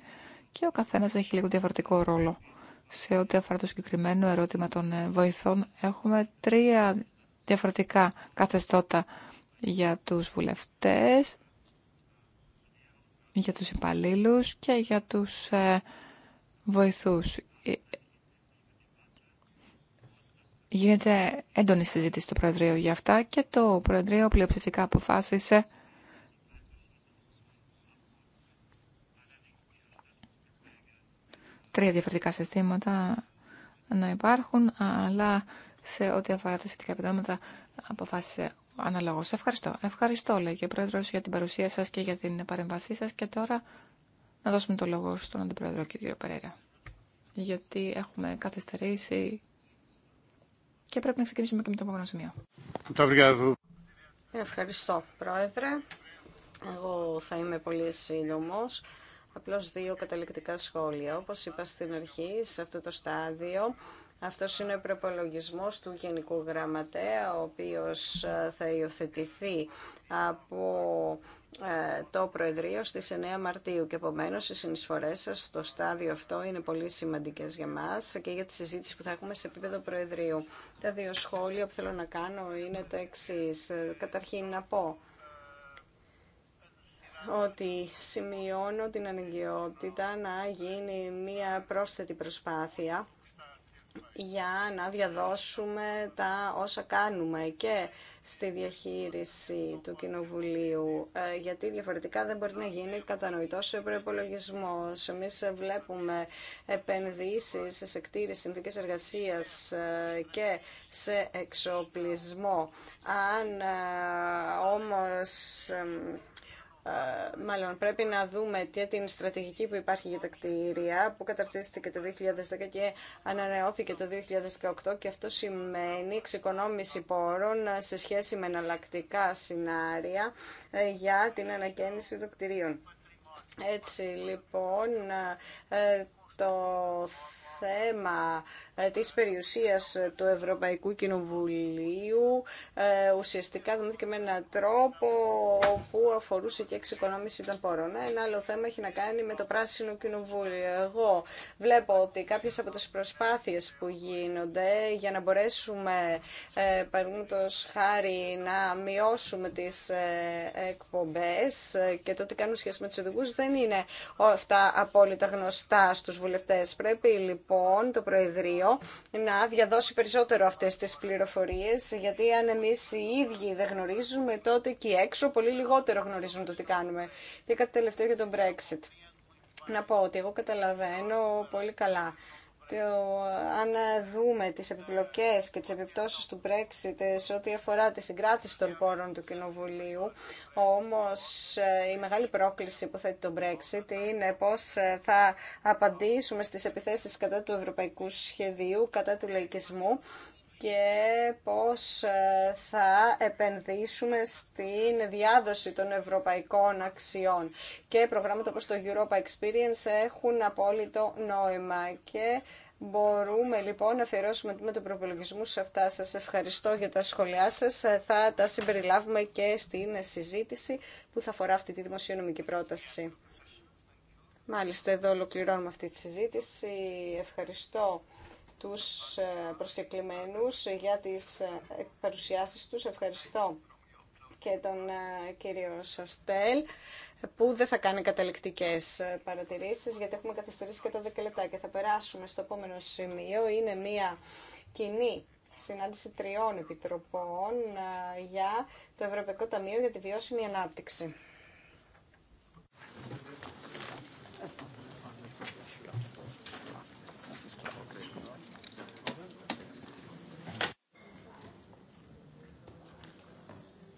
και ο καθένας έχει λίγο διαφορετικό ρόλο σε ό,τι αφορά το συγκεκριμένο ερώτημα των ε, βοηθών, έχουμε τρία διαφορετικά καθεστώτα για τους βουλευτές, για τους υπαλλήλου και για τους ε, βοηθούς. Ε, γίνεται έντονη συζήτηση στο Προεδρείο για αυτά και το Προεδρείο πλειοψηφικά αποφάσισε τρία διαφορετικά συστήματα να υπάρχουν, αλλά σε ό,τι αφορά τα σχετικά επιδόματα αποφάσισε αναλόγω. Ευχαριστώ. Ευχαριστώ, λέει και ο Πρόεδρο, για την παρουσία σα και για την παρέμβασή σα. Και τώρα να δώσουμε το λόγο στον Αντιπρόεδρο και κύριο Περέρα. Γιατί έχουμε καθυστερήσει και πρέπει να ξεκινήσουμε και με το επόμενο σημείο. Ευχαριστώ, Πρόεδρε. Εγώ θα είμαι πολύ συντομό. Απλώς δύο καταληκτικά σχόλια. Όπως είπα στην αρχή, σε αυτό το στάδιο, αυτό είναι ο προπολογισμό του Γενικού Γραμματέα, ο οποίος ε, θα υιοθετηθεί από ε, το Προεδρείο στις 9 Μαρτίου και επομένως οι συνεισφορές σας στο στάδιο αυτό είναι πολύ σημαντικές για μας και για τη συζήτηση που θα έχουμε σε επίπεδο Προεδρείου. Τα δύο σχόλια που θέλω να κάνω είναι το εξή. Ε, καταρχήν να πω ότι σημειώνω την αναγκαιότητα να γίνει μία πρόσθετη προσπάθεια για να διαδώσουμε τα όσα κάνουμε και στη διαχείριση του Κοινοβουλίου, ε, γιατί διαφορετικά δεν μπορεί να γίνει κατανοητό ο προπολογισμό. Εμείς βλέπουμε επενδύσεις σε κτίρες συνθήκες εργασίας ε, και σε εξοπλισμό. Αν ε, όμως ε, μάλλον πρέπει να δούμε και την στρατηγική που υπάρχει για τα κτίρια που καταρτίστηκε το 2010 και ανανεώθηκε το 2018 και αυτό σημαίνει εξοικονόμηση πόρων ε, σε σχέση με εναλλακτικά σενάρια ε, για την ανακαίνιση των κτιρίων. Έτσι λοιπόν το θέμα ε, της περιουσίας του Ευρωπαϊκού Κοινοβουλίου ε, ουσιαστικά δομήθηκε με έναν τρόπο που αφορούσε και εξοικονόμηση των πόρων. Ε, ένα άλλο θέμα έχει να κάνει με το Πράσινο Κοινοβούλιο. Εγώ βλέπω ότι κάποιες από τις προσπάθειες που γίνονται για να μπορέσουμε παρούντος χάρη να μειώσουμε τις εκπομπές και το τι κάνουν σχέση με τους οδηγού. δεν είναι αυτά απόλυτα γνωστά στους βουλευτές. Πρέπει λοιπόν λοιπόν το Προεδρείο να διαδώσει περισσότερο αυτές τις πληροφορίες, γιατί αν εμείς οι ίδιοι δεν γνωρίζουμε, τότε και έξω πολύ λιγότερο γνωρίζουν το τι κάνουμε. Και κάτι τελευταίο για τον Brexit. Να πω ότι εγώ καταλαβαίνω πολύ καλά το, αν δούμε τις επιπλοκές και τις επιπτώσεις του Brexit σε ό,τι αφορά τη συγκράτηση των πόρων του Κοινοβουλίου, όμως ε, η μεγάλη πρόκληση που θέτει το Brexit είναι πώς ε, θα απαντήσουμε στις επιθέσεις κατά του ευρωπαϊκού σχεδίου, κατά του λαϊκισμού και πώς ε, θα επενδύσουμε στην διάδοση των ευρωπαϊκών αξιών. Και προγράμματα όπως το Europa Experience έχουν απόλυτο νόημα και Μπορούμε λοιπόν να αφιερώσουμε με τον προπολογισμό σε αυτά. Σας ευχαριστώ για τα σχόλιά σας. Θα τα συμπεριλάβουμε και στην συζήτηση που θα αφορά αυτή τη δημοσιονομική πρόταση. Μάλιστα, εδώ ολοκληρώνουμε αυτή τη συζήτηση. Ευχαριστώ τους ε, προσκεκλημένους για τις ε, παρουσιάσεις τους. Ευχαριστώ και τον ε, κύριο Σαστέλ που δεν θα κάνει καταληκτικές παρατηρήσεις γιατί έχουμε καθυστερήσει και 10 λεπτά και θα περάσουμε στο επόμενο σημείο. Είναι μια κοινή συνάντηση τριών επιτροπών για το Ευρωπαϊκό Ταμείο για τη Βιώσιμη Ανάπτυξη.